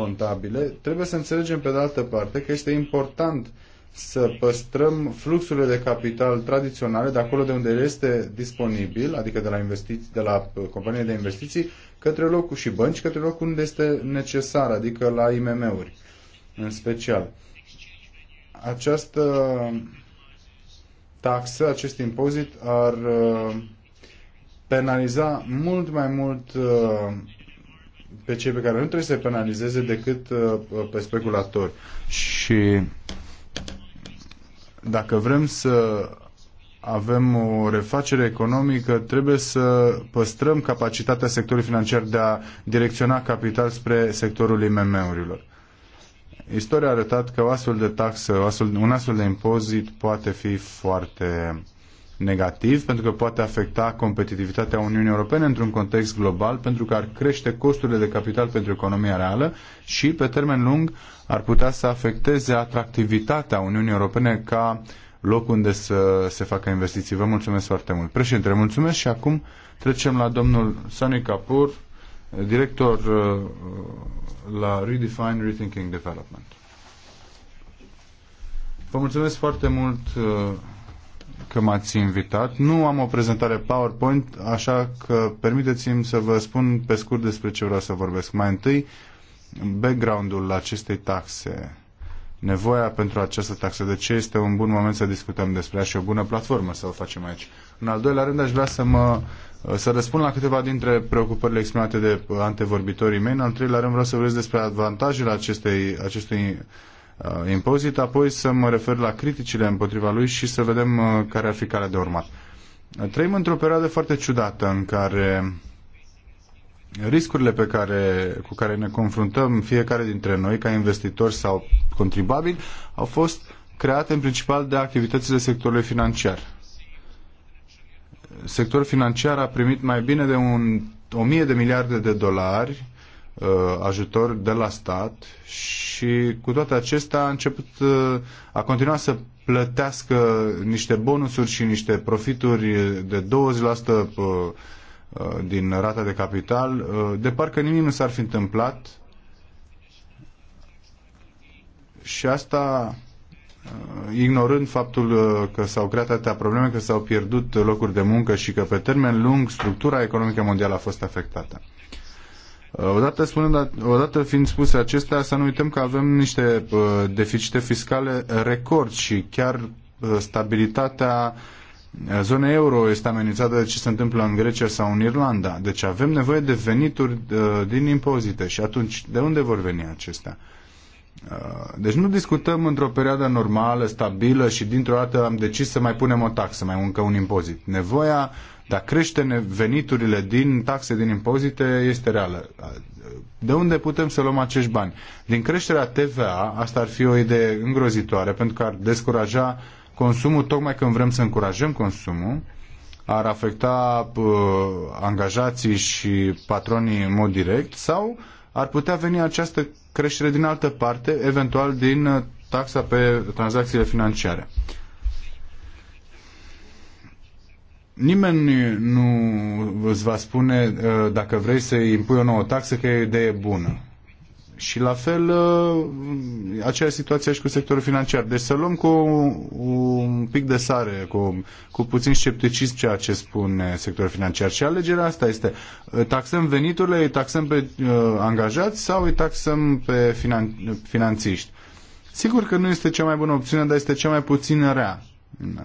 contabile, trebuie să înțelegem pe de altă parte că este important să păstrăm fluxurile de capital tradiționale de acolo de unde este disponibil, adică de la, investiții, de la uh, companie de investiții, către locul și bănci, către locul unde este necesar, adică la IMM-uri în special. Această taxă, acest impozit ar uh, penaliza mult mai mult uh, pe cei pe care nu trebuie să penalizeze decât uh, uh, pe speculatori. Și dacă vrem să avem o refacere economică, trebuie să păstrăm capacitatea sectorului financiar de a direcționa capital spre sectorul IMM-urilor. Istoria a arătat că o astfel de taxă, un astfel de impozit poate fi foarte negativ pentru că poate afecta competitivitatea Uniunii Europene într-un context global pentru că ar crește costurile de capital pentru economia reală și pe termen lung ar putea să afecteze atractivitatea Uniunii Europene ca loc unde să se facă investiții. Vă mulțumesc foarte mult. Președinte, mulțumesc și acum trecem la domnul Sani Kapoor, director uh, la Redefine Rethinking Development. Vă mulțumesc foarte mult uh, că m-ați invitat. Nu am o prezentare PowerPoint, așa că permiteți-mi să vă spun pe scurt despre ce vreau să vorbesc. Mai întâi, background-ul acestei taxe, nevoia pentru această taxă, de ce este un bun moment să discutăm despre ea și o bună platformă să o facem aici. În al doilea rând, aș vrea să mă să răspund la câteva dintre preocupările exprimate de antevorbitorii mei. În al treilea rând, vreau să vorbesc despre avantajele acestei, acestui Uh, impozit, apoi să mă refer la criticile împotriva lui și să vedem uh, care ar fi calea de urmat. Uh, trăim într-o perioadă foarte ciudată în care riscurile pe care, cu care ne confruntăm fiecare dintre noi ca investitori sau contribuabili au fost create în principal de activitățile sectorului financiar. Sectorul financiar a primit mai bine de un, 1000 de miliarde de dolari Uh, ajutor de la stat și cu toate acestea a început uh, a continuat să plătească niște bonusuri și niște profituri de 20% uh, din rata de capital, de parcă nimic nu s-ar fi întâmplat și asta ignorând faptul că s-au creat atâtea probleme, că s-au pierdut locuri de muncă și că pe termen lung structura economică mondială a fost afectată. Uh, odată, spunând, odată fiind spuse acestea, să nu uităm că avem niște uh, deficite fiscale record și chiar uh, stabilitatea zonei euro este amenințată de ce se întâmplă în Grecia sau în Irlanda. Deci avem nevoie de venituri din impozite și atunci de unde vor veni acestea? Deci nu discutăm într-o perioadă normală, stabilă și dintr-o dată am decis să mai punem o taxă, mai încă un impozit. Nevoia de a crește veniturile din taxe, din impozite, este reală. De unde putem să luăm acești bani? Din creșterea TVA, asta ar fi o idee îngrozitoare, pentru că ar descuraja consumul tocmai când vrem să încurajăm consumul, ar afecta uh, angajații și patronii în mod direct sau ar putea veni această creștere din altă parte, eventual din taxa pe tranzacțiile financiare. Uh, Nimeni nu îți va spune uh, dacă vrei să impui o nouă taxă că e o idee bună. Și la fel, uh, aceeași situație și cu sectorul financiar. Deci să luăm cu un pic de sare, cu, cu puțin scepticism ceea ce spune sectorul financiar. Și alegerea asta este, uh, taxăm veniturile, îi taxăm pe uh, angajați sau îi taxăm pe finan- finanțiști. Sigur că nu este cea mai bună opțiune, dar este cea mai puțin rea. Uh,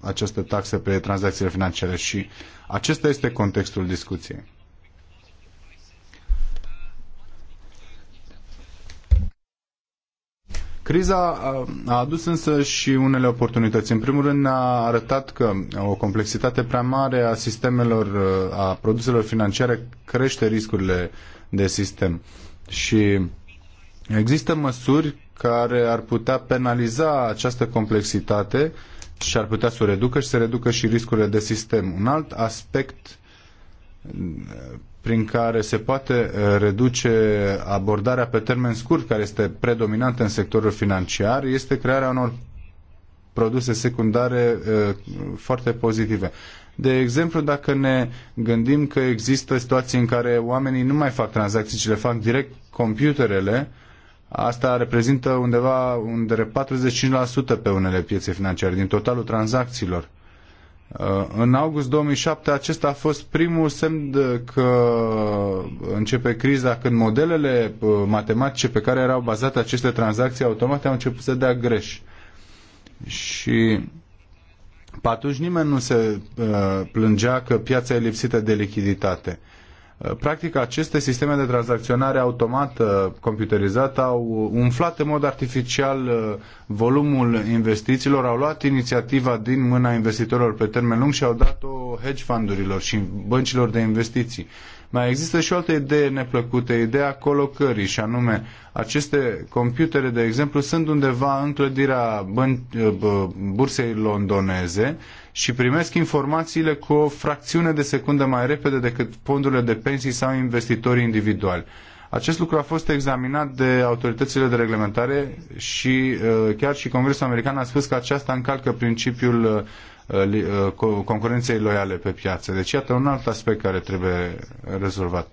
aceste taxe pe tranzacțiile financiare și acesta este contextul discuției. Criza a adus însă și unele oportunități. În primul rând a arătat că o complexitate prea mare a sistemelor, uh, a produselor financiare crește riscurile de sistem. Și există măsuri care ar putea penaliza această complexitate și ar putea să o reducă și să reducă și riscurile de sistem. Un alt aspect prin care se poate uh, reduce abordarea pe termen scurt, care este predominantă în sectorul financiar, este crearea unor produse secundare uh, foarte pozitive. De exemplu, dacă ne gândim că există situații în care oamenii nu mai fac tranzacții, ci le fac direct computerele, Asta reprezintă undeva unde 45% pe unele piețe financiare din totalul tranzacțiilor. Uh, în august 2007 acesta a fost primul semn că începe criza când modelele uh, matematice pe care erau bazate aceste tranzacții automate au început să dea greș. Și pe atunci nimeni nu se uh, plângea că piața e lipsită de lichiditate. Practic, aceste sisteme de tranzacționare automată, uh, computerizată, au umflat în mod artificial uh, volumul investițiilor, au luat inițiativa din mâna investitorilor pe termen lung și au dat-o hedge fundurilor și băncilor de investiții. Mai există și o altă idee neplăcută, ideea colocării, și anume, aceste computere, de exemplu, sunt undeva în clădirea uh, bursei londoneze, și primesc informațiile cu o fracțiune de secundă mai repede decât fondurile de pensii sau investitorii individuali. Acest lucru a fost examinat de autoritățile de reglementare și uh, chiar și Congresul American a spus că aceasta încalcă principiul uh, uh, concurenței loiale pe piață. Deci iată un alt aspect care trebuie rezolvat.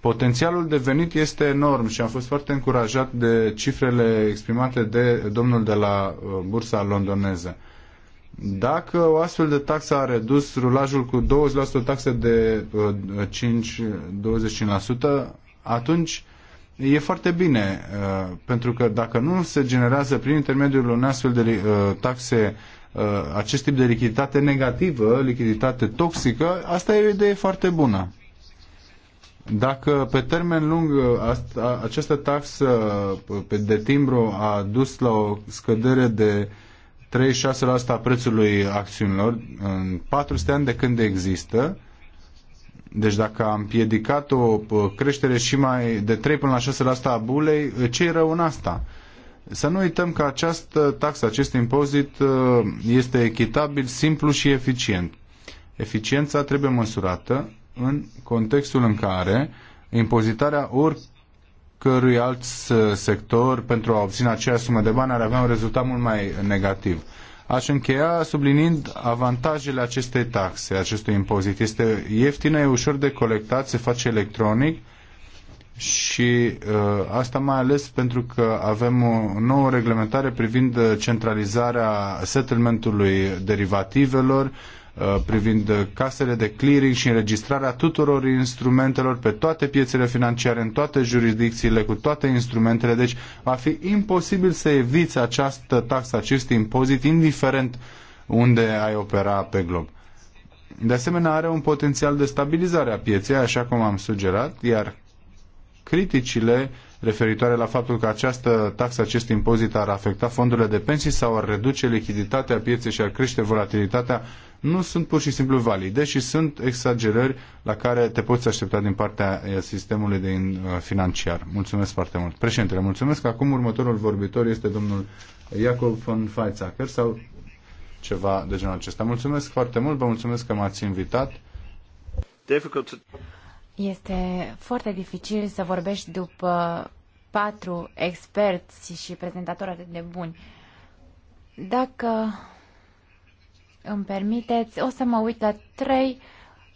Potențialul de venit este enorm și am fost foarte încurajat de cifrele exprimate de domnul de la bursa londoneză. Dacă o astfel de taxă a redus rulajul cu 20% taxă de 5, 25%, uh, atunci e foarte bine, uh, pentru că dacă nu se generează prin intermediul unei astfel de uh, taxe acest tip de lichiditate negativă, lichiditate toxică, asta e o idee foarte bună. Dacă pe termen lung această taxă de timbru a dus la o scădere de 36% a prețului acțiunilor în 400 ani de când există. Deci dacă am piedicat o creștere și mai de 3 până la 6% a bulei, ce rău în asta? Să nu uităm că această taxă, acest impozit uh, este echitabil, simplu și eficient. Eficiența trebuie măsurată în contextul în care impozitarea cărui alt sector pentru a obține aceeași sumă de bani ar avea un rezultat mult mai negativ. Aș încheia sublinind avantajele acestei taxe, acestui impozit. Este ieftină, e ușor de colectat, se face electronic și uh, asta mai ales pentru că avem o nouă reglementare privind uh, centralizarea settlementului derivativelor Uh, privind uh, casele de clearing și înregistrarea tuturor instrumentelor pe toate piețele financiare, în toate jurisdicțiile, cu toate instrumentele. Deci va fi imposibil să eviți această taxă, acest impozit, indiferent unde ai opera pe glob. De asemenea, are un potențial de stabilizare a pieței, așa cum am sugerat, iar criticile referitoare la faptul că această taxă, acest impozit ar afecta fondurile de pensii sau ar reduce lichiditatea pieței și ar crește volatilitatea, nu sunt pur și simplu valide și sunt exagerări la care te poți aștepta din partea eh, sistemului de eh, financiar. Mulțumesc foarte mult. Președintele, mulțumesc. Acum următorul vorbitor este domnul Jacob von Feitzacher sau ceva de genul acesta. Mulțumesc foarte mult, vă mulțumesc că m-ați invitat. Este foarte dificil să vorbești după patru experți și prezentatori atât de buni. Dacă îmi permiteți, o să mă uit la trei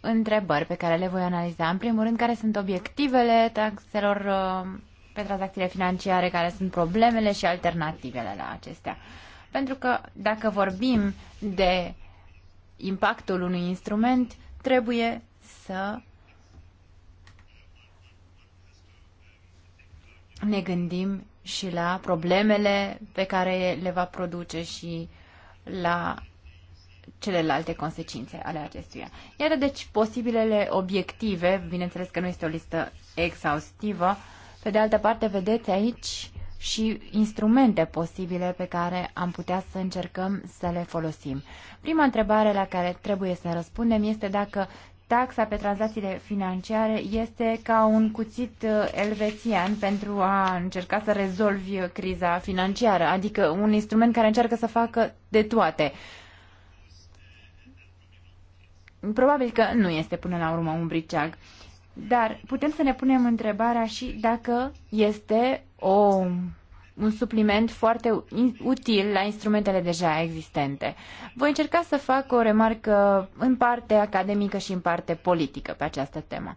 întrebări pe care le voi analiza. În primul rând, care sunt obiectivele taxelor uh, pe tranzacțiile financiare, care sunt problemele și alternativele la acestea. Pentru că dacă vorbim de impactul unui instrument, trebuie să ne gândim și la problemele pe care le va produce și la celelalte consecințe ale acestuia. Iată deci posibilele obiective, bineînțeles că nu este o listă exhaustivă, pe de altă parte vedeți aici și instrumente posibile pe care am putea să încercăm să le folosim. Prima întrebare la care trebuie să răspundem este dacă taxa pe tranzacțiile financiare este ca un cuțit uh, elvețian pentru a încerca să rezolvi criza financiară, adică un instrument care încearcă să facă de toate. Probabil că nu este până la urmă un briceag. Dar putem să ne punem întrebarea și dacă este o un supliment foarte util la instrumentele deja existente. Voi încerca să fac o remarcă în parte academică și în parte politică pe această temă.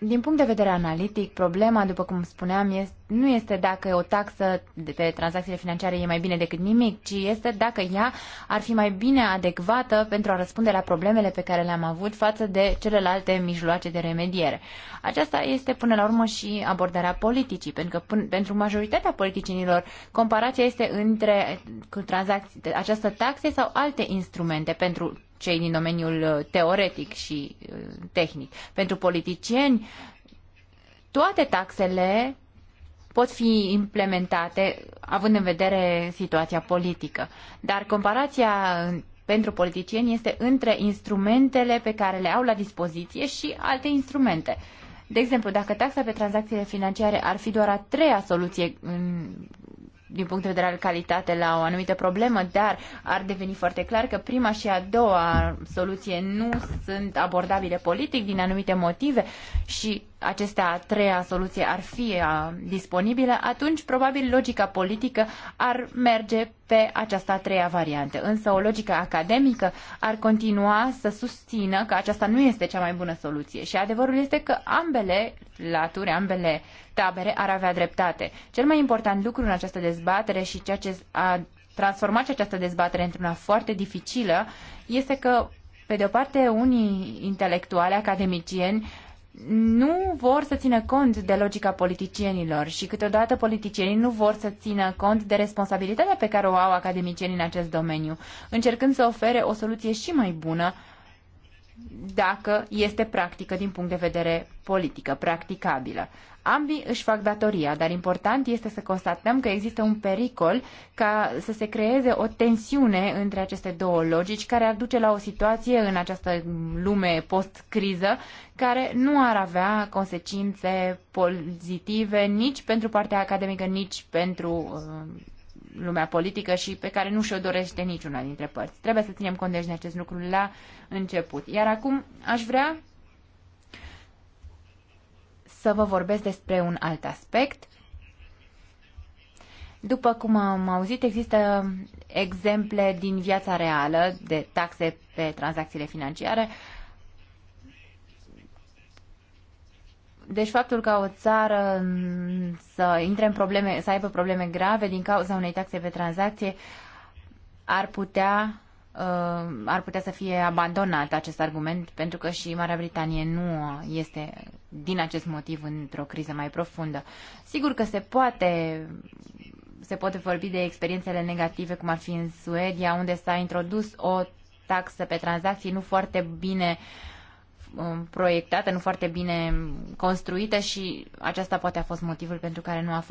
Din punct de vedere analitic, problema, după cum spuneam, este, nu este dacă o taxă de pe tranzacțiile financiare e mai bine decât nimic, ci este dacă ea ar fi mai bine adecvată pentru a răspunde la problemele pe care le-am avut față de celelalte mijloace de remediere. Aceasta este până la urmă și abordarea politicii, pentru că până, pentru majoritatea politicienilor comparația este între cu această taxe sau alte instrumente pentru cei din domeniul uh, teoretic și uh, tehnic. Pentru politicieni, toate taxele pot fi implementate având în vedere situația politică. Dar comparația uh, pentru politicieni este între instrumentele pe care le au la dispoziție și alte instrumente. De exemplu, dacă taxa pe tranzacțiile financiare ar fi doar a treia soluție în din punct de vedere al calitate la o anumită problemă, dar ar deveni foarte clar că prima și a doua soluție nu sunt abordabile politic din anumite motive și acestea a treia soluție ar fi uh, disponibilă, atunci probabil logica politică ar merge pe această a treia variantă. Însă o logică academică ar continua să susțină că aceasta nu este cea mai bună soluție. Și adevărul este că ambele laturi, ambele tabere ar avea dreptate. Cel mai important lucru în această dezbatere și ceea ce a transformat această dezbatere într-una foarte dificilă este că, pe de o parte, unii intelectuali, academicieni, nu vor să țină cont de logica politicienilor și câteodată politicienii nu vor să țină cont de responsabilitatea pe care o au academicienii în acest domeniu, încercând să ofere o soluție și mai bună dacă este practică din punct de vedere politică, practicabilă. Ambii își fac datoria, dar important este să constatăm că există un pericol ca să se creeze o tensiune între aceste două logici care ar duce la o situație în această lume post-criză care nu ar avea consecințe pozitive nici pentru partea academică, nici pentru uh, lumea politică și pe care nu și-o dorește niciuna dintre părți. Trebuie să ținem cont deci, de acest lucru la început. Iar acum aș vrea să vă vorbesc despre un alt aspect. După cum am auzit, există exemple din viața reală de taxe pe tranzacțiile financiare uh, Deci faptul ca o țară să intre în probleme, să aibă probleme grave din cauza unei taxe pe tranzacție ar putea uh, ar putea să fie abandonat acest argument pentru că și Marea Britanie nu este din acest motiv într-o criză mai profundă. Sigur că se poate se poate vorbi de experiențele negative cum ar fi în Suedia unde s-a introdus o taxă pe tranzacții nu foarte bine uh, Um, proiectate, nu foarte bine construite și aceasta poate a fost motivul pentru care nu a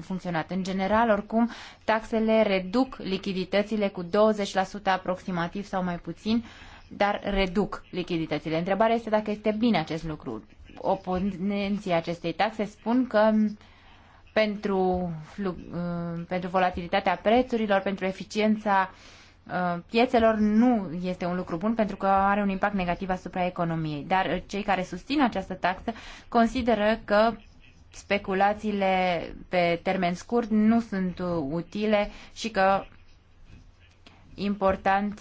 funcționat. În general, oricum, taxele reduc lichiditățile cu 20% aproximativ sau mai puțin, dar reduc lichiditățile. Întrebarea este dacă este bine acest lucru. Oponenții acestei taxe spun că pentru, uh, pentru volatilitatea prețurilor, pentru eficiența uh, Uh, piețelor nu este un lucru bun pentru că are un impact negativ asupra economiei. Dar uh, cei care susțin această taxă consideră că speculațiile pe termen scurt nu sunt uh, utile și că important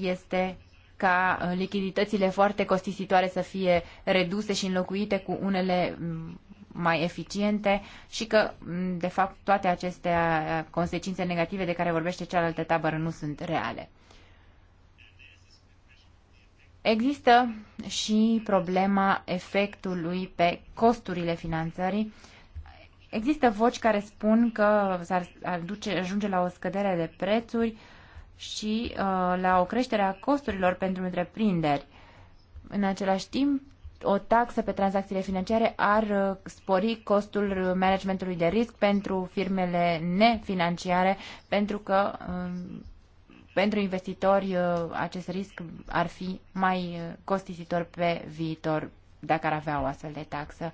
este ca lichiditățile foarte costisitoare să fie reduse și înlocuite cu unele mm, mai eficiente și că, de fapt, toate aceste consecințe negative de care vorbește cealaltă tabără nu sunt reale. Există și problema efectului pe costurile finanțării. Există voci care spun că s-ar ajunge la o scădere de prețuri și uh, la o creștere a costurilor pentru întreprinderi. În același timp, o taxă pe tranzacțiile financiare ar uh, spori costul uh, managementului de risc pentru firmele nefinanciare, pentru că um, pentru investitori uh, acest risc ar fi mai costisitor pe viitor dacă ar avea o astfel de taxă.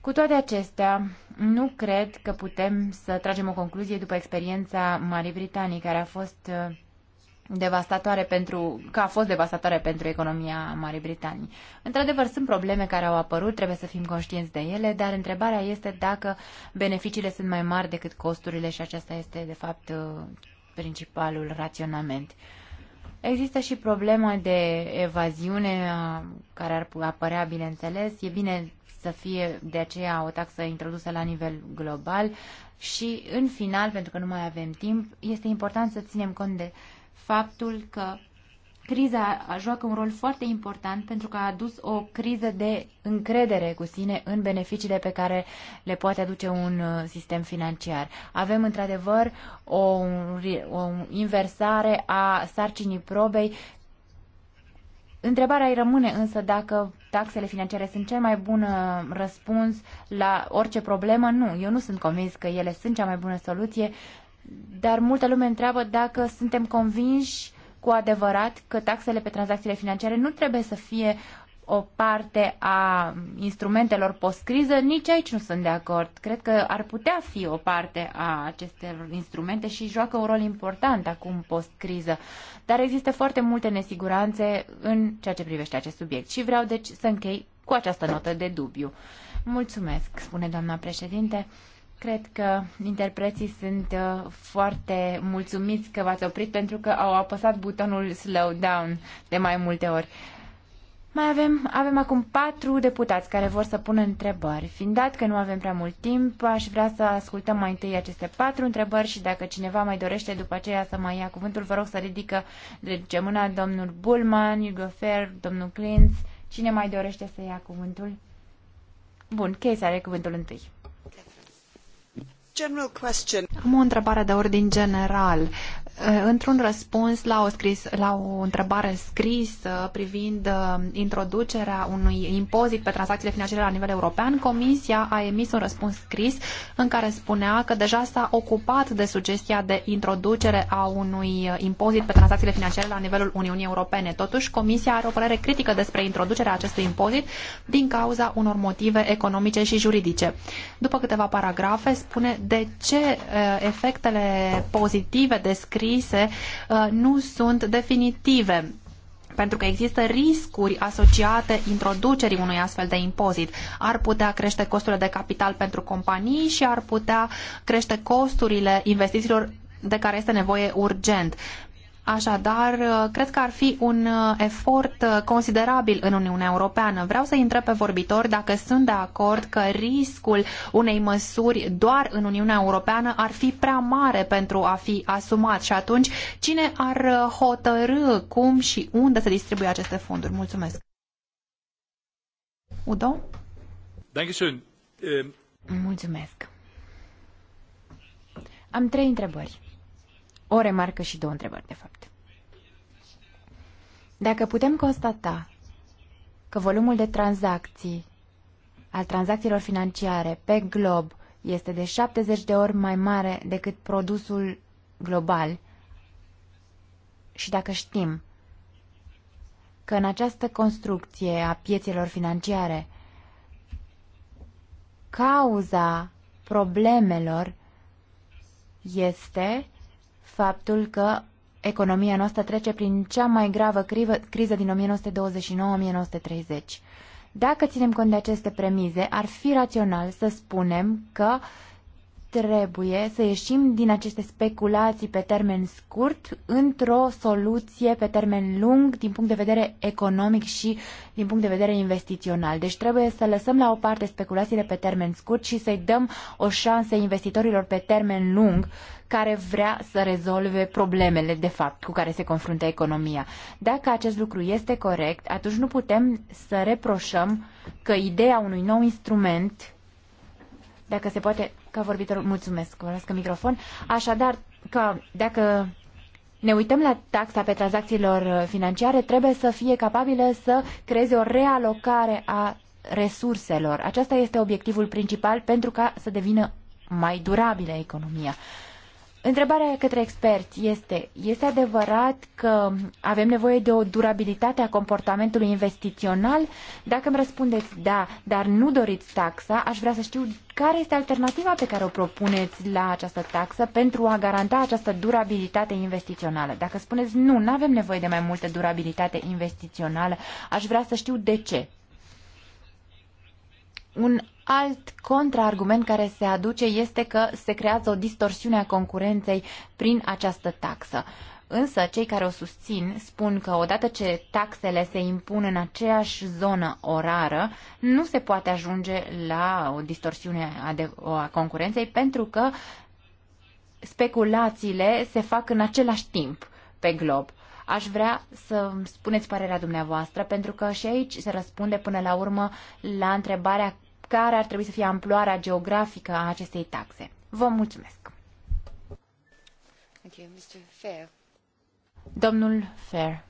Cu toate acestea, nu cred că putem să tragem o concluzie după experiența Marii Britanii, care a fost uh, devastatoare pentru, că a fost devastatoare pentru economia Marii Britanii. Într-adevăr, sunt probleme care au apărut, trebuie să fim conștienți de ele, dar întrebarea este dacă beneficiile sunt mai mari decât costurile și aceasta este, de fapt, uh, principalul raționament. Există și problema de evaziune uh, care ar apărea, bineînțeles. E bine să fie de aceea o taxă introdusă la nivel global și, în final, pentru că nu mai avem timp, este important să ținem cont de faptul că criza joacă un rol foarte important pentru că a adus o criză de încredere cu sine în beneficiile pe care le poate aduce un uh, sistem financiar. Avem într-adevăr o, o inversare a sarcinii probei. Întrebarea îi rămâne însă dacă taxele financiare sunt cel mai bun uh, răspuns la orice problemă. Nu, eu nu sunt convins că ele sunt cea mai bună soluție, dar multă lume întreabă dacă suntem convinși cu adevărat că taxele pe tranzacțiile financiare nu trebuie să fie o parte a instrumentelor post-criză, nici aici nu sunt de acord. Cred că ar putea fi o parte a acestor instrumente și joacă un rol important acum post-criză. Dar există foarte multe nesiguranțe în ceea ce privește acest subiect și vreau deci să închei cu această notă de dubiu. Mulțumesc, spune doamna președinte. Cred că interpreții sunt uh, foarte mulțumiți că v-ați oprit pentru că au apăsat butonul slow down de mai multe ori. Mai avem, avem acum patru deputați care vor să pună întrebări. Fiind dat că nu avem prea mult timp, aș vrea să ascultăm mai întâi aceste patru întrebări și dacă cineva mai dorește după aceea să mai ia cuvântul, vă rog să ridică de deci, mâna domnul Bulman, Fer, domnul Clintz. Cine mai dorește să ia cuvântul? Bun, Case are cuvântul întâi. Am o întrebare de ordin general. Eh, într-un răspuns la o, scris, la o întrebare scrisă eh, privind eh, introducerea unui impozit pe tranzacțiile financiare la nivel european, Comisia a emis un răspuns scris în care spunea că deja s-a ocupat de sugestia de introducere a unui impozit pe tranzacțiile financiare la nivelul Uniunii Europene. Totuși, Comisia are o părere critică despre introducerea acestui impozit din cauza unor motive economice și juridice. După câteva paragrafe, spune de ce efectele pozitive descrise scrise uh, nu sunt definitive pentru că există riscuri asociate introducerii unui astfel de impozit. Ar putea crește costurile de capital pentru companii și ar putea crește costurile investițiilor de care este nevoie urgent. Așadar, uh, cred că ar fi un uh, efort uh, considerabil în Uniunea Europeană. Vreau să întreb pe vorbitor dacă sunt de acord că riscul unei măsuri doar în Uniunea Europeană ar fi prea mare pentru a fi asumat și atunci cine ar hotărâ cum și unde se distribuie aceste fonduri? Mulțumesc. Udo? Mulțumesc. Am trei întrebări o remarcă și două întrebări, de fapt. Dacă putem constata că volumul de tranzacții al tranzacțiilor financiare pe glob este de 70 de ori mai mare decât produsul global și dacă știm că în această construcție a piețelor financiare cauza problemelor este faptul că economia noastră trece prin cea mai gravă criză din 1929-1930. Dacă ținem cont de aceste premize, ar fi rațional să spunem că uh, trebuie să ieșim din aceste speculații pe termen scurt într-o soluție pe termen lung din punct de vedere economic și din punct de vedere investițional. Deci trebuie să lăsăm la o parte speculațiile pe termen scurt și să-i dăm o șansă investitorilor pe termen lung care vrea să rezolve problemele, de fapt, cu care se confruntă economia. Dacă acest lucru este corect, atunci nu putem să reproșăm că ideea unui nou instrument, dacă se poate ca vorbitor mulțumesc, vă că microfon. Așadar, că dacă ne uităm la taxa pe tranzacțiilor financiare, trebuie să fie capabilă să creeze o realocare a resurselor. Aceasta este obiectivul principal pentru ca să devină mai durabilă economia. Întrebarea către experți este, este adevărat că avem nevoie de o durabilitate a comportamentului investițional? Dacă îmi răspundeți da, dar nu doriți taxa, aș vrea să știu care este alternativa pe care o propuneți la această taxă pentru a garanta această durabilitate investițională. Dacă spuneți nu, nu avem nevoie de mai multă durabilitate investițională, aș vrea să știu de ce. Un Alt contraargument care se aduce este că se creează o distorsiune a concurenței prin această taxă. Însă, cei care o susțin spun că odată ce taxele se impun în aceeași zonă orară, nu se poate ajunge la o distorsiune a, concurenței pentru că speculațiile se fac în același timp pe glob. Aș vrea să spuneți părerea dumneavoastră, pentru că și aici se răspunde până la urmă la întrebarea care ar trebui să fie amploarea geografică a acestei taxe. Vă mulțumesc! Domnul Fair.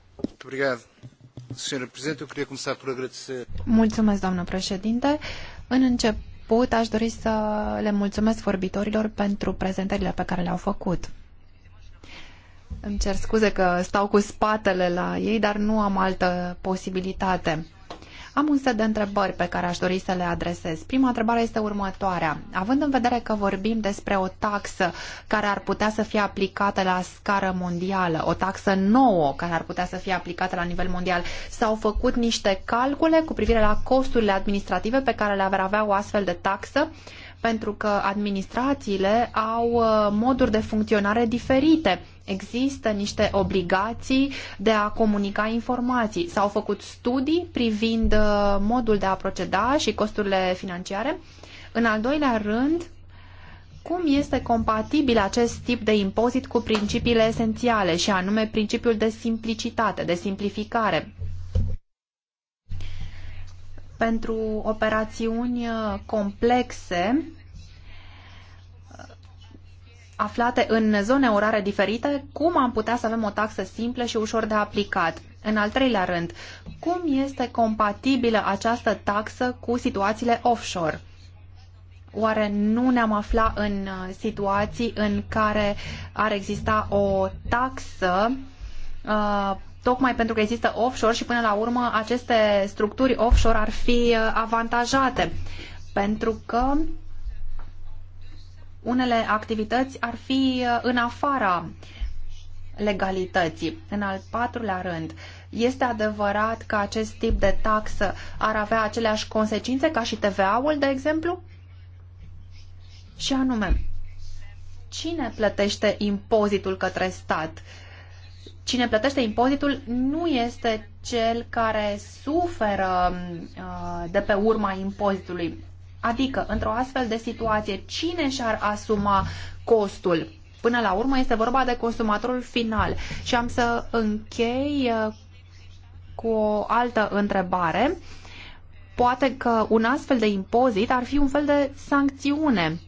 Mulțumesc, doamnă președinte. În început, aș dori să le mulțumesc vorbitorilor pentru prezentările pe care le-au făcut. Îmi cer scuze că stau cu spatele la ei, dar nu am altă posibilitate. Am un set de întrebări pe care aș dori să le adresez. Prima întrebare este următoarea. Având în vedere că vorbim despre o taxă care ar putea să fie aplicată la scară mondială, o taxă nouă care ar putea să fie aplicată la nivel mondial, s-au făcut niște calcule cu privire la costurile administrative pe care le-ar avea o astfel de taxă? pentru că administrațiile au uh, moduri de funcționare diferite Există niște obligații de a comunica informații. S-au făcut studii privind uh, modul de a proceda și costurile financiare. În al doilea rând, cum este compatibil acest tip de impozit cu principiile esențiale, și anume principiul de simplicitate, de simplificare, pentru operațiuni uh, complexe, aflate în zone orare diferite, cum am putea să avem o taxă simplă și ușor de aplicat? În al treilea rând, cum este compatibilă această taxă cu situațiile offshore? Oare nu ne-am afla în uh, situații în care ar exista o taxă uh, tocmai pentru că există offshore și până la urmă aceste structuri offshore ar fi uh, avantajate pentru că unele activități ar fi uh, în afara legalității. În al patrulea rând, este adevărat că acest tip de taxă ar avea aceleași consecințe ca și TVA-ul, de exemplu? Și anume, cine plătește impozitul către stat? Cine plătește impozitul nu este cel care suferă uh, de pe urma impozitului. Adică, într-o astfel de situație, cine și-ar asuma costul? Până la urmă este vorba de consumatorul final. Și am să închei uh, cu o altă întrebare. Poate că un astfel de impozit ar fi un fel de sancțiune.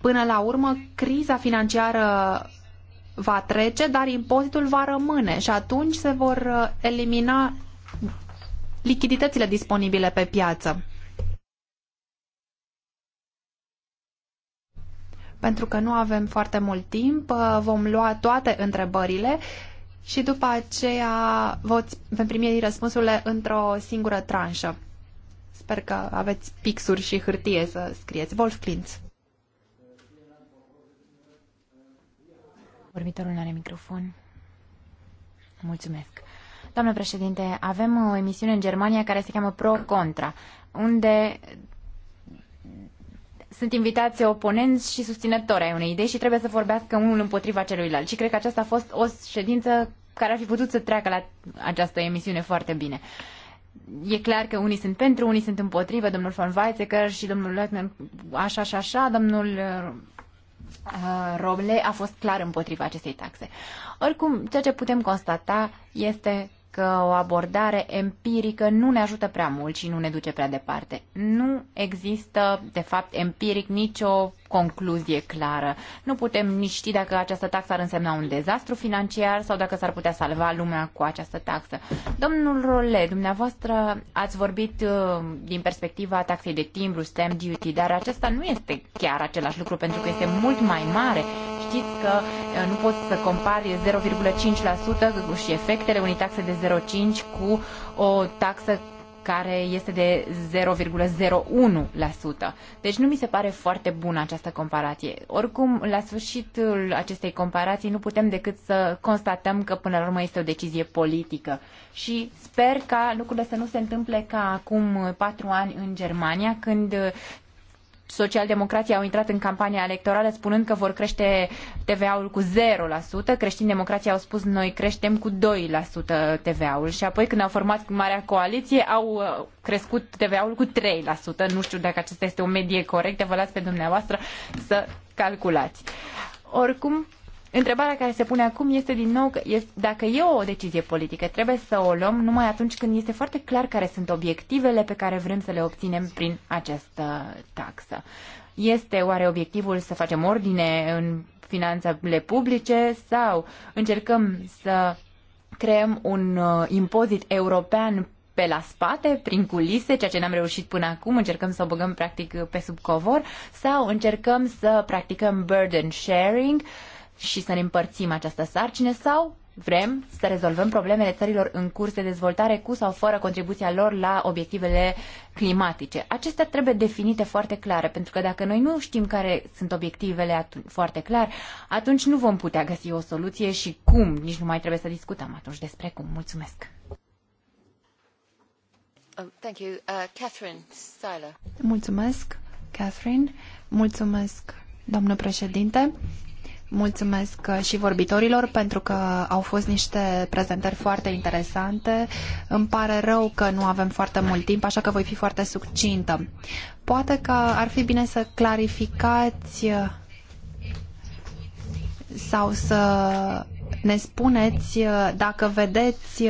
Până la urmă, criza financiară va trece, dar impozitul va rămâne și atunci se vor uh, elimina lichiditățile disponibile pe piață. Pentru că nu avem foarte mult timp, uh, vom lua toate întrebările și după aceea vom primi răspunsurile într-o singură tranșă. Sper că aveți pixuri și hârtie să scrieți. Wolf Klintz. Vorbitorul nu are microfon. Mulțumesc. Doamnă președinte, avem o emisiune în Germania care se cheamă Pro-Contra, unde sunt invitați oponenți și susținători ai unei idei și trebuie să vorbească unul împotriva celuilalt. Și cred că aceasta a fost o ședință care ar fi putut să treacă la această emisiune foarte bine. E clar că unii sunt pentru, unii sunt împotrivă, domnul von Weizsäcker și domnul Leutner, așa și așa, domnul uh, Roble a fost clar împotriva acestei taxe. Oricum, ceea ce putem constata este că o abordare empirică nu ne ajută prea mult și nu ne duce prea departe. Nu există, de fapt, empiric nicio concluzie clară. Nu putem nici ști dacă această taxă ar însemna un dezastru financiar sau dacă s-ar putea salva lumea cu această taxă. Domnul Role, dumneavoastră ați vorbit uh, din perspectiva taxei de timbru, stamp duty, dar acesta nu este chiar același lucru pentru că este mult mai mare. Știți că uh, nu poți să compari 0,5% și efectele unei taxe de 0,5 cu o taxă care este de 0,01%. Deci nu mi se pare foarte bună această comparație. Oricum, la sfârșitul acestei comparații nu putem decât să constatăm că până la urmă este o decizie politică. Și sper ca lucrurile să nu se întâmple ca acum patru ani în Germania, când socialdemocrații au intrat în campania electorală spunând că vor crește TVA-ul cu 0%, creștin-democrații au spus noi creștem cu 2% TVA-ul și apoi când au format Marea Coaliție au uh, crescut TVA-ul cu 3%. Nu știu dacă acesta este o medie corectă, vă las pe dumneavoastră să calculați. Oricum, Întrebarea care se pune acum este din nou că este, dacă e o decizie politică, trebuie să o luăm numai atunci când este foarte clar care sunt obiectivele pe care vrem să le obținem prin această taxă. Este oare obiectivul să facem ordine în finanțele publice sau încercăm să creăm un uh, impozit european pe la spate, prin culise, ceea ce n-am reușit până acum, încercăm să o băgăm practic pe sub covor, sau încercăm să practicăm burden sharing, uh, și să ne împărțim această sarcină sau vrem să rezolvăm problemele țărilor în curs de dezvoltare cu sau fără contribuția lor la obiectivele climatice. Acestea trebuie definite foarte clare, pentru că dacă noi nu știm care sunt obiectivele foarte clar, atunci nu vom putea găsi o soluție și cum, nici nu mai trebuie să discutăm atunci despre cum. Mulțumesc! Oh, thank you. Uh, Catherine Siler. Mulțumesc, Catherine. Mulțumesc, doamnă președinte. Mulțumesc uh, și vorbitorilor pentru că au fost niște prezentări foarte interesante. Îmi pare rău că nu avem foarte mult timp, așa că voi fi foarte succintă. Poate că ar fi bine să clarificați uh, sau să ne spuneți uh, dacă vedeți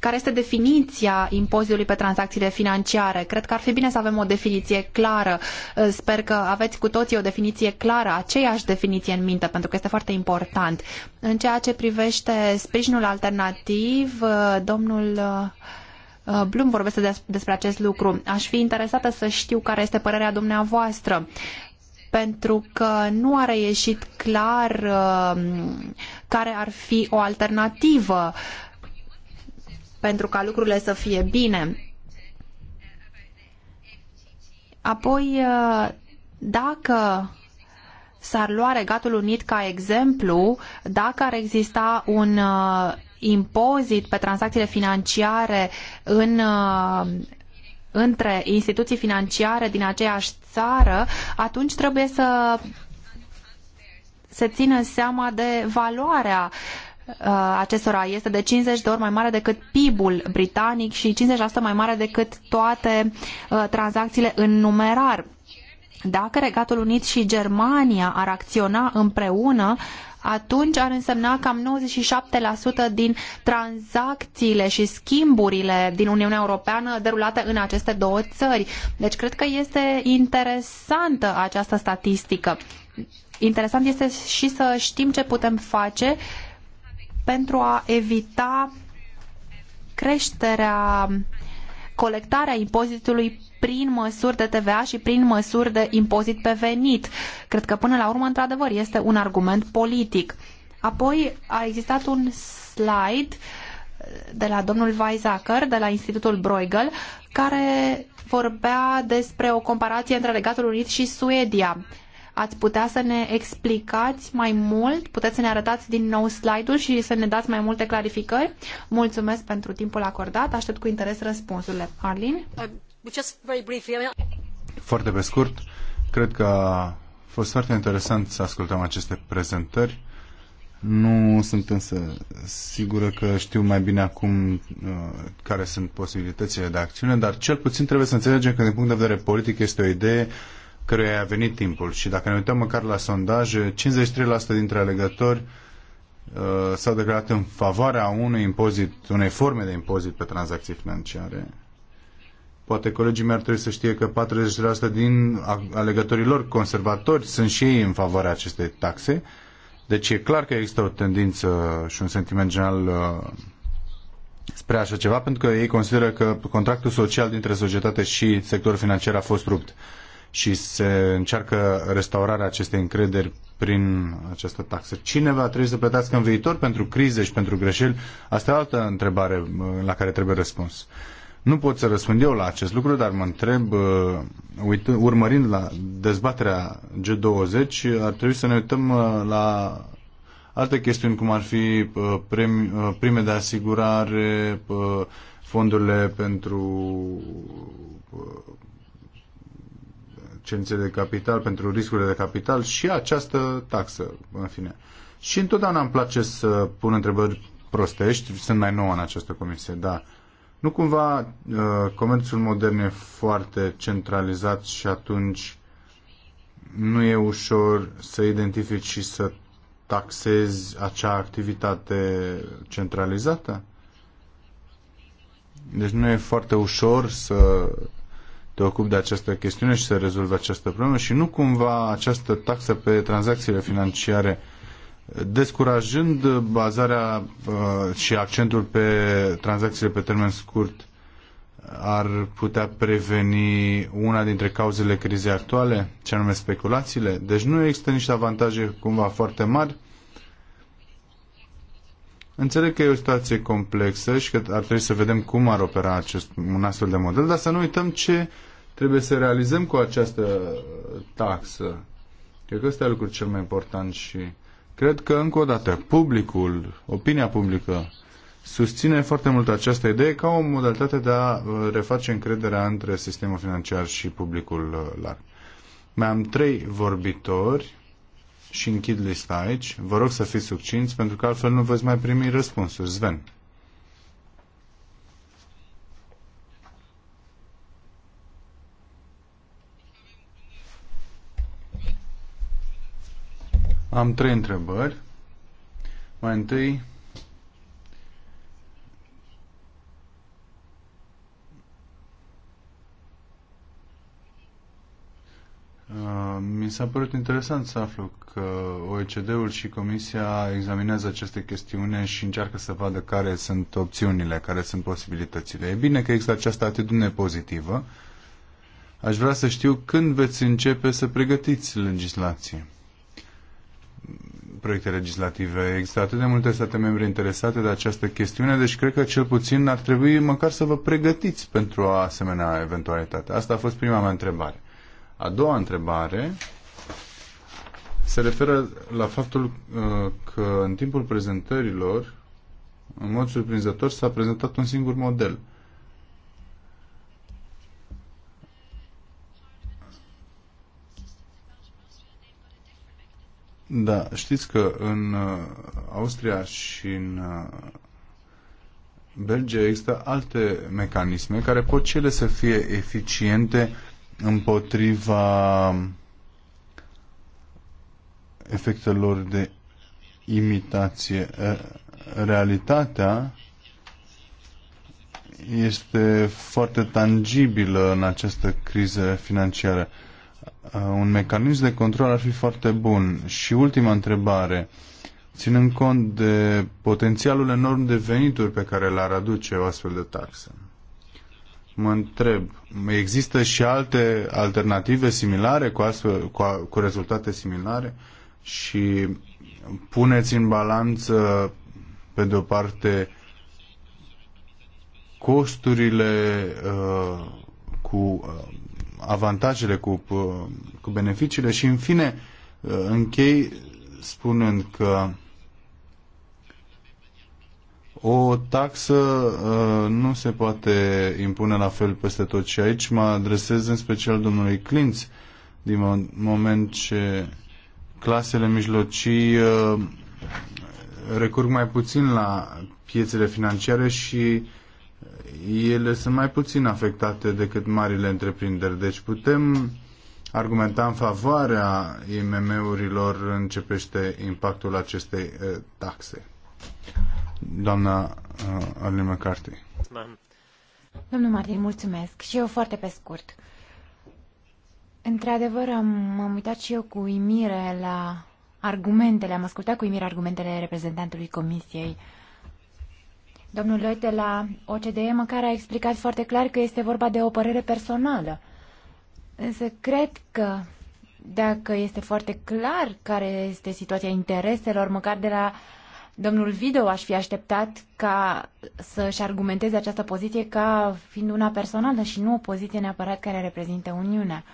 care este definiția impozitului pe tranzacțiile financiare. Cred că ar fi bine să avem o definiție clară. Uh, sper că aveți cu toții o definiție clară, aceeași definiție în minte, pentru că este foarte important. În ceea ce privește sprijinul alternativ, uh, domnul uh, Blum vorbește despre acest lucru. Aș fi interesată să știu care este părerea dumneavoastră pentru că nu a ieșit clar care ar fi o alternativă uh, pentru ca lucrurile să fie bine. Apoi, dacă s-ar lua Regatul Unit ca exemplu, dacă ar exista un uh, impozit pe tranzacțiile financiare în, uh, între instituții financiare din aceeași țară, atunci trebuie să se țină seama de valoarea uh, Uh, acestora este de 50 de ori mai mare decât PIB-ul britanic și 50% mai mare decât toate uh, tranzacțiile în numerar. Dacă Regatul Unit și Germania ar acționa împreună, atunci ar însemna cam 97% din tranzacțiile și schimburile din Uniunea Europeană derulate în aceste două țări. Deci cred că este interesantă această statistică. Interesant este și să știm ce putem face uh, pentru a evita creșterea, colectarea impozitului prin măsuri de TVA și prin măsuri de impozit pe venit. Cred că până la urmă, într-adevăr, este un argument politic. Apoi a existat un slide de la domnul Weizacker, de la Institutul Bruegel, care vorbea despre o comparație între Regatul Unit și Suedia. Ați putea să ne explicați mai mult? Puteți să ne arătați din nou slide-ul și să ne dați mai multe clarificări? Mulțumesc pentru timpul acordat. Aștept cu interes răspunsurile. Arlin? Uh, foarte pe scurt, cred că a fost foarte interesant să ascultăm aceste prezentări. Nu sunt însă sigură că știu mai bine acum uh, care sunt posibilitățile de acțiune, dar cel puțin trebuie să înțelegem că din punct de vedere politic este o idee uh, căruia a venit timpul. Și dacă ne uităm măcar la sondaje, 53% dintre alegători uh, s-au declarat în favoarea unui impozit, unei forme de impozit pe tranzacții financiare. Poate colegii mei ar trebui să știe că 40% din alegătorii lor conservatori sunt și ei în favoarea acestei taxe. Deci e clar că există o tendință și un sentiment general uh, spre așa ceva, pentru că ei consideră că contractul social dintre societate și sectorul financiar a fost rupt și se încearcă restaurarea acestei încrederi prin această taxă. Cine va trebui să plătească în viitor pentru crize și pentru greșeli? Asta e altă întrebare uh, la care trebuie răspuns. Nu pot să răspund eu la acest lucru, dar mă întreb, uh, urmărind la dezbaterea G20, ar trebui să ne uităm uh, la alte chestiuni, cum ar fi prime de asigurare, fondurile pentru cerințele de capital, pentru riscurile de capital și această taxă, în fine. Și întotdeauna îmi place să pun întrebări prostești, sunt mai nou în această comisie, da. Nu cumva uh, comerțul modern e foarte centralizat și atunci nu e ușor să identifici și să taxezi acea activitate centralizată? Deci nu e foarte ușor să te ocupi de această chestiune și să rezolvi această problemă și nu cumva această taxă pe tranzacțiile financiare descurajând bazarea uh, și accentul pe tranzacțiile pe termen scurt ar putea preveni una dintre cauzele crizei actuale, ce anume speculațiile. Deci nu există niște avantaje cumva foarte mari Înțeleg că e o situație complexă și că ar trebui să vedem cum ar opera acest, un astfel de model, dar să nu uităm ce trebuie să realizăm cu această uh, taxă. Cred că ăsta e lucrul cel mai important și cred că, încă o dată, publicul, opinia publică, susține foarte mult această idee ca o modalitate de a uh, reface încrederea între sistemul financiar și publicul uh, larg. Mai am trei vorbitori și închid lista aici. Vă rog să fiți succinți, pentru că altfel nu veți mai primi răspunsuri. Sven. Am trei întrebări. Mai întâi, Uh, mi s-a părut interesant să aflu că OECD-ul și Comisia examinează aceste chestiune și încearcă să vadă care sunt opțiunile, care sunt posibilitățile. E bine că există această atitudine pozitivă. Aș vrea să știu când veți începe să pregătiți legislație. Proiecte legislative. Există atât de multe state membre interesate de această chestiune, deci cred că cel puțin ar trebui măcar să vă pregătiți pentru o asemenea eventualitate. Asta a fost prima mea întrebare. A doua întrebare se referă la faptul uh, că în timpul prezentărilor, în mod surprinzător, s-a prezentat un singur model. Da, știți că în uh, Austria și în uh, Belgia există alte mecanisme care pot cele să fie eficiente împotriva efectelor de imitație. Realitatea este foarte tangibilă în această criză financiară. Uh, un mecanism de control ar fi foarte bun. Și ultima întrebare. Ținând cont de potențialul enorm de venituri pe care le-ar aduce o astfel de taxă mă întreb, există și alte alternative similare cu, astfel, cu, cu rezultate similare și puneți în balanță pe de o parte costurile uh, cu uh, avantajele, cu, uh, cu beneficiile și în fine uh, închei spunând că uh, o taxă uh, nu se poate impune la fel peste tot și aici mă adresez în special domnului Clinț din moment ce clasele mijlocii uh, recurg mai puțin la piețele financiare și ele sunt mai puțin afectate decât marile întreprinderi. Deci putem argumenta în favoarea IMM-urilor începește impactul acestei uh, taxe. Doamna uh, Arlene McCarthy. Domnul Martin, mulțumesc. Și eu foarte pe scurt. Într-adevăr, am, am uitat și eu cu uimire la argumentele, am ascultat cu uimire argumentele reprezentantului Comisiei. Domnul Lloyd de la OCDE măcar a explicat foarte clar că este vorba de o părere personală. Însă cred că dacă este foarte clar care este situația intereselor, măcar de la uh, Domnul Video aș fi așteptat ca să-și argumenteze această poziție ca fiind una personală și nu o poziție neapărat care reprezintă Uniunea.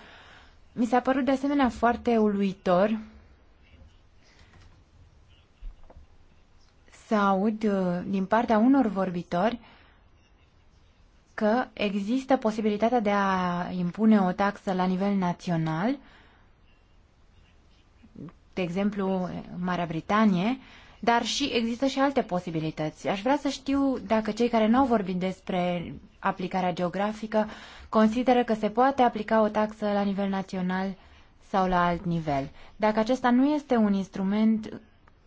Mi s-a părut de asemenea foarte uluitor să aud uh, din partea unor vorbitori că există posibilitatea de a impune o taxă la nivel național, de exemplu Marea Britanie, dar și există și alte posibilități. Aș vrea să știu dacă cei care nu au vorbit despre aplicarea geografică consideră că se poate aplica o taxă la nivel național sau la alt nivel. Dacă acesta nu este un instrument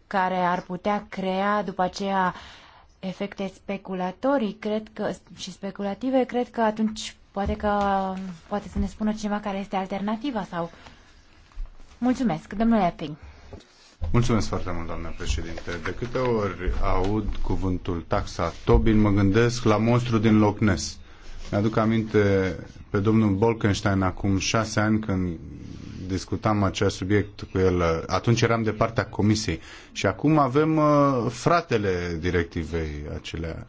care ar putea crea după aceea efecte speculatorii cred că, și speculative, cred că atunci poate că poate să ne spună cineva care este alternativa sau... Mulțumesc, domnule Epping. Mulțumesc foarte mult, doamnă președinte. De câte ori aud cuvântul taxa Tobin, mă gândesc la monstru din Loch Ness. Mi-aduc aminte pe domnul Bolkenstein acum șase ani când discutam acest subiect cu el. Atunci eram de partea comisiei și acum avem uh, fratele directivei acelea.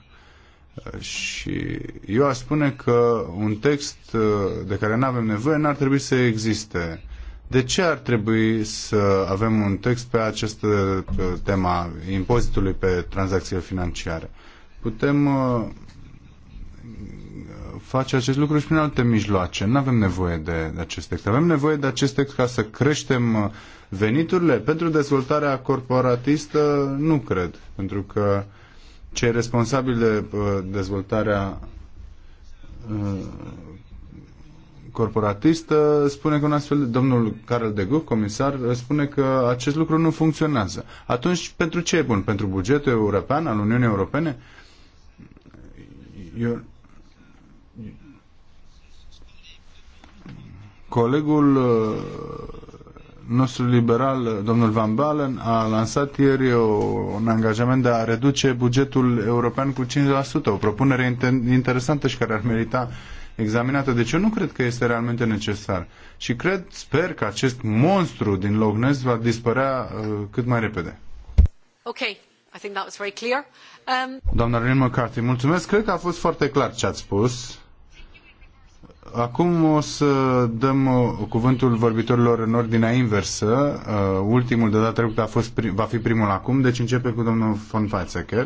Și eu aș spune că un text uh, de care nu avem nevoie n-ar trebui să existe de ce ar trebui să avem un text pe această tema impozitului pe tranzacțiile financiare? Putem uh, face acest lucru și prin alte mijloace. Nu avem nevoie de acest text. Avem nevoie de acest text ca să creștem uh, veniturile. Pentru dezvoltarea corporatistă nu cred, pentru că cei responsabili de uh, dezvoltarea corporatistă spune că un astfel, domnul Karel de Gucht, comisar, spune că acest lucru nu funcționează. Atunci, pentru ce e bun? Pentru bugetul european al Uniunii Europene? Eu... Colegul uh, nostru liberal, domnul Van Balen, a lansat ieri o, un angajament de a reduce bugetul european cu 5%, o propunere inter- interesantă și care ar merita uh, examinată. Deci eu nu cred că este realmente necesar. Și cred, sper că acest monstru din Loch Ness va dispărea uh, cât mai repede. Ok, I think that was very clear. Um... Doamna Ren McCarthy, mulțumesc. Cred că a fost foarte clar ce ați spus. Acum o să dăm uh, cuvântul vorbitorilor în ordinea inversă. Uh, ultimul de data trecută a fost, va fi primul acum, deci începe cu domnul von Weizsäcker.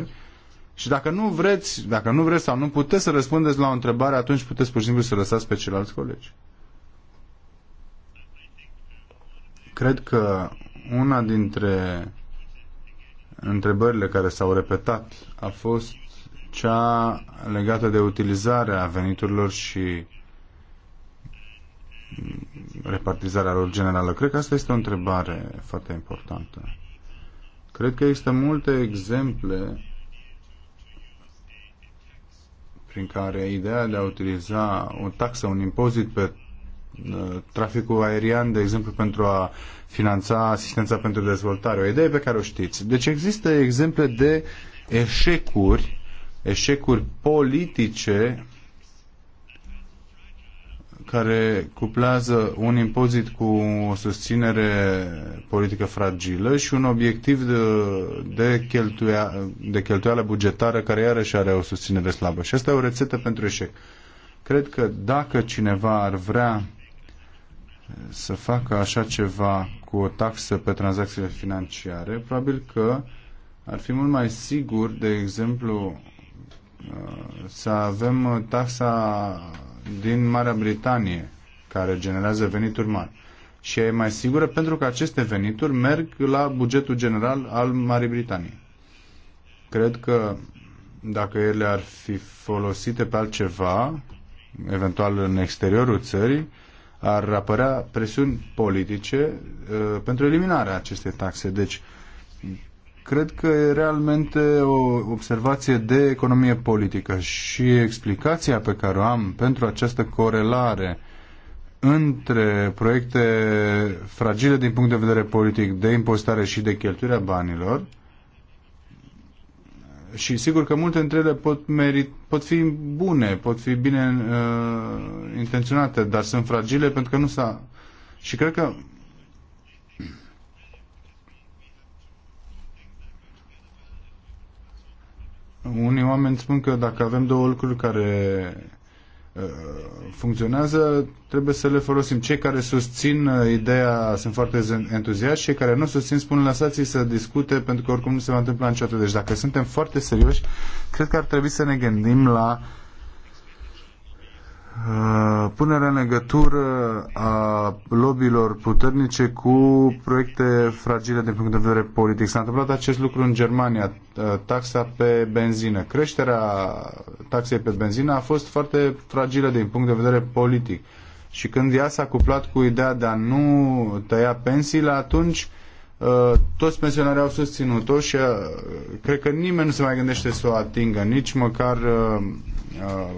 Și dacă nu vreți, dacă nu vreți sau nu puteți să răspundeți la o întrebare, atunci puteți pur și simplu să lăsați pe ceilalți colegi. Cred că una dintre întrebările care s-au repetat a fost cea legată de utilizarea veniturilor și repartizarea lor generală. Cred că asta este o întrebare foarte importantă. Cred că există multe exemple prin care ideea de a utiliza o taxă, un impozit pe uh, traficul aerian, de exemplu, pentru a finanța asistența pentru dezvoltare, o idee pe care o știți. Deci există exemple de eșecuri, eșecuri politice care cuplează un impozit cu o susținere politică fragilă și un obiectiv de, de, cheltuia, de cheltuială bugetară care iarăși are o susținere slabă. Și asta e o rețetă pentru eșec. Cred că dacă cineva ar vrea să facă așa ceva cu o taxă pe tranzacțiile financiare, probabil că ar fi mult mai sigur, de exemplu, să avem taxa din Marea Britanie care generează venituri mari. Și e mai sigură pentru că aceste venituri merg la bugetul general al Marii Britanii. Cred că dacă ele ar fi folosite pe altceva, eventual în exteriorul țării, ar apărea presiuni politice uh, pentru eliminarea acestei taxe. Deci, uh, cred că e realmente o observație de economie politică și explicația pe care o am pentru această corelare între proiecte fragile din punct de vedere politic de impostare și de cheltuirea banilor și sigur că multe dintre ele pot, merit, pot fi bune, pot fi bine uh, intenționate, dar sunt fragile pentru că nu s-a... Și cred că Unii oameni spun că dacă avem două lucruri care uh, funcționează, trebuie să le folosim. Cei care susțin uh, ideea sunt foarte entuziaști, cei care nu susțin spun lăsați să discute pentru că oricum nu se va întâmpla niciodată. Deci dacă suntem foarte serioși, cred că ar trebui să ne gândim la uh, Uh, punerea în legătură a lobbyilor puternice cu proiecte fragile din punct de vedere politic. S-a întâmplat acest lucru în Germania, uh, taxa pe benzină. Creșterea taxei pe benzină a fost foarte fragilă din punct de vedere politic. Și când ea s-a cuplat cu ideea de a nu tăia pensiile, atunci uh, Uh, toți pensionarii au susținut-o și uh, cred că nimeni nu se mai gândește să o atingă, nici măcar uh,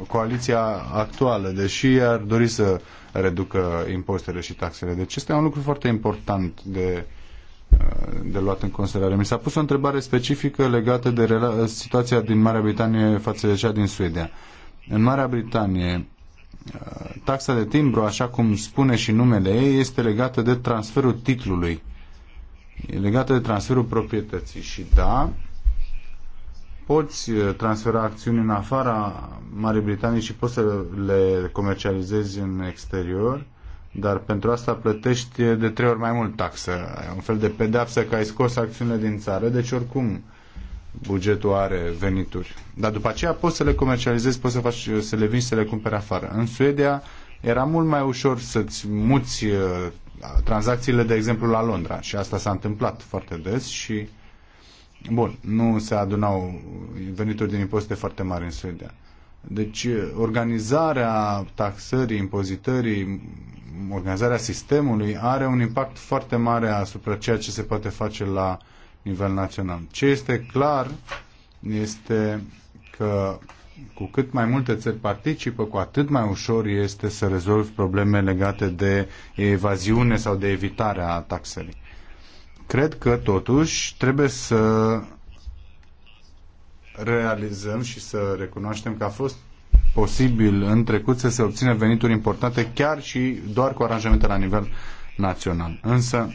coaliția actuală, deși ar dori să reducă impozitele și taxele. Deci este un lucru foarte important de, de luat în considerare. Mi s-a pus o întrebare specifică legată de situația din Marea Britanie față de cea din Suedia. În Marea Britanie, taxa de timbru, așa cum spune și numele ei, este legată de transferul titlului e legată de transferul proprietății și da, poți uh, transfera acțiuni în afara Marii Britanii și poți să le comercializezi în exterior, dar pentru asta plătești de trei ori mai mult taxă. E un fel de pedeapsă că ai scos acțiunile din țară, deci oricum bugetul are venituri. Dar după aceea poți să le comercializezi, poți să, faci, să le vinzi, să le cumperi afară. În Suedia era mult mai ușor să-ți muți uh, tranzacțiile, de exemplu, la Londra. Și asta s-a întâmplat foarte des și, bun, nu se adunau venituri din impozite foarte mari în Suedia. Deci, organizarea taxării, impozitării, organizarea sistemului are un impact foarte mare asupra ceea ce se poate face la nivel național. Ce este clar este că cu cât mai multe țări participă, cu atât mai ușor este să rezolvi probleme legate de evaziune sau de evitare a taxării. Cred că, totuși, trebuie să realizăm și să recunoaștem că a fost posibil în trecut să se obțină venituri importante chiar și doar cu aranjamente la nivel național. Însă,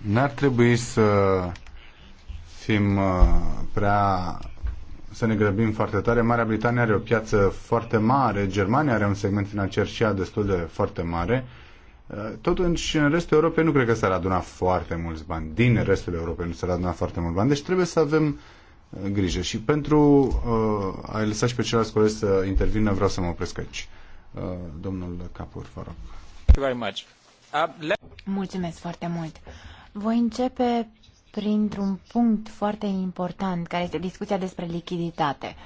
n-ar trebui să fim uh, prea să ne grăbim foarte tare. Marea Britanie are o piață foarte mare, Germania are un segment financiar și ea destul de foarte mare. Totuși, în restul Europei nu cred că s-ar aduna foarte mulți bani. Din restul Europei nu s-ar aduna foarte mulți bani. Deci trebuie să avem uh, grijă. Și pentru uh, a-i lăsa și pe ceilalți colegi să intervină, vreau să mă opresc aici. Uh, domnul Capur, vă rog. Uh, Mulțumesc foarte mult. Voi începe printr-un punct foarte important, care este discuția despre lichiditate.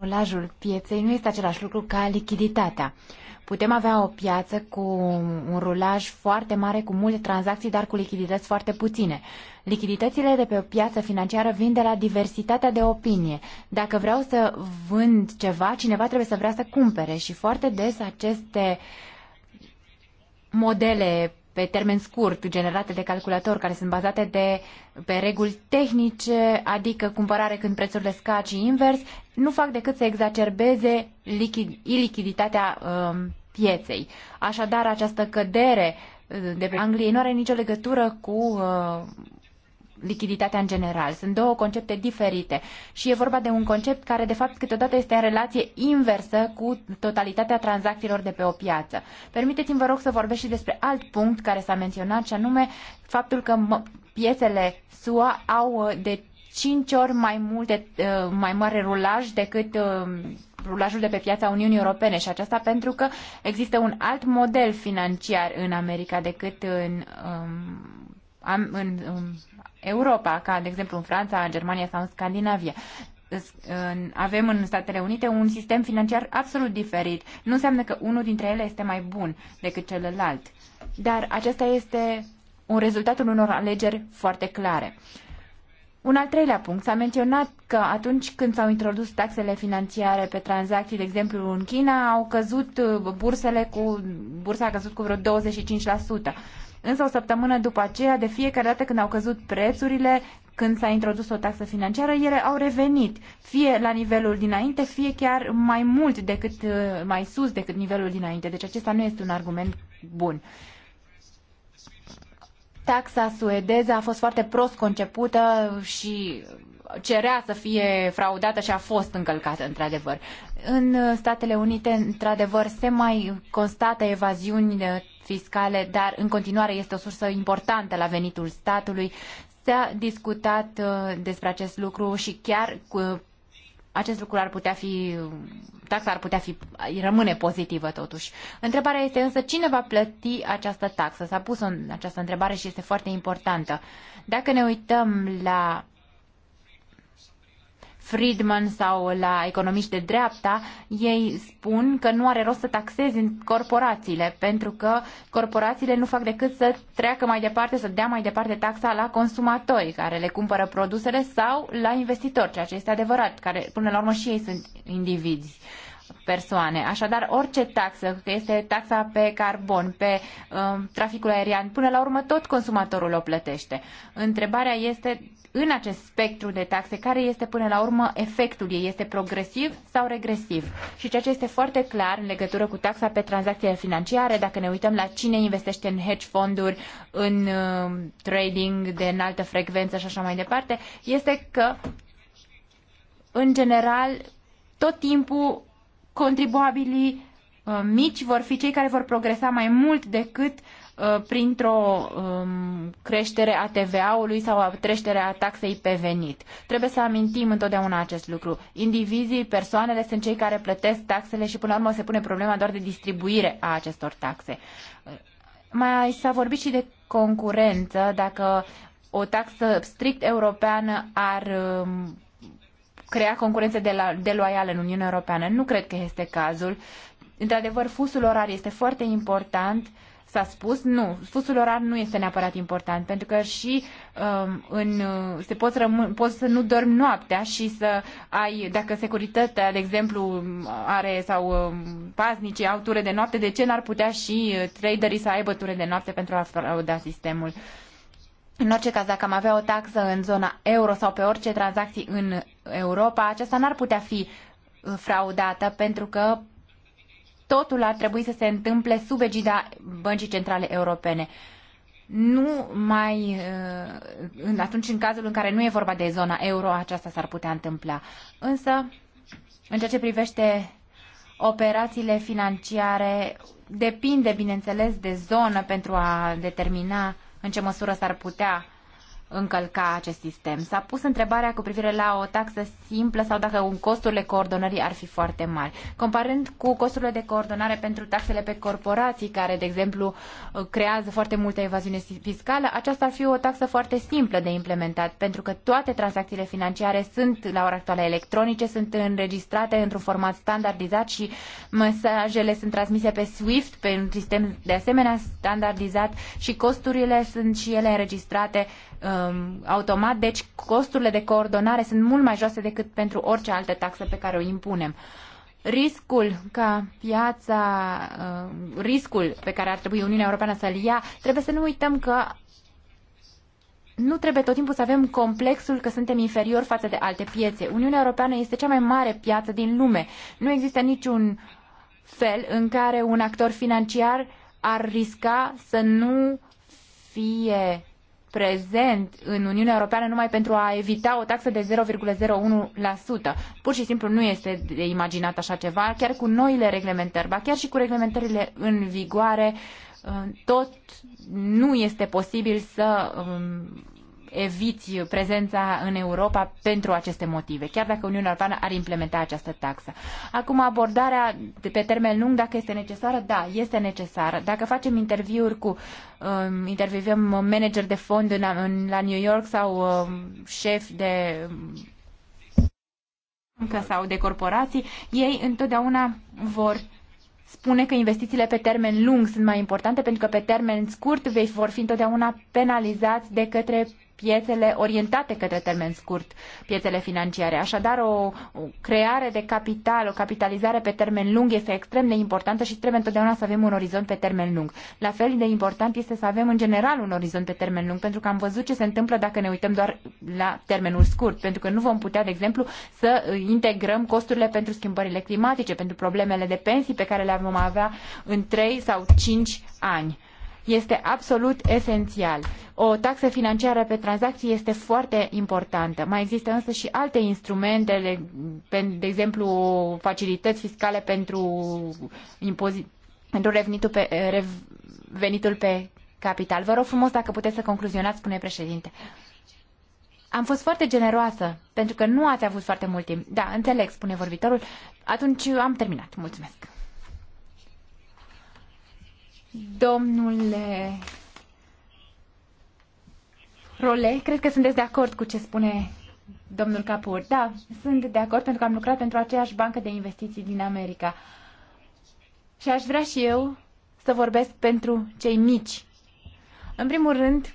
Rolajul pieței nu este același lucru ca lichiditatea. Putem avea o piață cu un rulaj foarte mare, cu multe tranzacții, dar cu lichidități foarte puține. Lichiditățile de pe o piață financiară vin de la diversitatea de opinie. Dacă vreau să vând ceva, cineva trebuie să vrea să cumpere și foarte des aceste uh, modele pe termen scurt generate de calculator care sunt bazate de, pe reguli tehnice, adică cumpărare când prețurile scad și invers, nu fac decât să exacerbeze lichid, ilichiditatea um, pieței. Așadar, această cădere uh, de pe Anglie nu are nicio legătură cu uh, lichiditatea în general. Sunt două concepte diferite și e vorba de un concept care de fapt câteodată este în relație inversă cu totalitatea tranzacțiilor de pe o piață. Permiteți-mi vă rog să vorbesc și despre alt punct care s-a menționat și anume faptul că piețele SUA au uh, de 5 ori mai multe, uh, mai mare rulaj decât uh, rulajul de pe piața Uniunii Europene și aceasta pentru că există un alt model financiar în America decât în, um, în, în um, Europa, ca de exemplu în Franța, în Germania sau în Scandinavia avem în Statele Unite un sistem financiar absolut diferit. Nu înseamnă că unul dintre ele este mai bun decât celălalt. Dar acesta este un rezultatul unor alegeri foarte clare. Un al treilea punct. S-a menționat că atunci când s-au introdus taxele financiare pe tranzacții, de exemplu în China, au căzut uh, bursele cu, bursa a căzut cu vreo 25%. Însă o săptămână după aceea, de fiecare dată când au căzut prețurile, când s-a introdus o taxă financiară, ele au revenit, fie la nivelul dinainte, fie chiar mai mult decât, uh, mai sus decât nivelul dinainte. Deci acesta nu este un argument bun. Taxa suedeză a fost foarte prost concepută și cerea să fie fraudată și a fost încălcată, într-adevăr. În Statele Unite, într-adevăr, se mai constată evaziuni fiscale, dar în continuare este o sursă importantă la venitul statului. S-a discutat uh, despre acest lucru și chiar cu acest lucru ar putea fi, taxa ar putea fi, rămâne pozitivă totuși. Întrebarea este însă cine va plăti această taxă? S-a pus această întrebare și este foarte importantă. Dacă ne uităm la Friedman sau la economiști de dreapta, ei spun că nu are rost să taxezi în corporațiile, pentru că corporațiile nu fac decât să treacă mai departe, să dea mai departe taxa la consumatori care le cumpără produsele sau la investitori, ceea ce este adevărat, care până la urmă și ei sunt indivizi persoane. Așadar, orice taxă, că este taxa pe carbon, pe uh, traficul aerian, până la urmă tot consumatorul o plătește. Întrebarea este în acest spectru de taxe, care este până la urmă efectul ei, este progresiv sau regresiv. Și ceea ce este foarte clar în legătură cu taxa pe tranzacțiile financiare, dacă ne uităm la cine investește în hedge fonduri, în uh, trading de înaltă frecvență și așa mai departe, este că, în general, tot timpul contribuabilii uh, mici vor fi cei care vor progresa mai mult decât uh, Uh, printr-o um, creștere a TVA-ului sau a creștere a taxei pe venit. Trebuie să amintim întotdeauna acest lucru. Indivizii, persoanele sunt cei care plătesc taxele și până la urmă se pune problema doar de distribuire a acestor taxe. Uh, mai s-a vorbit și de concurență, dacă o taxă strict europeană ar um, crea de deloială de în Uniunea Europeană. Nu cred că este cazul. Într-adevăr, fusul orar este foarte important s-a spus, nu, fusul orar nu este neapărat important, pentru că și um, în, se poți, rămân, poți să nu dormi noaptea și să ai, dacă securitatea, de exemplu, are sau um, paznicii au ture de noapte, de ce n-ar putea și uh, traderii să aibă ture de noapte pentru a frauda sistemul? În orice caz, dacă am avea o taxă în zona euro sau pe orice tranzacții în Europa, aceasta n-ar putea fi uh, fraudată pentru că totul ar trebui să se întâmple sub egida Băncii Centrale Europene. Nu mai uh, atunci în cazul în care nu e vorba de zona euro, aceasta s-ar putea întâmpla. Însă, în ceea ce privește operațiile financiare, depinde, bineînțeles, de zonă pentru a determina în ce măsură s-ar putea încălca acest sistem. S-a pus întrebarea cu privire la o taxă simplă sau dacă un costurile coordonării ar fi foarte mari. Comparând cu costurile de coordonare pentru taxele pe corporații, care, de exemplu, creează foarte multă evaziune fiscală, aceasta ar fi o taxă foarte simplă de implementat, pentru că toate tranzacțiile financiare sunt, la ora actuală, electronice, sunt înregistrate într-un format standardizat și mesajele sunt transmise pe SWIFT, pe un sistem de asemenea standardizat și costurile sunt și ele înregistrate uh, Um, automat, deci costurile de coordonare sunt mult mai joase decât pentru orice altă taxă pe care o impunem. Riscul ca piața, uh, riscul pe care ar trebui Uniunea Europeană să-l ia, trebuie să nu uităm că nu trebuie tot timpul să avem complexul că suntem inferior față de alte piețe. Uniunea Europeană este cea mai mare piață din lume. Nu există niciun fel în care un actor financiar ar risca să nu fie prezent în Uniunea Europeană numai pentru a evita o taxă de 0,01%. Pur și simplu nu este de imaginat așa ceva, chiar cu noile reglementări, ba chiar și cu reglementările în vigoare, uh, tot nu este posibil să um, eviți prezența în Europa pentru aceste motive, chiar dacă Uniunea Europeană ar implementa această taxă. Acum, abordarea pe termen lung, dacă este necesară, da, este necesară. Dacă facem interviuri cu, um, intervievăm manager de fond în, în, la New York sau um, de bancă sau de corporații, ei întotdeauna vor spune că investițiile pe termen lung sunt mai importante pentru că pe termen scurt vei, vor fi întotdeauna penalizați de către piețele orientate către termen scurt, piețele financiare. Așadar, o, o creare de capital, o capitalizare pe termen lung este extrem de importantă și trebuie întotdeauna să avem un orizont pe termen lung. La fel de important este să avem în general un orizont pe termen lung, pentru că am văzut ce se întâmplă dacă ne uităm doar la termenul scurt, pentru că nu vom putea, de exemplu, să integrăm costurile pentru schimbările climatice, pentru problemele de pensii pe care le vom avea în 3 sau 5 ani este absolut esențial. O taxă financiară pe tranzacții este foarte importantă. Mai există însă și alte instrumente, de exemplu facilități fiscale pentru, impozit, pentru revenitul pe, revenitul pe capital. Vă rog frumos dacă puteți să concluzionați, spune președinte. Am fost foarte generoasă, pentru că nu ați avut foarte mult timp. Da, înțeleg, spune vorbitorul. Atunci am terminat. Mulțumesc. Domnule Role, cred că sunteți de acord cu ce spune domnul Capur. Da, sunt de acord pentru că am lucrat pentru aceeași bancă de investiții din America. Și aș vrea și eu să vorbesc pentru cei mici. În primul rând,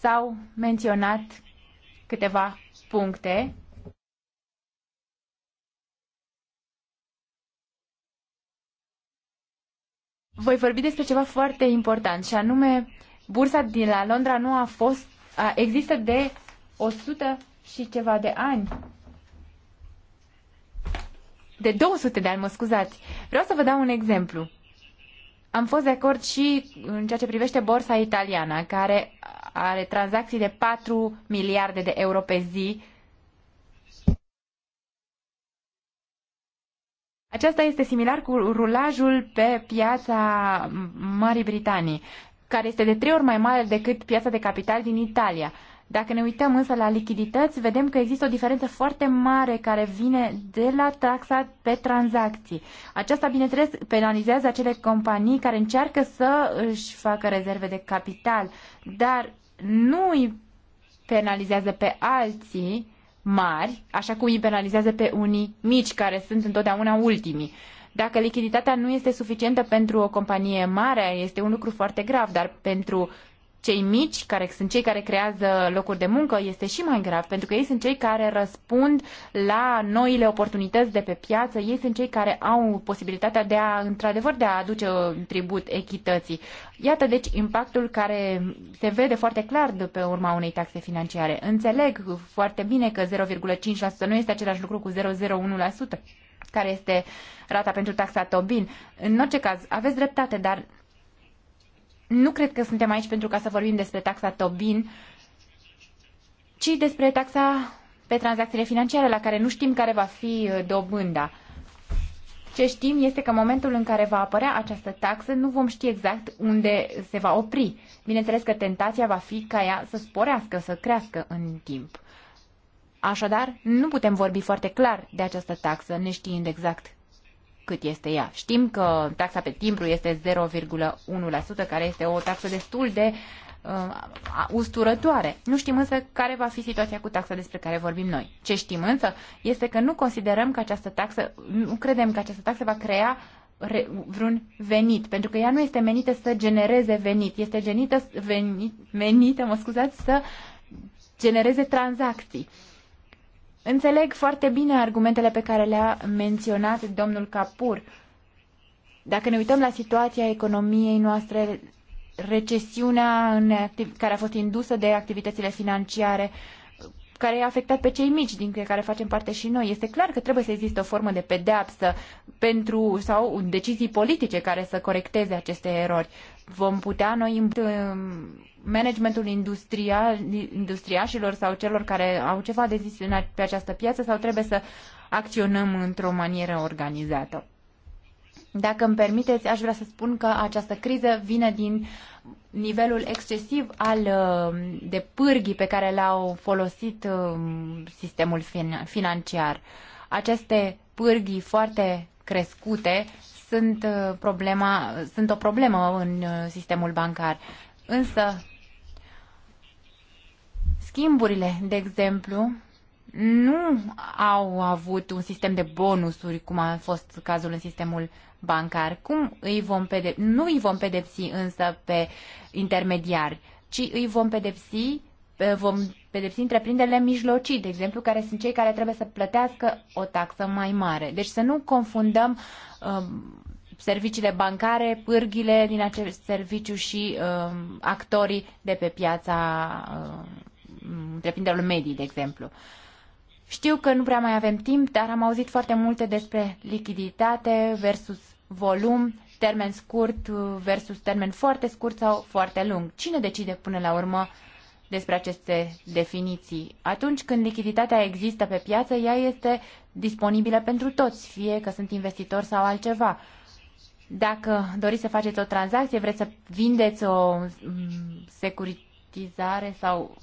s-au menționat câteva puncte voi vorbi despre ceva foarte important și anume bursa din la Londra nu a fost, a, există de 100 și ceva de ani. De 200 de ani, mă scuzați. Vreau să vă dau un exemplu. Am fost de acord și în ceea ce privește borsa italiană, care are tranzacții de 4 miliarde de euro pe zi Aceasta este similar cu rulajul pe piața Marii Britanii, care este de trei ori mai mare decât piața de capital din Italia. Dacă ne uităm însă la lichidități, vedem că există o diferență foarte mare care vine de la taxa pe tranzacții. Aceasta, bineînțeles, penalizează acele companii care încearcă să își facă rezerve de capital, dar nu îi penalizează pe alții mari, așa cum îi penalizează pe unii mici, care sunt întotdeauna ultimii. Dacă lichiditatea nu este suficientă pentru o companie mare, este un lucru foarte grav, dar pentru cei mici, care sunt cei care creează locuri de muncă, este și mai grav, pentru că ei sunt cei care răspund la noile oportunități de pe piață, ei sunt cei care au posibilitatea de a, într-adevăr, de a aduce un tribut echității. Iată, deci, impactul care se vede foarte clar de pe urma unei taxe financiare. Înțeleg foarte bine că 0,5% nu este același lucru cu 0,01% care este rata pentru taxa Tobin. În orice caz, aveți dreptate, dar nu cred că suntem aici pentru ca să vorbim despre taxa Tobin, ci despre taxa pe tranzacțiile financiare, la care nu știm care va fi uh, dobânda. Ce știm este că în momentul în care va apărea această taxă, nu vom ști exact unde se va opri. Bineînțeles că tentația va fi ca ea să sporească, să crească în timp. Așadar, nu putem vorbi foarte clar de această taxă, neștiind exact cât este ea. Știm că taxa pe timbru este 0,1%, care este o taxă destul de uh, usturătoare. Nu știm însă care va fi situația cu taxa despre care vorbim noi. Ce știm însă este că nu considerăm că această taxă, nu credem că această taxă va crea re, vreun venit, pentru că ea nu este menită să genereze venit, este genită, venit, menită, mă scuzați, să genereze tranzacții. Uh, Înțeleg foarte bine argumentele pe care le-a menționat domnul Capur. Dacă ne uităm la situația economiei noastre, recesiunea în care a fost indusă de activitățile financiare, care i-a afectat pe cei mici, din care facem parte și noi. Este clar că trebuie să existe o formă de pedeapsă pentru sau decizii politice care să corecteze aceste erori vom putea noi managementul industrial, industriașilor sau celor care au ceva de zis pe această piață sau trebuie să acționăm într-o manieră organizată. Dacă îmi permiteți, aș vrea să spun că această criză vine din nivelul excesiv al uh, de pârghii pe care le-au folosit uh, sistemul financiar. Aceste pârghii foarte crescute sunt, uh, problema, sunt o problemă în uh, sistemul bancar. Însă, schimburile, de exemplu, nu au avut un sistem de bonusuri, cum a fost cazul în sistemul bancar. Cum îi vom pedepsi? Nu îi vom pedepsi însă pe intermediari, ci îi vom pedepsi vom pedepsi întreprinderile mijlocii, de exemplu, care sunt cei care trebuie să plătească o taxă mai mare. Deci să nu confundăm uh, serviciile bancare, pârghile din acest serviciu și uh, actorii de pe piața uh, întreprinderilor medii, de exemplu. Știu că nu prea mai avem timp, dar am auzit foarte multe despre lichiditate versus volum, termen scurt versus termen foarte scurt sau foarte lung. Cine decide până la urmă despre aceste definiții. Atunci când lichiditatea există pe piață, ea este disponibilă pentru toți, fie că sunt investitori sau altceva. Dacă doriți să faceți o tranzacție, vreți să vindeți o mm, securitizare sau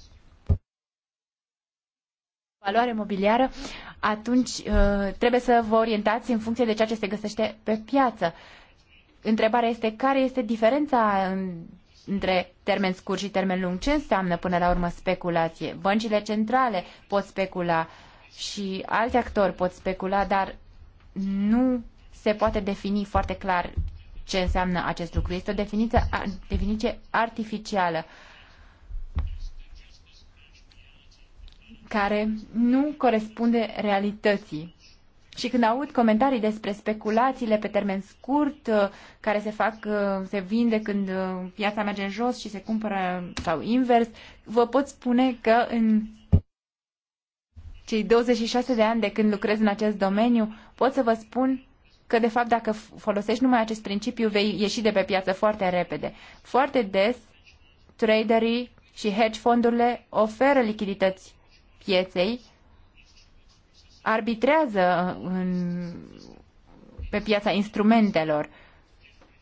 valoare mobiliară, atunci uh, trebuie să vă orientați în funcție de ceea ce se găsește pe piață. Întrebarea este care este diferența între termen scurt și termen lung. Ce înseamnă până la urmă speculație? Băncile centrale pot specula și alți actori pot specula, dar nu se poate defini foarte clar ce înseamnă acest lucru. Este o definiție, definiție artificială care nu corespunde realității. Și când aud comentarii despre speculațiile pe termen scurt uh, care se fac, uh, se vinde când uh, piața merge în jos și se cumpără sau invers, vă pot spune că în cei 26 de ani de când lucrez în acest domeniu, pot să vă spun că de fapt dacă folosești numai acest principiu vei ieși de pe piață foarte repede. Foarte des traderii și hedge fondurile oferă lichidități pieței arbitrează în, pe piața instrumentelor.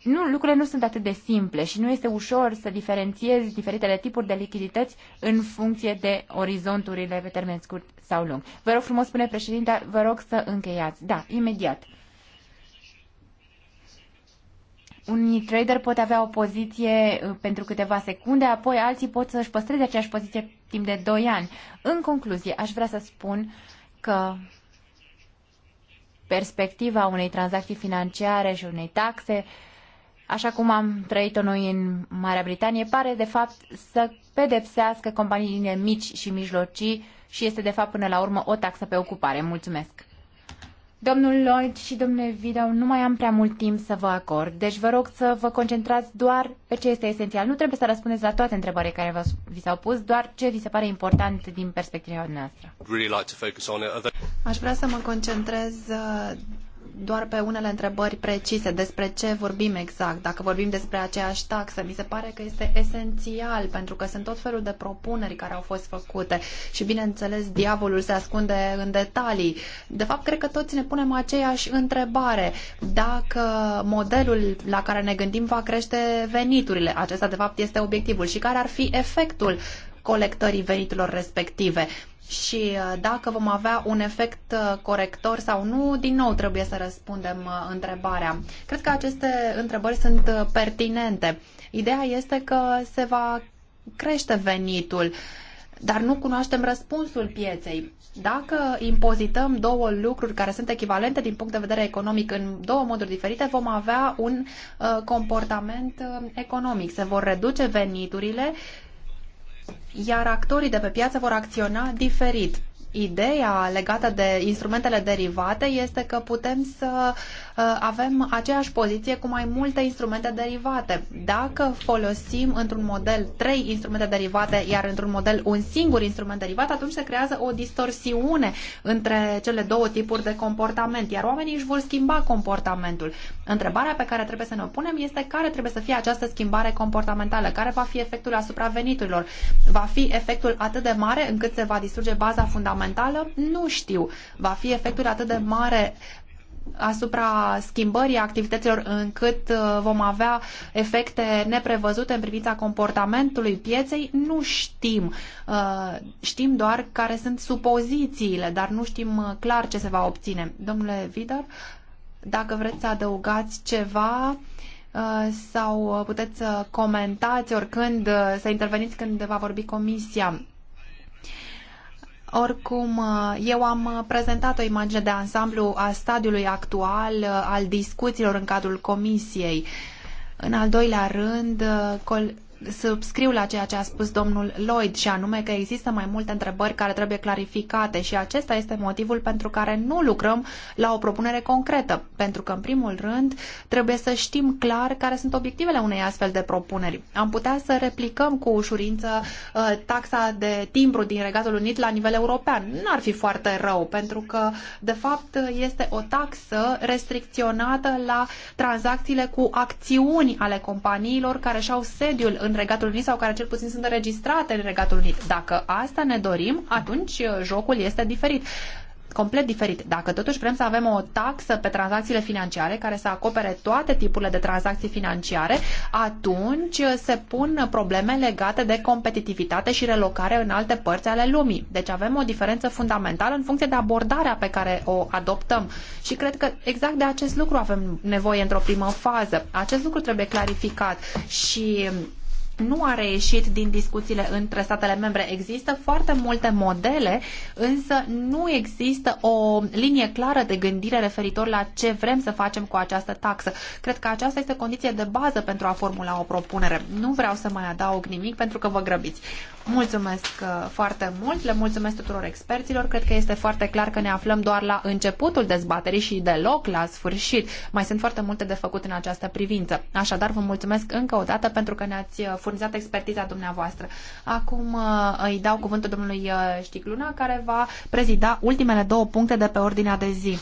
Nu, lucrurile nu sunt atât de simple și nu este ușor să diferențiezi diferitele tipuri de lichidități în funcție de orizonturile pe termen scurt sau lung. Vă rog frumos, spune președinte, vă rog să încheiați. Da, imediat. Unii trader pot avea o poziție uh, pentru câteva secunde, apoi alții pot să-și păstreze aceeași poziție timp de 2 ani. În concluzie, aș vrea să spun uh, că perspectiva unei tranzacții financiare și unei taxe, așa cum am trăit-o noi în Marea Britanie, pare de fapt să pedepsească companiile mici și mijlocii și este de fapt până la urmă o taxă pe ocupare. Mulțumesc! Domnul Lloyd și domnule Vidau, nu mai am prea mult timp să vă acord, deci vă rog să vă concentrați doar pe ce este esențial. Nu trebuie să răspundeți la toate întrebările care vi s-au pus, doar ce vi se pare important din perspectiva noastră. Aș vrea să mă concentrez uh, doar pe unele întrebări precise despre ce vorbim exact, dacă vorbim despre aceeași taxă. Mi se pare că este esențial pentru că sunt tot felul de propuneri care au fost făcute și bineînțeles diavolul se ascunde în detalii. De fapt, cred că toți ne punem aceeași întrebare. Dacă modelul la care ne gândim va crește veniturile, acesta de fapt este obiectivul și care ar fi efectul colectării veniturilor respective și uh, dacă vom avea un efect uh, corector sau nu, din nou trebuie să răspundem uh, întrebarea. Cred că aceste întrebări sunt pertinente. Ideea este că se va crește venitul, dar nu cunoaștem răspunsul pieței. Dacă impozităm două lucruri care sunt echivalente din punct de vedere economic în două moduri diferite, vom avea un comportament economic. Se vor reduce veniturile iar actorii de pe piață vor acționa diferit. Ideea legată de instrumentele derivate este că putem să Uh, avem aceeași poziție cu mai multe instrumente derivate. Dacă folosim într-un model trei instrumente derivate, iar într-un model un singur instrument derivat, atunci se creează o distorsiune între cele două tipuri de comportament, iar oamenii își vor schimba comportamentul. Întrebarea pe care trebuie să ne punem este care trebuie să fie această schimbare comportamentală, care va fi efectul asupra veniturilor. Va fi efectul atât de mare încât se va distruge baza fundamentală? Nu știu. Va fi efectul atât de mare asupra schimbării activităților încât uh, vom avea efecte neprevăzute în privința comportamentului pieței, nu știm. Uh, știm doar care sunt supozițiile, dar nu știm uh, clar ce se va obține. Domnule Vidar, dacă vreți să adăugați ceva sau puteți să comentați oricând, să interveniți când va vorbi comisia. Oricum, eh, eu am prezentat o imagine de ansamblu a stadiului actual eh, al discuțiilor în cadrul comisiei. În al doilea rând, eh, subscriu la ceea ce a spus domnul Lloyd și anume că există mai multe întrebări care trebuie clarificate și acesta este motivul pentru care nu lucrăm la o propunere concretă, pentru că în primul rând trebuie să știm clar care sunt obiectivele unei astfel de propuneri. Am putea să replicăm cu ușurință uh, taxa de timbru din Regatul Unit la nivel european. Nu ar fi foarte rău, pentru că de fapt este o taxă restricționată la tranzacțiile cu acțiuni ale companiilor care și-au sediul în Regatul Unit sau care cel puțin sunt înregistrate în Regatul Unit. Dacă asta ne dorim, atunci uh, jocul este diferit complet diferit. Dacă totuși vrem să avem o taxă pe tranzacțiile financiare care să acopere toate tipurile de tranzacții financiare, atunci uh, se pun probleme legate de competitivitate și relocare în alte părți ale lumii. Deci avem o diferență fundamentală în funcție de abordarea pe care o adoptăm. Și cred că exact de acest lucru avem nevoie într-o primă fază. Acest lucru trebuie clarificat și um, nu a reieșit din discuțiile între statele membre. Există foarte multe modele, însă nu există o linie clară de gândire referitor la ce vrem să facem cu această taxă. Cred că aceasta este condiție de bază pentru a formula o propunere. Nu vreau să mai adaug nimic pentru că vă grăbiți. Mulțumesc uh, foarte mult, le mulțumesc tuturor experților. Cred că este foarte clar că ne aflăm doar la începutul dezbaterii și deloc la sfârșit. Mai sunt foarte multe de făcut în această privință. Așadar, vă mulțumesc încă o dată pentru că ne-ați uh, furnizat expertiza dumneavoastră. Acum uh, îi dau cuvântul domnului Șticluna, care va prezida ultimele două puncte de pe ordinea de zi.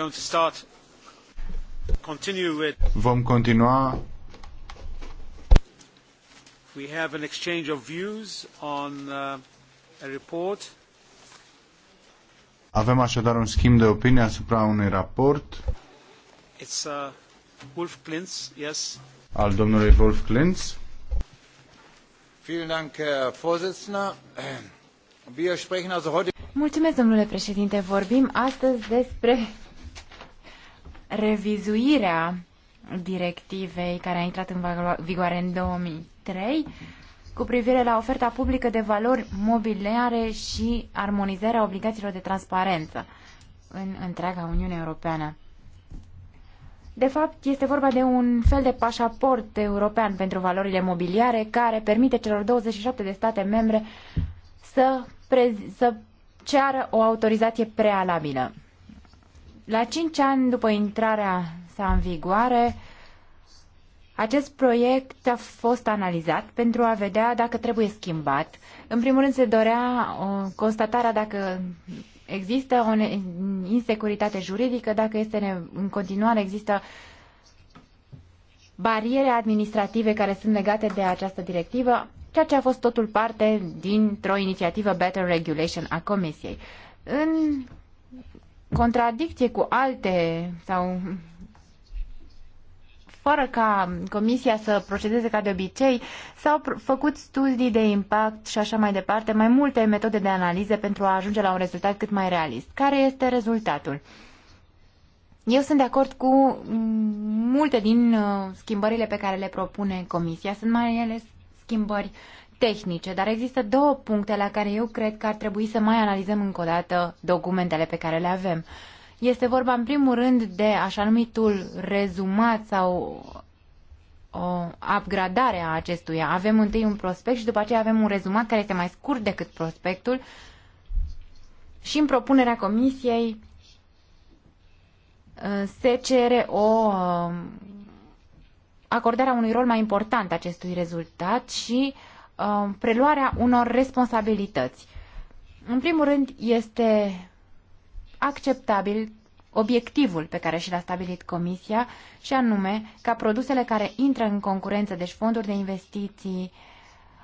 going to start, continue with... Vom continua. We have an exchange of views on uh, a report. Avem așadar un schimb de opinie asupra unui raport. It's uh, Wolf Klintz, yes. Al domnului Wolf Klintz. Vielen Dank, Herr Vorsitzender. Wir sprechen also heute Mulțumesc, domnule președinte. Vorbim astăzi despre revizuirea directivei care a intrat în vigoare în 2003 cu privire la oferta publică de valori mobiliare și armonizarea obligațiilor de transparență în întreaga Uniune Europeană. De fapt, este vorba de un fel de pașaport european pentru valorile mobiliare care permite celor 27 de state membre să, să ceară o autorizație prealabilă. La cinci ani după intrarea sa în vigoare, acest proiect a fost analizat pentru a vedea dacă trebuie schimbat. În primul rând se dorea o uh, constatarea dacă există o insecuritate juridică, dacă este în continuare există bariere administrative care sunt legate de această directivă, ceea ce a fost totul parte dintr-o inițiativă Better Regulation a Comisiei. În contradicție cu alte sau fără ca comisia să procedeze ca de obicei, s-au făcut studii de impact și așa mai departe, mai multe metode de analize pentru a ajunge la un rezultat cât mai realist. Care este rezultatul? Eu sunt de acord cu multe din uh, schimbările pe care le propune comisia, sunt mai ales schimbări tehnice, dar există două puncte la care eu cred că ar trebui să mai analizăm încă o dată documentele pe care le avem. Este vorba în primul rând de așa numitul rezumat sau o upgradare a acestuia. Avem întâi un prospect și după aceea avem un rezumat care este mai scurt decât prospectul și în propunerea comisiei uh, se cere o uh, acordarea unui rol mai important acestui rezultat și uh, preluarea unor responsabilități. În primul rând, este acceptabil obiectivul pe care și l-a stabilit Comisia, și anume ca produsele care intră în concurență, deci fonduri de investiții,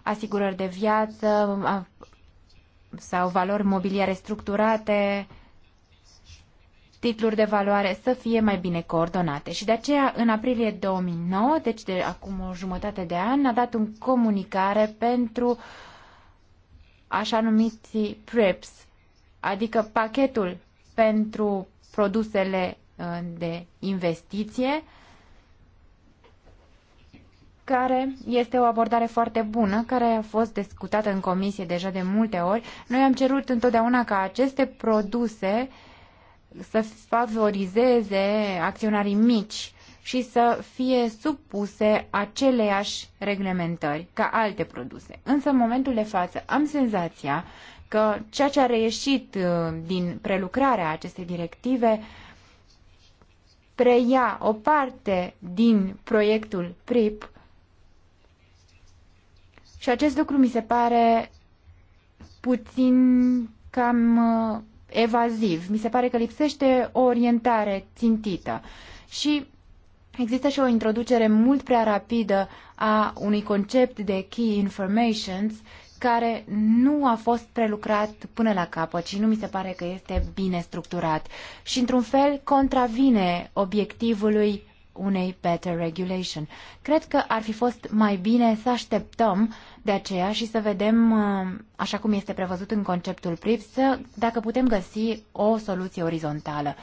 asigurări de viață sau valori mobiliare structurate, titluri de valoare să fie mai bine coordonate. Și de aceea, în aprilie 2009, deci de acum o jumătate de an, a dat un comunicare pentru așa numiți PREPS, adică pachetul pentru produsele uh, de investiție, care este o abordare foarte bună, care a fost discutată în comisie deja de multe ori. Noi am cerut întotdeauna ca aceste produse uh, să favorizeze acționarii mici și să fie supuse aceleiași reglementări ca alte produse. Însă, în momentul de față, am senzația că ceea ce a reieșit uh, din prelucrarea acestei directive preia o parte din proiectul PRIP și acest lucru mi se pare puțin cam uh, evaziv. Mi se pare că lipsește o orientare țintită. Și Există și o introducere mult prea rapidă a unui concept de key informations care nu a fost prelucrat până la capăt și nu mi se pare că este bine structurat și într-un fel contravine obiectivului unei better regulation. Cred că ar fi fost mai bine să așteptăm de aceea și să vedem, uh, așa cum este prevăzut în conceptul PRIPS, dacă putem găsi o soluție orizontală.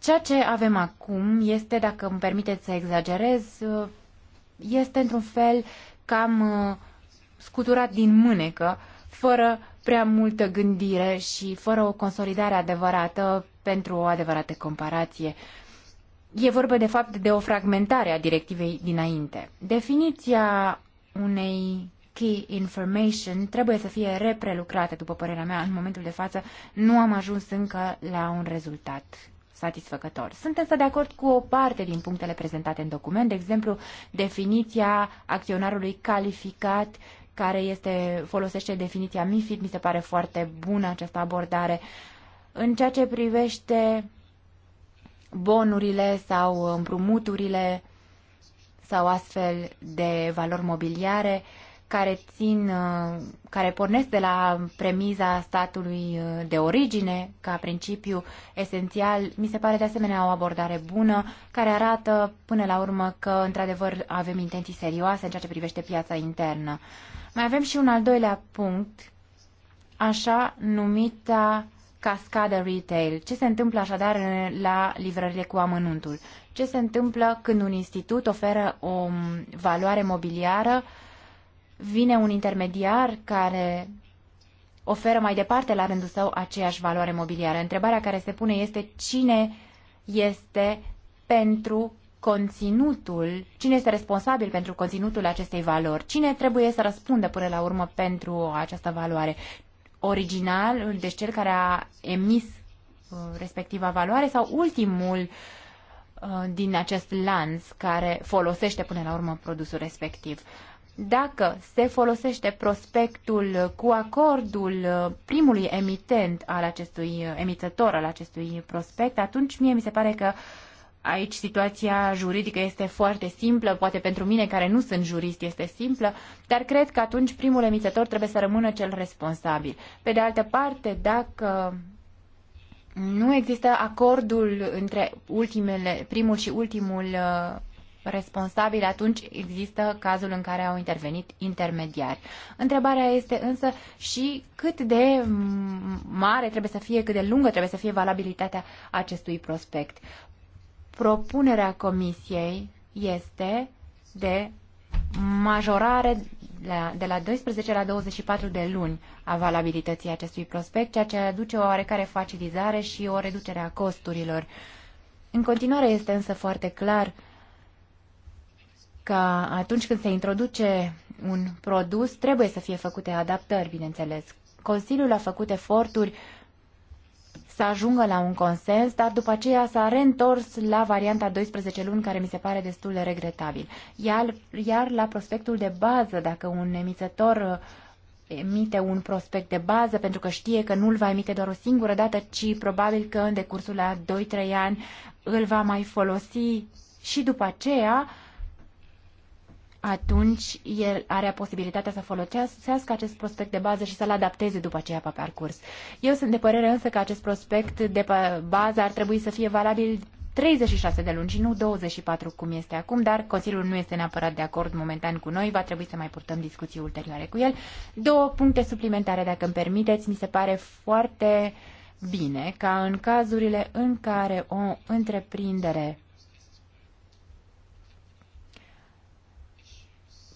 Ceea ce avem acum este, dacă îmi permiteți să exagerez, uh, este într-un fel cam uh, scuturat din mânecă, fără prea multă gândire și fără o consolidare adevărată pentru o adevărată comparație. Uh, E vorba de fapt de o fragmentare a directivei dinainte. Definiția unei key information trebuie să fie reprelucrată, după părerea mea, în momentul de față nu am ajuns încă la un rezultat satisfăcător. Sunt însă de acord cu o parte din punctele prezentate în document, de exemplu, definiția acționarului calificat care este, folosește definiția MIFID, mi se pare foarte bună această abordare. În ceea ce privește bonurile sau împrumuturile sau astfel de valori mobiliare care țin, uh, care pornesc de la premiza statului uh, de origine ca principiu esențial, mi se pare de asemenea o abordare bună care arată până la urmă că într-adevăr avem intenții serioase în ceea ce privește piața internă. Mai avem și un al doilea punct, așa numita cascadă retail. Ce se întâmplă așadar la livrările cu amănuntul? Ce se întâmplă când un institut oferă o valoare mobiliară, vine un intermediar care oferă mai departe la rândul său aceeași valoare mobiliară. Întrebarea care se pune este cine este pentru conținutul, cine este responsabil pentru conținutul acestei valori, cine trebuie să răspundă până la urmă pentru această valoare, original, deci cel care a emis uh, respectiva valoare sau ultimul uh, din acest lanț care folosește până la urmă produsul respectiv. Dacă se folosește prospectul cu acordul uh, primului emitent al acestui emițător al acestui prospect, atunci mie mi se pare că uh, Aici situația juridică este foarte simplă, poate pentru mine care nu sunt jurist este simplă, dar cred că atunci primul emițător trebuie să rămână cel responsabil. Pe de altă parte, dacă nu există acordul între ultimele, primul și ultimul uh, responsabil, atunci există cazul în care au intervenit intermediari. Întrebarea este însă și cât de mare trebuie să fie, cât de lungă trebuie să fie valabilitatea acestui prospect. Propunerea Comisiei este de majorare de la 12 la 24 de luni a valabilității acestui prospect, ceea ce aduce o oarecare facilizare și o reducere a costurilor. În continuare este însă foarte clar că atunci când se introduce un produs, trebuie să fie făcute adaptări, bineînțeles. Consiliul a făcut eforturi uh, să ajungă la un consens, dar după aceea s-a reîntors la varianta 12 luni, care mi se pare destul de regretabil. Iar, iar la prospectul de bază, dacă un emițător uh, emite un prospect de bază pentru că știe că nu-l va emite doar o singură dată, ci probabil că în decursul la 2-3 ani îl va mai folosi și după aceea uh, atunci el are posibilitatea să folosească acest prospect de bază și să-l adapteze după aceea pe parcurs. Eu sunt de părere însă că acest prospect de bază ar trebui să fie valabil 36 de luni și nu 24 cum este acum, dar Consiliul nu este neapărat de acord momentan cu noi, va trebui să mai purtăm discuții ulterioare cu el. Două puncte suplimentare, dacă îmi permiteți, mi se pare foarte bine ca în cazurile în care o întreprindere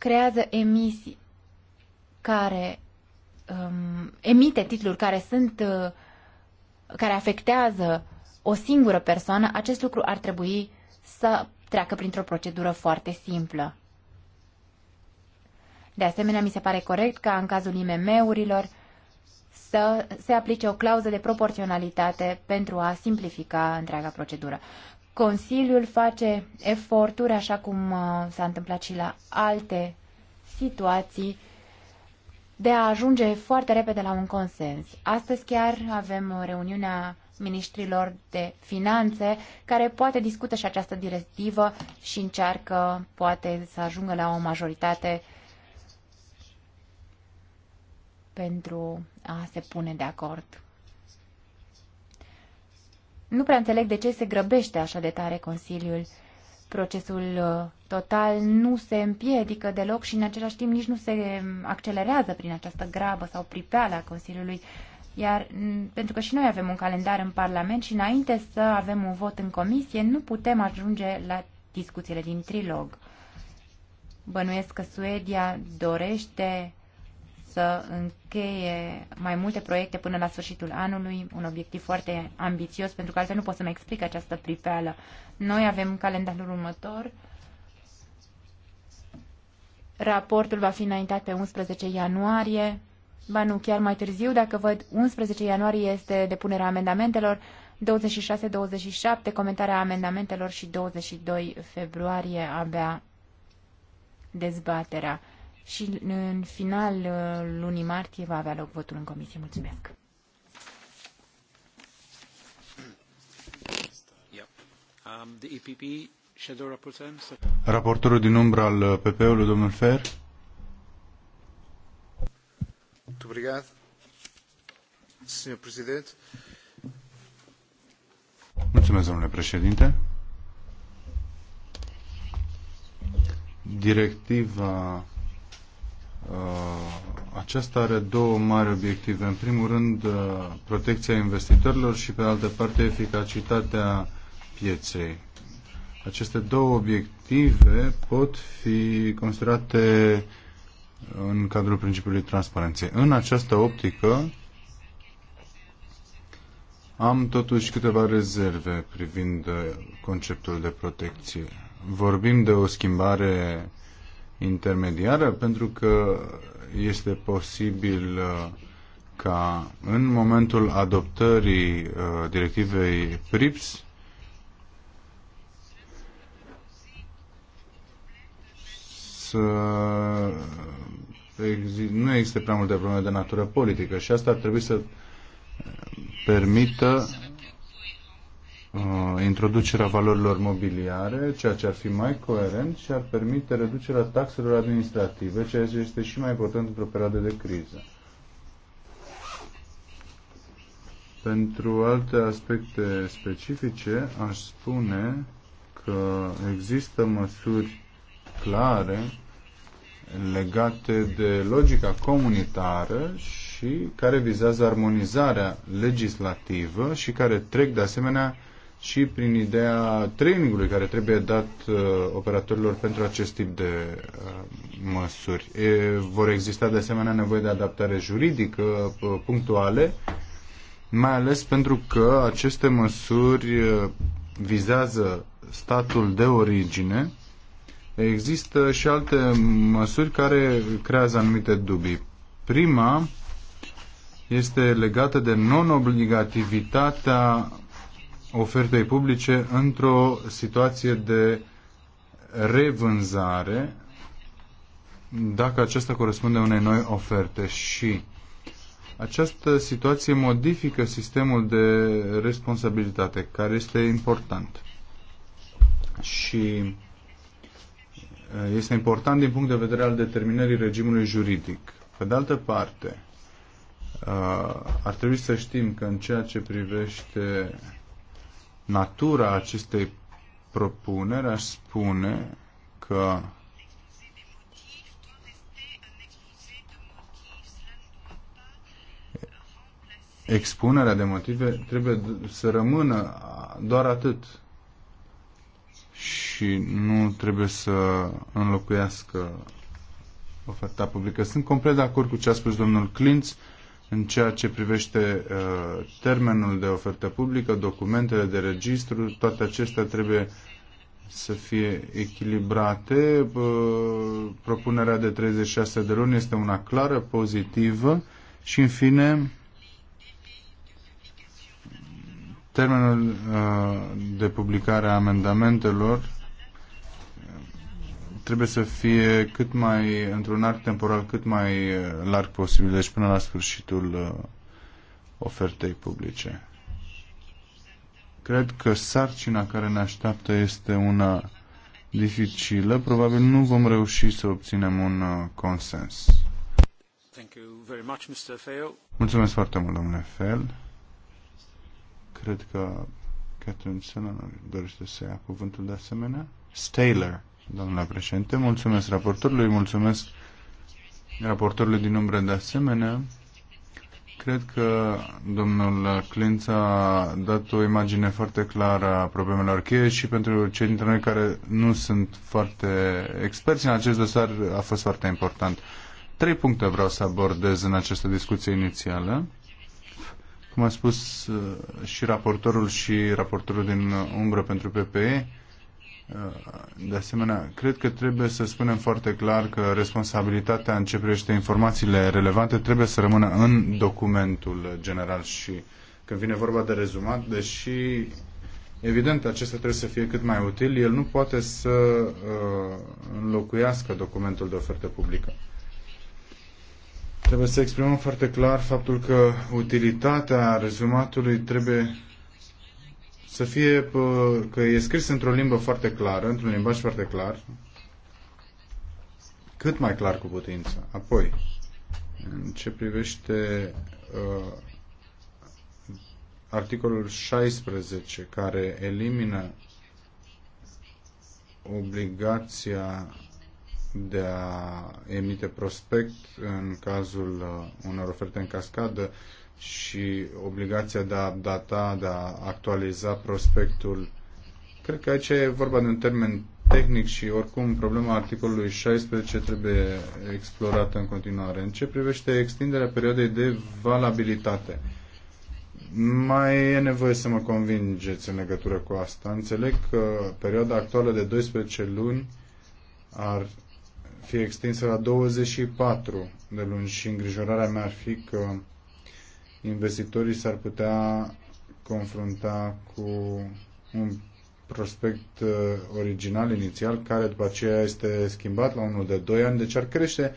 creează emisii care um, emite titluri care sunt uh, care afectează o singură persoană, acest lucru ar trebui să treacă printr-o procedură foarte simplă. De asemenea, mi se pare corect ca în cazul IMM-urilor să se aplice o clauză de proporționalitate pentru a simplifica întreaga procedură. Consiliul face eforturi, așa cum uh, s-a întâmplat și la alte situații, de a ajunge foarte repede la un consens. Astăzi chiar avem reuniunea ministrilor de finanțe, care poate discută și această directivă și încearcă, poate, să ajungă la o majoritate pentru a se pune de acord. Nu prea înțeleg de ce se grăbește așa de tare Consiliul. Procesul uh, total nu se împiedică deloc și în același timp nici nu se um, accelerează prin această grabă sau pripeală a Consiliului. Iar mm, pentru că și noi avem un calendar în Parlament și înainte să avem un vot în comisie, nu putem ajunge la discuțiile din trilog. Bănuiesc că Suedia dorește să încheie mai multe proiecte până la sfârșitul anului, un obiectiv foarte ambițios, pentru că altfel nu pot să-mi explic această pripeală. Noi avem calendarul următor. Raportul va fi înaintat pe 11 ianuarie. Ba nu, chiar mai târziu, dacă văd, 11 ianuarie este depunerea amendamentelor, 26-27 comentarea amendamentelor și 22 februarie abia dezbaterea și în final uh, lunii martie va avea loc votul în comisie. Mulțumesc! Um, Raportorul din umbră al uh, PP-ului, domnul Fer. Mulțumesc, domnule președinte. Directiva Uh, aceasta are două mari obiective. În primul rând, uh, protecția investitorilor și, pe altă parte, eficacitatea pieței. Aceste două obiective pot fi considerate în cadrul principiului transparenței. În această optică, am totuși câteva rezerve privind uh, conceptul de protecție. Vorbim de o schimbare intermediară, pentru că este posibil uh, ca în momentul adoptării uh, directivei PRIPS să nu există prea multe probleme de natură politică și asta ar trebui să permită uh, introducerea valorilor mobiliare, ceea ce ar fi mai coerent și ar permite reducerea taxelor administrative, ceea ce este și mai important într-o perioadă de criză. Pentru alte aspecte specifice, aș spune că există măsuri clare legate de logica comunitară și care vizează armonizarea legislativă și care trec de asemenea și prin ideea trainingului care trebuie dat uh, operatorilor pentru acest tip de uh, măsuri. E, vor exista de asemenea nevoie de adaptare juridică uh, punctuale, mai ales pentru că aceste măsuri uh, vizează statul de origine. Există și alte măsuri care creează anumite dubii. Prima este legată de non-obligativitatea ofertei publice într-o situație de revânzare dacă acesta corespunde unei noi oferte și această situație modifică sistemul de responsabilitate care este important și uh, este important din punct de vedere al determinării regimului juridic. Pe de altă parte, uh, ar trebui să știm că în ceea ce privește natura acestei propuneri, aș spune că expunerea de motive trebuie să rămână doar atât și nu trebuie să înlocuiască oferta publică. Sunt complet de acord cu ce a spus domnul Clintz în ceea ce privește uh, termenul de ofertă publică, documentele de registru, toate acestea trebuie să fie echilibrate. Uh, propunerea de 36 de luni este una clară, pozitivă și, în fine, termenul uh, de publicare a amendamentelor trebuie să fie cât mai, într-un arc temporal cât mai uh, larg posibil, deci până la sfârșitul uh, ofertei publice. Cred că sarcina care ne așteaptă este una dificilă. Probabil nu vom reuși să obținem un uh, consens. Thank you very much, Mr. Mulțumesc foarte mult, domnule Fel. Cred că Catherine Sennan dorește să ia cuvântul de asemenea. Staler domnule președinte. Mulțumesc raportorului, mulțumesc raportorului din umbră de asemenea. Cred că domnul Clinț a dat o imagine foarte clară a problemelor cheie și pentru cei dintre noi care nu sunt foarte experți în acest dosar a fost foarte important. Trei puncte vreau să abordez în această discuție inițială. Cum a spus uh, și raportorul și raportorul din umbră pentru PPE, Uh, de asemenea, cred că trebuie să spunem foarte clar că responsabilitatea în ce privește informațiile relevante trebuie să rămână în documentul general și când vine vorba de rezumat, deși evident acesta trebuie să fie cât mai util, el nu poate să uh, înlocuiască documentul de ofertă publică. Trebuie să exprimăm foarte clar faptul că utilitatea rezumatului trebuie să fie că e scris într-o limbă foarte clară, într-un limbaj foarte clar, cât mai clar cu putință. Apoi, în ce privește uh, articolul 16 care elimină obligația de a emite prospect în cazul ă, unor oferte în cascadă și obligația de a data, de a actualiza prospectul. Cred că aici e vorba de un termen tehnic și oricum problema articolului 16 trebuie explorată în continuare. În ce privește extinderea perioadei de valabilitate, mai e nevoie să mă convingeți în legătură cu asta. Înțeleg că perioada actuală de 12 luni ar fi extinsă la 24 de luni și îngrijorarea mea ar fi că investitorii s-ar putea confrunta cu un prospect uh, original, inițial, care după aceea este schimbat la unul de 2 ani, deci ar crește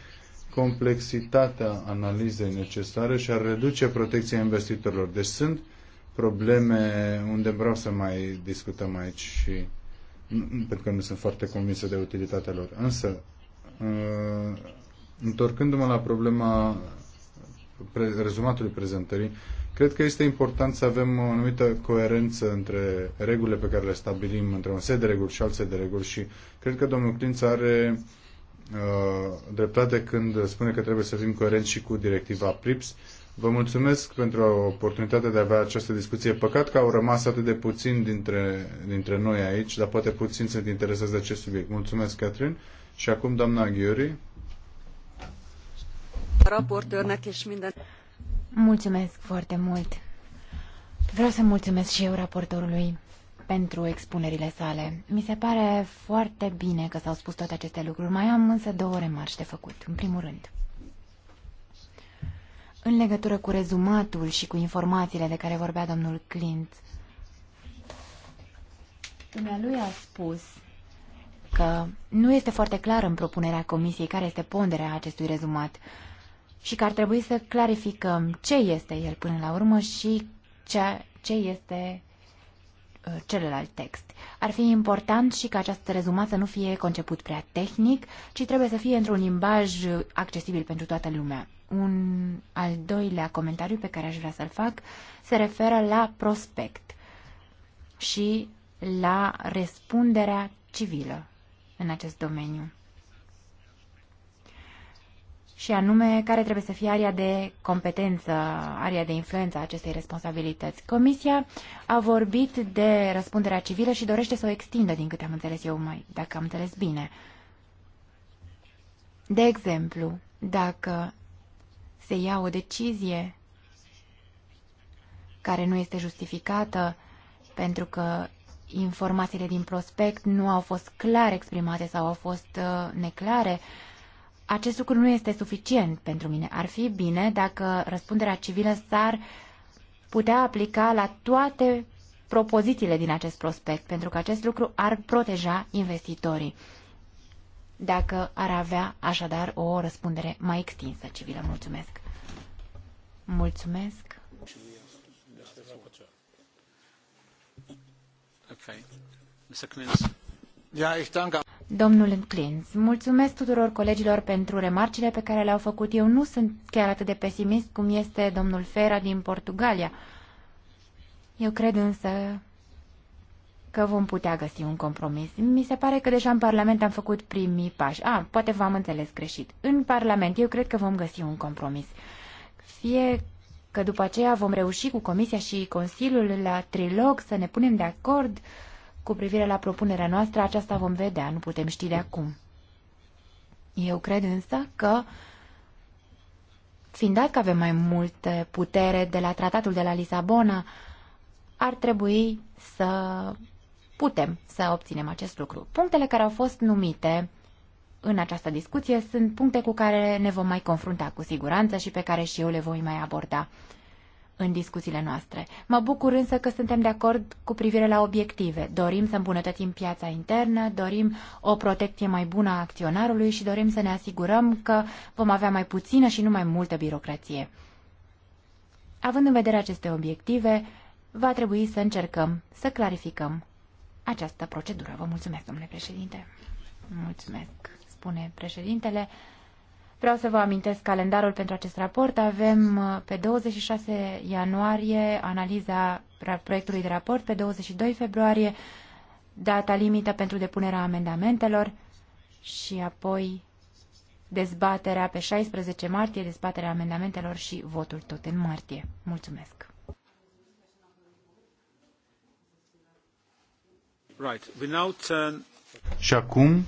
complexitatea analizei necesare și ar reduce protecția investitorilor. Deci sunt probleme unde vreau să mai discutăm aici și pentru că nu sunt foarte convinsă de utilitatea lor. Însă, uh, întorcându-mă la problema rezumatului prezentării, cred că este important să avem o anumită coerență între regulile pe care le stabilim, între un set de reguli și alt set de reguli și cred că domnul Clinț are uh, dreptate când spune că trebuie să fim coerenți și cu directiva PRIPS. Vă mulțumesc pentru oportunitatea de a avea această discuție. Păcat că au rămas atât de puțin dintre, dintre noi aici, dar poate puțin sunt interesați de acest subiect. Mulțumesc, Catherine. Și acum, doamna Ghiuri. Mulțumesc foarte mult! Vreau să mulțumesc și eu raportorului pentru expunerile sale. Mi se pare foarte bine că s-au spus toate aceste lucruri. Mai am însă două remarci de făcut. În primul rând, în legătură cu rezumatul și cu informațiile de care vorbea domnul Clint, dumnealui a spus că nu este foarte clar în propunerea comisiei care este ponderea acestui rezumat și că ar trebui să clarificăm ce este el până la urmă și ce, ce este uh, celălalt text. Ar fi important și ca această rezumat să nu fie conceput prea tehnic, ci trebuie să fie într-un limbaj accesibil pentru toată lumea. Un al doilea comentariu pe care aș vrea să-l fac se referă la prospect și la răspunderea civilă în acest domeniu și anume care trebuie să fie area de competență, area de influență a acestei responsabilități. Comisia a vorbit de răspunderea civilă și dorește să o extindă, din câte am înțeles eu, mai, dacă am înțeles bine. De exemplu, dacă se ia o decizie care nu este justificată pentru că informațiile din prospect nu au fost clar exprimate sau au fost uh, neclare, uh, acest lucru nu este suficient pentru mine. Ar fi bine dacă răspunderea civilă s-ar putea aplica la toate propozițiile din acest prospect, pentru că acest lucru ar proteja investitorii dacă ar avea așadar o răspundere mai extinsă civilă. Mulțumesc! Mulțumesc! Okay. Mr. Klins. Domnule ich mulțumesc tuturor colegilor pentru remarcile pe care le-au făcut. Eu nu sunt chiar atât de pesimist cum este domnul Fera din Portugalia. Eu cred însă că vom putea găsi un compromis. Mi se pare că deja în Parlament am făcut primii pași. A, ah, poate v-am înțeles greșit. În Parlament eu cred că vom găsi un compromis. Fie că după aceea vom reuși cu Comisia și Consiliul la trilog să ne punem de acord uh, cu privire la propunerea noastră, aceasta vom vedea, nu putem ști de acum. Eu cred însă că, fiind dat că avem mai multe putere de la tratatul de la Lisabona, ar trebui să putem să obținem acest lucru. Punctele care au fost numite în această discuție sunt puncte cu care ne vom mai confrunta cu siguranță și pe care și eu le voi mai aborda în discuțiile noastre. Mă bucur însă că suntem de acord cu privire la obiective. Dorim să îmbunătățim piața internă, dorim o protecție mai bună a acționarului și dorim să ne asigurăm că vom avea mai puțină și nu mai multă birocrație. Având în vedere aceste obiective, va trebui să încercăm să clarificăm această procedură. Vă mulțumesc, domnule președinte. Mulțumesc, spune președintele. Vreau să vă amintesc calendarul pentru acest raport. Avem uh, pe 26 ianuarie analiza proiectului de raport, pe 22 februarie data limită pentru depunerea amendamentelor și apoi dezbaterea pe 16 martie, dezbaterea amendamentelor și votul tot în martie. Mulțumesc! Right. We now turn... Și acum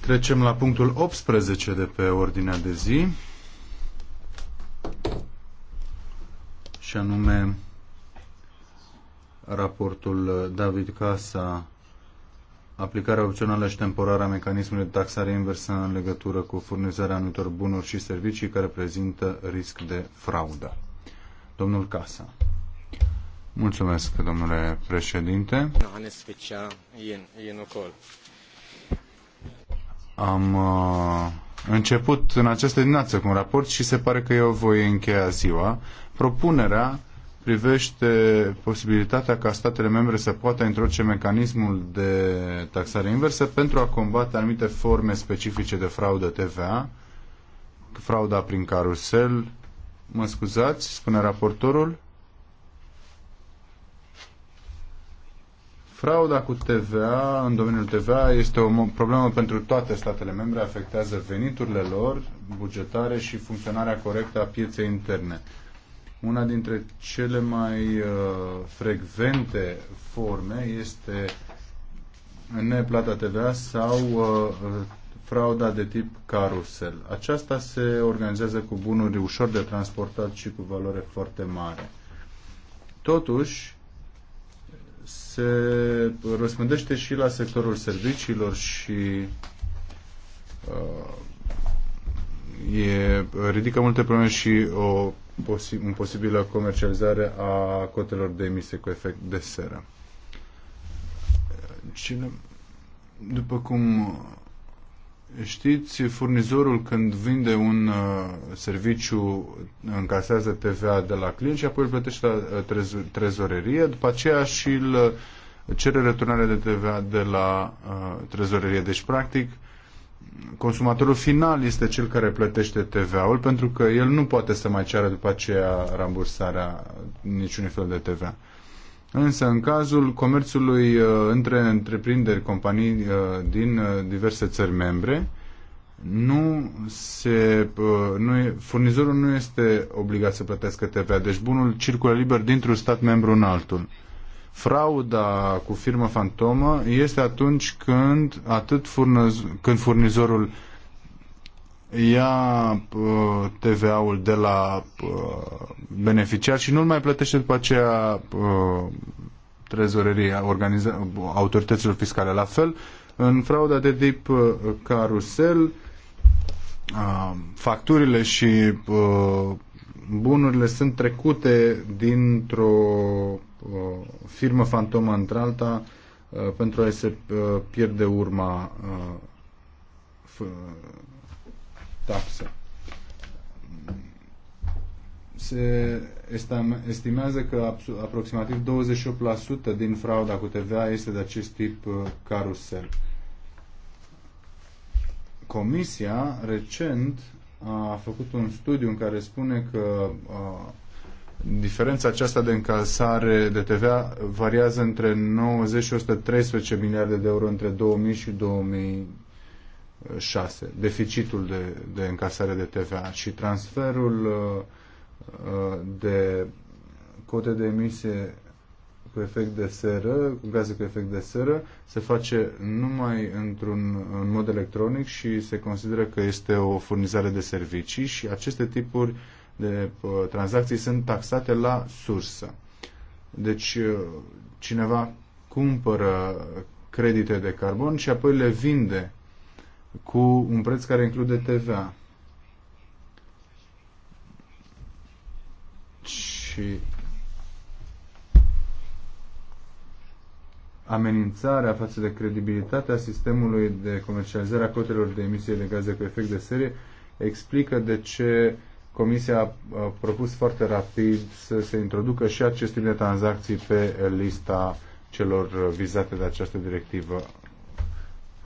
Trecem la punctul 18 de pe ordinea de zi și anume raportul David Casa aplicarea opțională și temporară a mecanismului de taxare inversă în legătură cu furnizarea anumitor bunuri și servicii care prezintă risc de fraudă. Domnul Casa. Mulțumesc, domnule președinte. Am uh, început în această dimineață cu un raport și se pare că eu voi încheia ziua. Propunerea privește posibilitatea ca statele membre să poată introduce mecanismul de taxare inversă pentru a combate anumite forme specifice de fraudă TVA, frauda prin carusel, mă scuzați, spune raportorul, Frauda cu TVA, în domeniul TVA, este o problemă pentru toate statele membre, afectează veniturile lor, bugetare și funcționarea corectă a pieței interne. Una dintre cele mai uh, frecvente forme este neplata TVA sau uh, frauda de tip carusel. Aceasta se organizează cu bunuri ușor de transportat și cu valoare foarte mare. Totuși, se răspândește și la sectorul serviciilor și uh, e, ridică multe probleme și o posi- posibilă comercializare a cotelor de emise cu efect de seră. Cine, după cum Știți, furnizorul când vinde un uh, serviciu încasează TVA de la client și apoi îl plătește la uh, trez- trezorerie, după aceea și îl uh, cere returnarea de TVA de la uh, trezorerie. Deci, practic, consumatorul final este cel care plătește TVA-ul pentru că el nu poate să mai ceară după aceea rambursarea niciunui fel de TVA. Însă, în cazul comerțului uh, între întreprinderi, companii uh, din uh, diverse țări membre, nu se, nu e, furnizorul nu este obligat să plătească TVA, deci bunul circulă liber dintr-un stat membru în altul. Frauda cu firmă fantomă este atunci când, atât furnăz, când furnizorul ia uh, TVA-ul de la uh, beneficiar și nu-l mai plătește după aceea uh, trezorerie, organiza, autorităților fiscale. La fel, în frauda de tip carusel, facturile și bunurile sunt trecute dintr-o firmă fantomă într-alta pentru a se pierde urma taxă. Se estimează că aproximativ 28% din frauda cu TVA este de acest tip uh, carusel. Comisia recent a făcut un studiu în care spune că a, uh, diferența aceasta de încasare de TVA variază între 90 și 113 miliarde de euro între 2000 și 2000 6, deficitul de, de încasare de TVA și transferul uh, uh, de cote de emisie cu efect de seră, cu gaze cu efect de seră, se face numai într-un în mod electronic și se consideră că este o furnizare de servicii și aceste tipuri de uh, tranzacții sunt taxate la sursă. Deci cineva cumpără credite de carbon și apoi le vinde cu un preț care include TVA. Și amenințarea față de credibilitatea sistemului de comercializare a cotelor de emisie de gaze cu efect de serie explică de ce Comisia a propus foarte rapid să se introducă și acest tip de tranzacții pe lista celor vizate de această directivă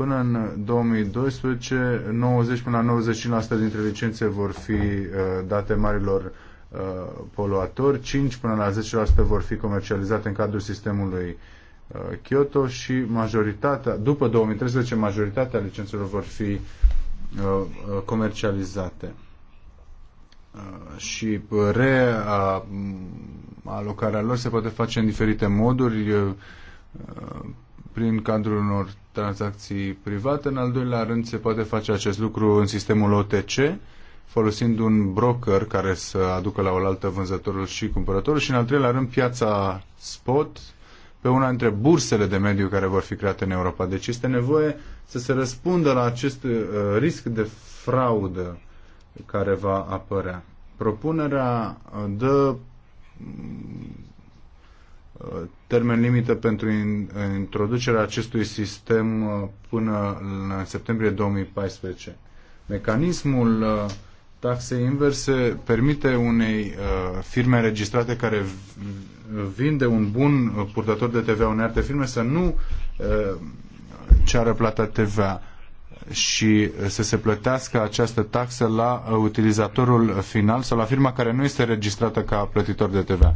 Până în 2012, 90 până la 95% dintre licențe vor fi uh, date marilor uh, poluatori, 5 până la 10% vor fi comercializate în cadrul sistemului uh, Kyoto și majoritatea, după 2013, majoritatea licențelor vor fi comercializate și realocarea lor se poate face în diferite moduri prin cadrul unor tranzacții private. În al doilea rând, se poate face acest lucru în sistemul OTC, folosind un broker care să aducă la oaltă vânzătorul și cumpărătorul. Și în al treilea rând, piața spot, pe una dintre bursele de mediu care vor fi create în Europa. Deci este nevoie să se răspundă la acest uh, risc de fraudă care va apărea. Propunerea uh, dă termen limită pentru introducerea acestui sistem uh, până în septembrie 2014. Mecanismul uh, taxei inverse permite unei uh, firme înregistrate care vinde un bun purtător de TVA unei alte firme să nu ceară plata TVA și să se plătească această taxă la utilizatorul final sau la firma care nu este registrată ca plătitor de TVA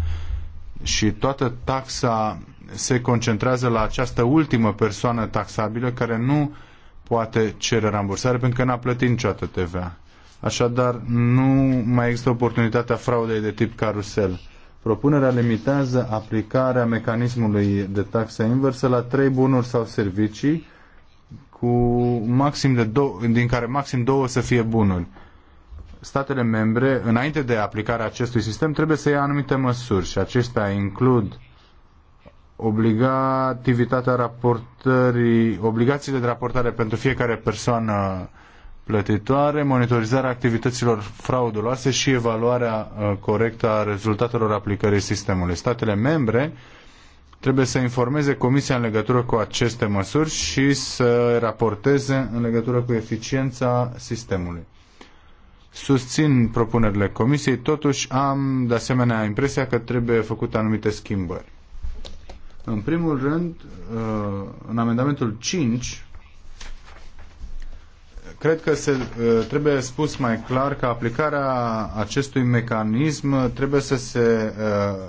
și toată taxa se concentrează la această ultimă persoană taxabilă care nu poate cere rambursare pentru că n-a plătit niciodată TVA. Așadar, nu mai există oportunitatea fraudei de tip carusel. Propunerea limitează aplicarea mecanismului de taxă inversă la trei bunuri sau servicii cu maxim de două, din care maxim două să fie bunuri statele membre, înainte de aplicarea acestui sistem, trebuie să ia anumite măsuri și acestea includ obligativitatea raportării, obligațiile de raportare pentru fiecare persoană plătitoare, monitorizarea activităților frauduloase și evaluarea uh, corectă a rezultatelor aplicării sistemului. Statele membre trebuie să informeze Comisia în legătură cu aceste măsuri și să raporteze în legătură cu eficiența sistemului. Susțin propunerile comisiei, totuși am de asemenea impresia că trebuie făcute anumite schimbări. În primul rând, uh, în amendamentul 5, cred că se, uh, trebuie spus mai clar că aplicarea acestui mecanism trebuie să se uh,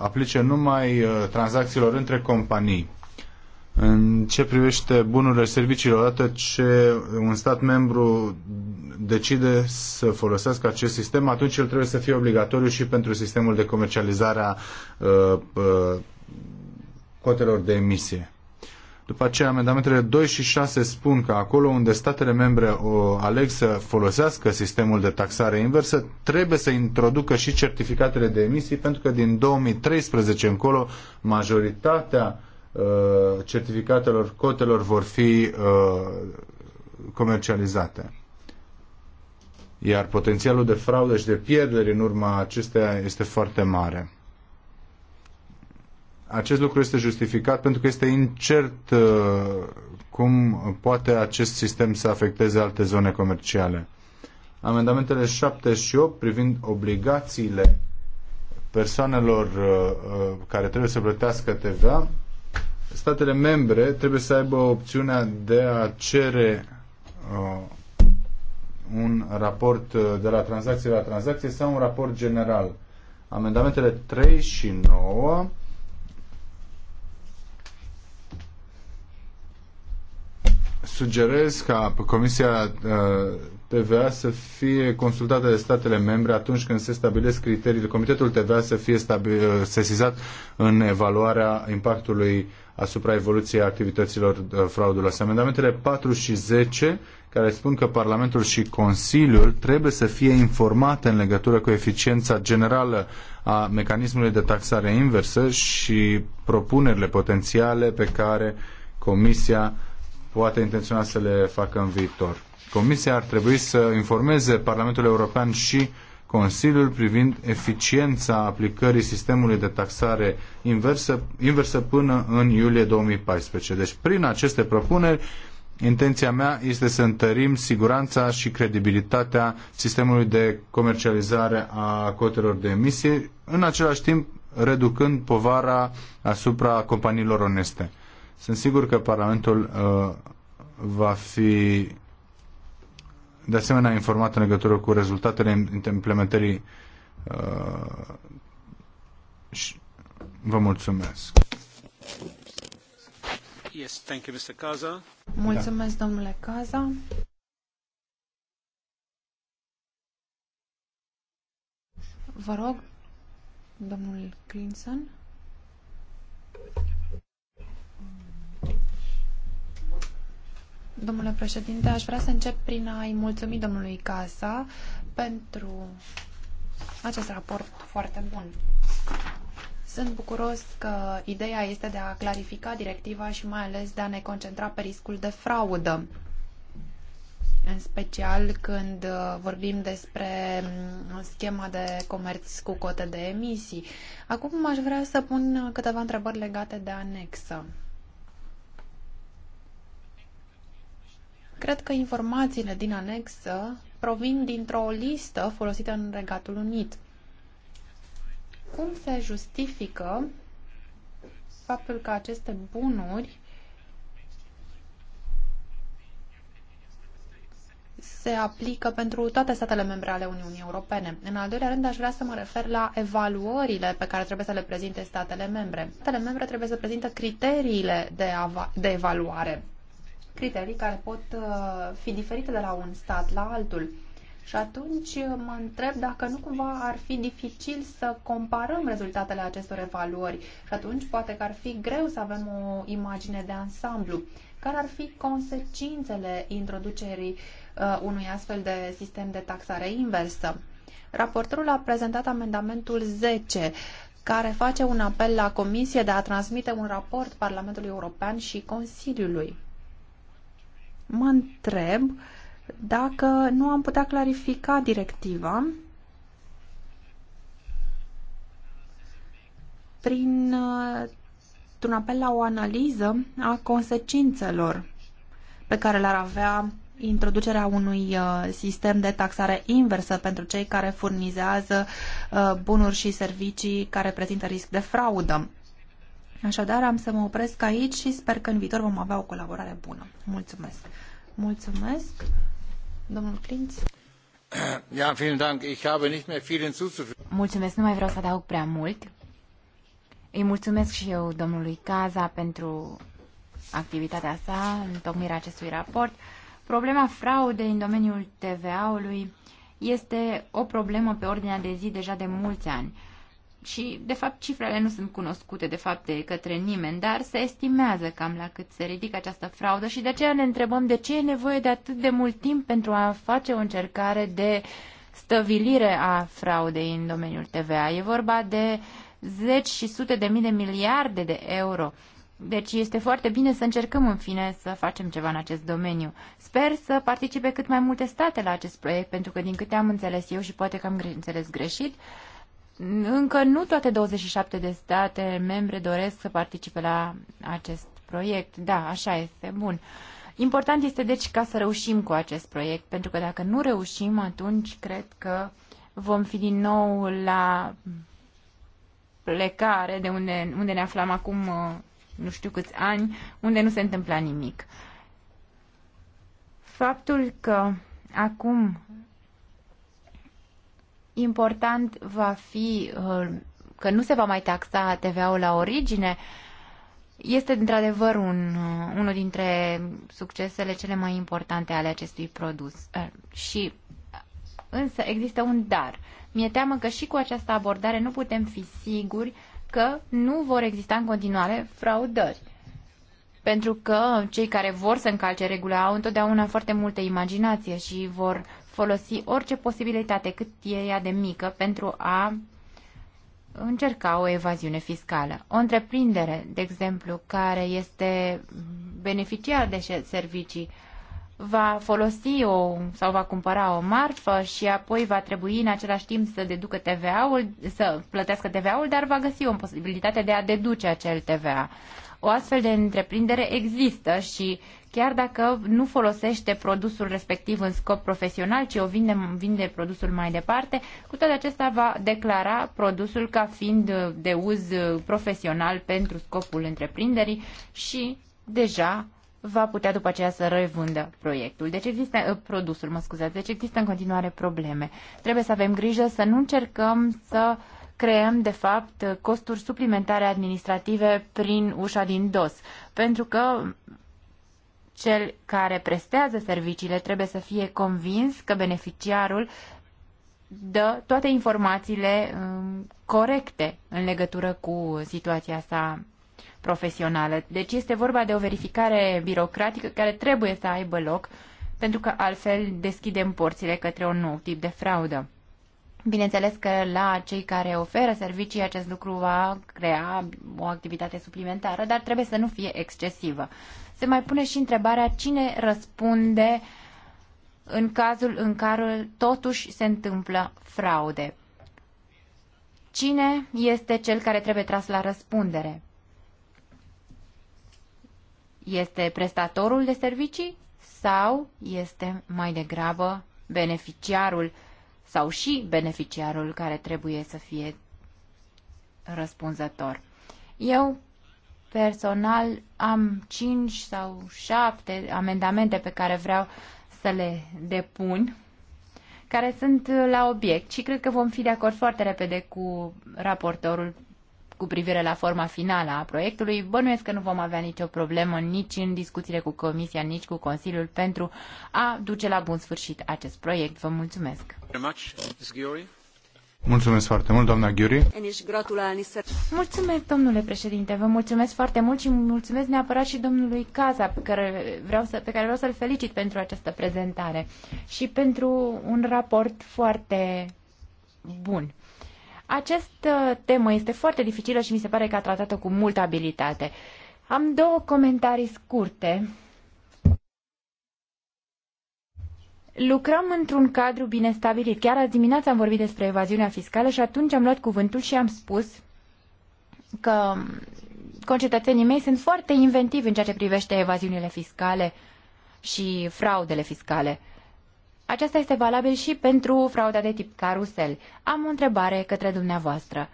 aplice numai tranzacțiilor între companii în ce privește bunurile serviciilor, serviciile, odată ce un stat membru decide să folosească acest sistem, atunci el trebuie să fie obligatoriu și pentru sistemul de comercializare a uh, uh, cotelor de emisie. După aceea, amendamentele 2 și 6 spun că acolo unde statele membre aleg să folosească sistemul de taxare inversă, trebuie să introducă și certificatele de emisii, pentru că din 2013 încolo majoritatea Uh, certificatelor, cotelor vor fi uh, comercializate. Iar potențialul de fraudă și de pierderi în urma acesteia este foarte mare. Acest lucru este justificat pentru că este incert uh, cum poate acest sistem să afecteze alte zone comerciale. Amendamentele 7 și 8 privind obligațiile persoanelor care trebuie să plătească TVA statele membre trebuie să aibă opțiunea de a cere uh, un raport uh, de la tranzacție la tranzacție sau un raport general. Amendamentele 3 și 9 sugerez ca Comisia uh, TVA să fie consultată de statele membre atunci când se stabilesc criteriile. Comitetul TVA să fie stabil, uh, sesizat în evaluarea impactului asupra evoluției activităților uh, frauduloase. Amendamentele 4 și 10 care spun că Parlamentul și Consiliul trebuie să fie informate în legătură cu eficiența generală a mecanismului de taxare inversă și propunerile potențiale pe care Comisia poate intenționa să le facă în viitor. Comisia ar trebui să informeze Parlamentul European și Consiliul privind eficiența aplicării sistemului de taxare inversă, inversă până în iulie 2014. Deci, prin aceste propuneri, intenția mea este să întărim siguranța și credibilitatea sistemului de comercializare a cotelor de emisie, în același timp reducând povara asupra companiilor oneste. Sunt sigur că Parlamentul uh, va fi de asemenea informat în legătură cu rezultatele implementării uh, și vă mulțumesc. Yes, thank you, Mr. Kaza. Mulțumesc, da. domnule Caza. Vă rog, domnul Clinton. Domnule președinte, aș vrea să încep prin a-i mulțumi domnului Casa pentru acest raport foarte bun. Sunt bucuros că ideea este de a clarifica directiva și mai ales de a ne concentra pe riscul de fraudă. În special când uh, vorbim despre mm, schema de comerț cu cote de emisii. Acum aș vrea să pun câteva întrebări legate de anexă. Cred că informațiile din anexă provin dintr-o listă folosită în Regatul Unit. Cum se justifică faptul că aceste bunuri se aplică pentru toate statele membre ale Uniunii Europene. În al doilea rând, aș vrea să mă refer la evaluările pe care trebuie să le prezinte statele membre. Statele membre trebuie să prezinte criteriile de, de evaluare criterii care pot uh, fi diferite de la un stat la altul. Și atunci uh, mă întreb dacă nu cumva ar fi dificil să comparăm rezultatele acestor evaluări și atunci poate că ar fi greu să avem o imagine de ansamblu. Care ar fi consecințele introducerii uh, unui astfel de sistem de taxare inversă? Raportorul a prezentat amendamentul 10 care face un apel la Comisie de a transmite un raport Parlamentului European și Consiliului mă întreb dacă nu am putea clarifica directiva prin un apel la o analiză a consecințelor pe care le-ar avea introducerea unui uh, sistem de taxare inversă pentru cei care furnizează uh, bunuri și servicii care prezintă risc de fraudă. Așadar, am să mă opresc aici și sper că în viitor vom avea o colaborare bună. Mulțumesc! Mulțumesc, domnul Clinț. Ja, vielen Dank. Ich habe nicht mehr viel hinzuzufügen. Mulțumesc, nu mai vreau să adaug prea mult. Îi mulțumesc și eu domnului Caza pentru activitatea sa în tocmirea acestui raport. Problema fraudei în domeniul TVA-ului este o problemă pe ordinea de zi deja de mulți ani și, de fapt, cifrele nu sunt cunoscute, de fapt, de către nimeni, dar se estimează cam la cât se ridică această fraudă și de aceea ne întrebăm de ce e nevoie de atât de mult timp pentru a face o încercare de stăvilire a fraudei în domeniul TVA. E vorba de zeci și sute de mii de miliarde de euro. Deci este foarte bine să încercăm în fine să facem ceva în acest domeniu. Sper să participe cât mai multe state la acest proiect, pentru că din câte am înțeles eu și poate că am înțeles greșit, uh, încă nu toate 27 de state membre doresc să participe la acest proiect. Da, așa este. Bun. Important este deci ca să reușim cu acest proiect, pentru că dacă nu reușim, atunci cred că vom fi din nou la plecare de unde, unde ne aflam acum uh, nu știu câți ani, unde nu se întâmpla nimic. Faptul că acum important va fi uh, că nu se va mai taxa TVA-ul la origine, este într-adevăr un, uh, unul dintre succesele cele mai importante ale acestui produs. Uh, și însă există un dar. Mi-e teamă că și cu această abordare nu putem fi siguri că nu vor exista în continuare fraudări. Pentru că cei care vor să încalce regula au întotdeauna foarte multă imaginație și vor folosi orice posibilitate, cât e ea de mică, pentru a încerca o evaziune fiscală. O întreprindere, de exemplu, care este beneficiar de servicii, va folosi o, sau va cumpăra o marfă și apoi va trebui în același timp să deducă TVA-ul, să plătească TVA-ul, dar va găsi o posibilitate de a deduce acel TVA. O astfel de întreprindere există și chiar dacă nu folosește produsul respectiv în scop profesional, ci o vinde, vinde produsul mai departe, cu toate acestea va declara produsul ca fiind de uz profesional pentru scopul întreprinderii și deja va putea după aceea să revândă proiectul. Deci există eh, produsul, mă scuzați, deci există în continuare probleme. Trebuie să avem grijă să nu încercăm să uh, creăm, de fapt, costuri suplimentare administrative prin ușa din dos, pentru că cel care prestează serviciile trebuie să fie convins că beneficiarul dă toate informațiile um, corecte în legătură cu situația sa profesională. Deci este vorba de o verificare birocratică care trebuie să aibă loc, pentru că altfel deschidem porțile către un nou tip de fraudă. Bineînțeles că la cei care oferă servicii acest lucru va crea o activitate suplimentară, dar trebuie să nu fie excesivă. Se mai pune și întrebarea cine răspunde în cazul în care totuși se întâmplă fraude. Cine este cel care trebuie tras la răspundere? Este prestatorul de servicii sau este mai degrabă beneficiarul sau și beneficiarul care trebuie să fie răspunzător. Eu personal am 5 sau 7 amendamente pe care vreau să le depun, care sunt la obiect și cred că vom fi de acord foarte repede cu raportorul cu privire la forma finală a proiectului, bănuiesc că nu vom avea nicio problemă nici în discuțiile cu Comisia, nici cu Consiliul pentru a duce la bun sfârșit acest proiect. Vă mulțumesc! Mulțumesc foarte mult, doamna Ghiuri. Mulțumesc, domnule președinte, vă mulțumesc foarte mult și mulțumesc neapărat și domnului Caza, pe care vreau, să, pe care vreau să-l felicit pentru această prezentare și pentru un raport foarte bun. Această temă este foarte dificilă și mi se pare că a tratat-o cu multă abilitate. Am două comentarii scurte. Lucrăm într-un cadru bine stabilit. Chiar azi dimineața am vorbit despre evaziunea fiscală și atunci am luat cuvântul și am spus că concetățenii mei sunt foarte inventivi în ceea ce privește evaziunile fiscale și fraudele fiscale. Aceasta este valabil și pentru frauda de tip carusel. Am o întrebare către dumneavoastră.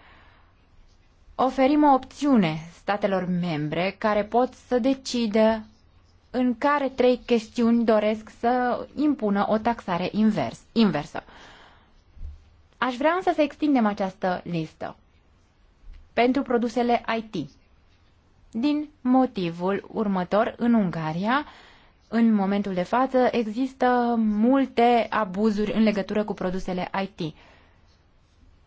Oferim o opțiune statelor membre care pot să decidă în care trei chestiuni doresc să impună o taxare invers, inversă. Aș vrea însă să extindem această listă pentru produsele IT. Din motivul următor, în Ungaria, în momentul de față există multe abuzuri în legătură cu produsele IT.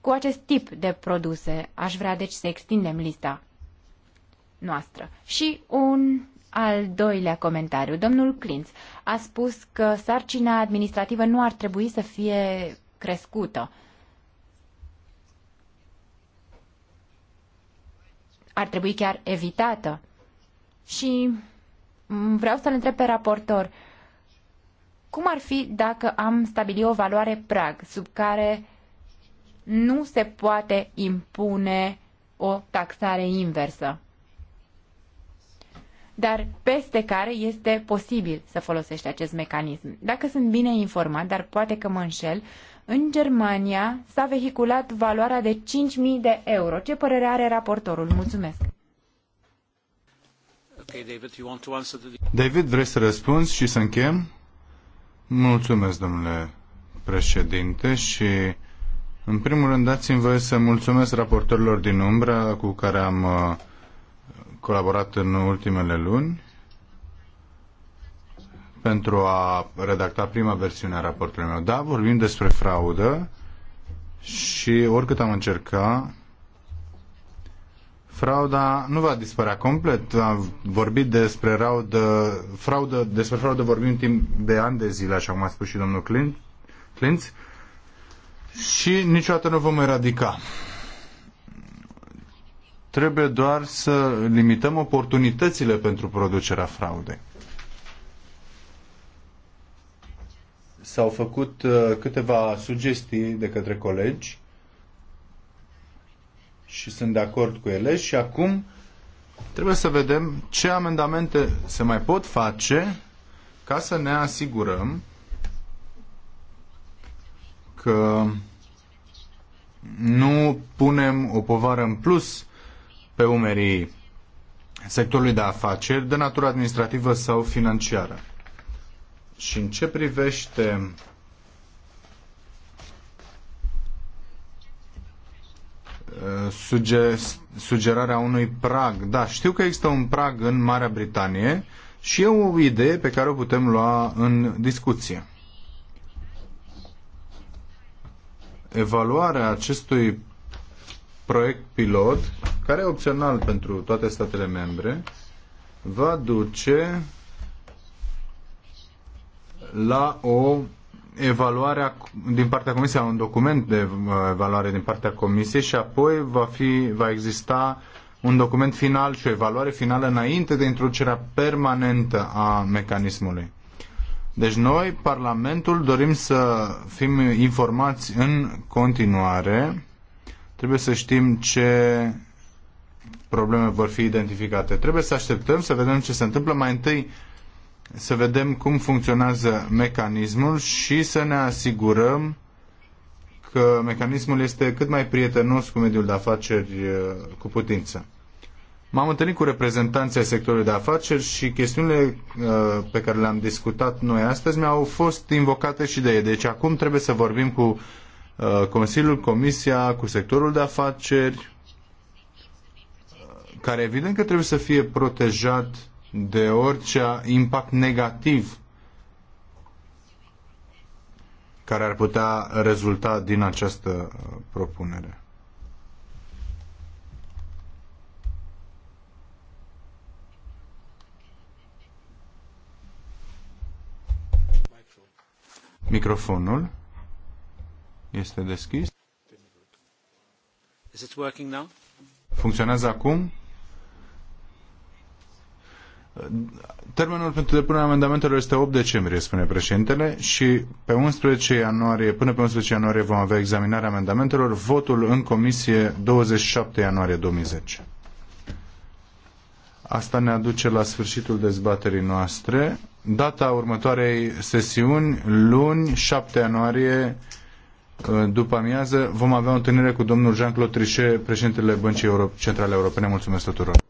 Cu acest tip de produse aș vrea deci să extindem lista noastră. Și un al doilea comentariu. Domnul Clinț a spus că sarcina administrativă nu ar trebui să fie crescută. Ar trebui chiar evitată. Și vreau să-l întreb pe raportor. Cum ar fi dacă am stabilit o valoare prag sub care nu se poate impune o taxare inversă, dar peste care este posibil să folosești acest mecanism? Dacă sunt bine informat, dar poate că mă înșel, în Germania s-a vehiculat valoarea de 5.000 de euro. Ce părere are raportorul? Mulțumesc! David, David, vrei să răspunzi și să încheiem? Mulțumesc, domnule președinte, și în primul rând dați-mi voie să mulțumesc raportorilor din umbră cu care am uh, colaborat în ultimele luni pentru a redacta prima versiune a raportului meu. Da, vorbim despre fraudă și oricât am încercat, frauda nu va dispărea complet. Am vorbit despre raudă, fraudă, despre fraudă vorbim timp de ani de zile, așa cum a spus și domnul Clint, Clint și niciodată nu vom eradica. Trebuie doar să limităm oportunitățile pentru producerea fraudei. S-au făcut uh, câteva sugestii de către colegi și sunt de acord cu ele și acum trebuie să vedem ce amendamente se mai pot face ca să ne asigurăm că nu punem o povară în plus pe umerii sectorului de afaceri de natură administrativă sau financiară. Și în ce privește suge, sugerarea unui prag. Da, știu că există un prag în Marea Britanie și e o idee pe care o putem lua în discuție. Evaluarea acestui proiect pilot, care e opțional pentru toate statele membre, va duce la o evaluarea din partea Comisiei, un document de uh, evaluare din partea Comisiei și apoi va, fi, va exista un document final și o evaluare finală înainte de introducerea permanentă a mecanismului. Deci noi, Parlamentul, dorim să fim informați în continuare. Trebuie să știm ce probleme vor fi identificate. Trebuie să așteptăm să vedem ce se întâmplă. Mai întâi să vedem cum funcționează mecanismul și să ne asigurăm că mecanismul este cât mai prietenos cu mediul de afaceri uh, cu putință. M-am întâlnit cu reprezentanții sectorului de afaceri și chestiunile uh, pe care le-am discutat noi astăzi mi-au fost invocate și de ei. Deci acum trebuie să vorbim cu uh, Consiliul, Comisia, cu sectorul de afaceri, care evident că trebuie să fie protejat de orice impact negativ care ar putea rezulta din această uh, propunere. Microfonul este deschis. Funcționează acum? Termenul pentru depunerea amendamentelor este 8 decembrie, spune președintele, și pe 11 ianuarie, până pe 11 ianuarie vom avea examinarea amendamentelor, votul în comisie 27 ianuarie 2010. Asta ne aduce la sfârșitul dezbaterii noastre. Data următoarei sesiuni, luni, 7 ianuarie, ă, după amiază, vom avea o întâlnire cu domnul Jean-Claude Trichet, președintele Băncii Euro- Centrale Europene. Mulțumesc tuturor!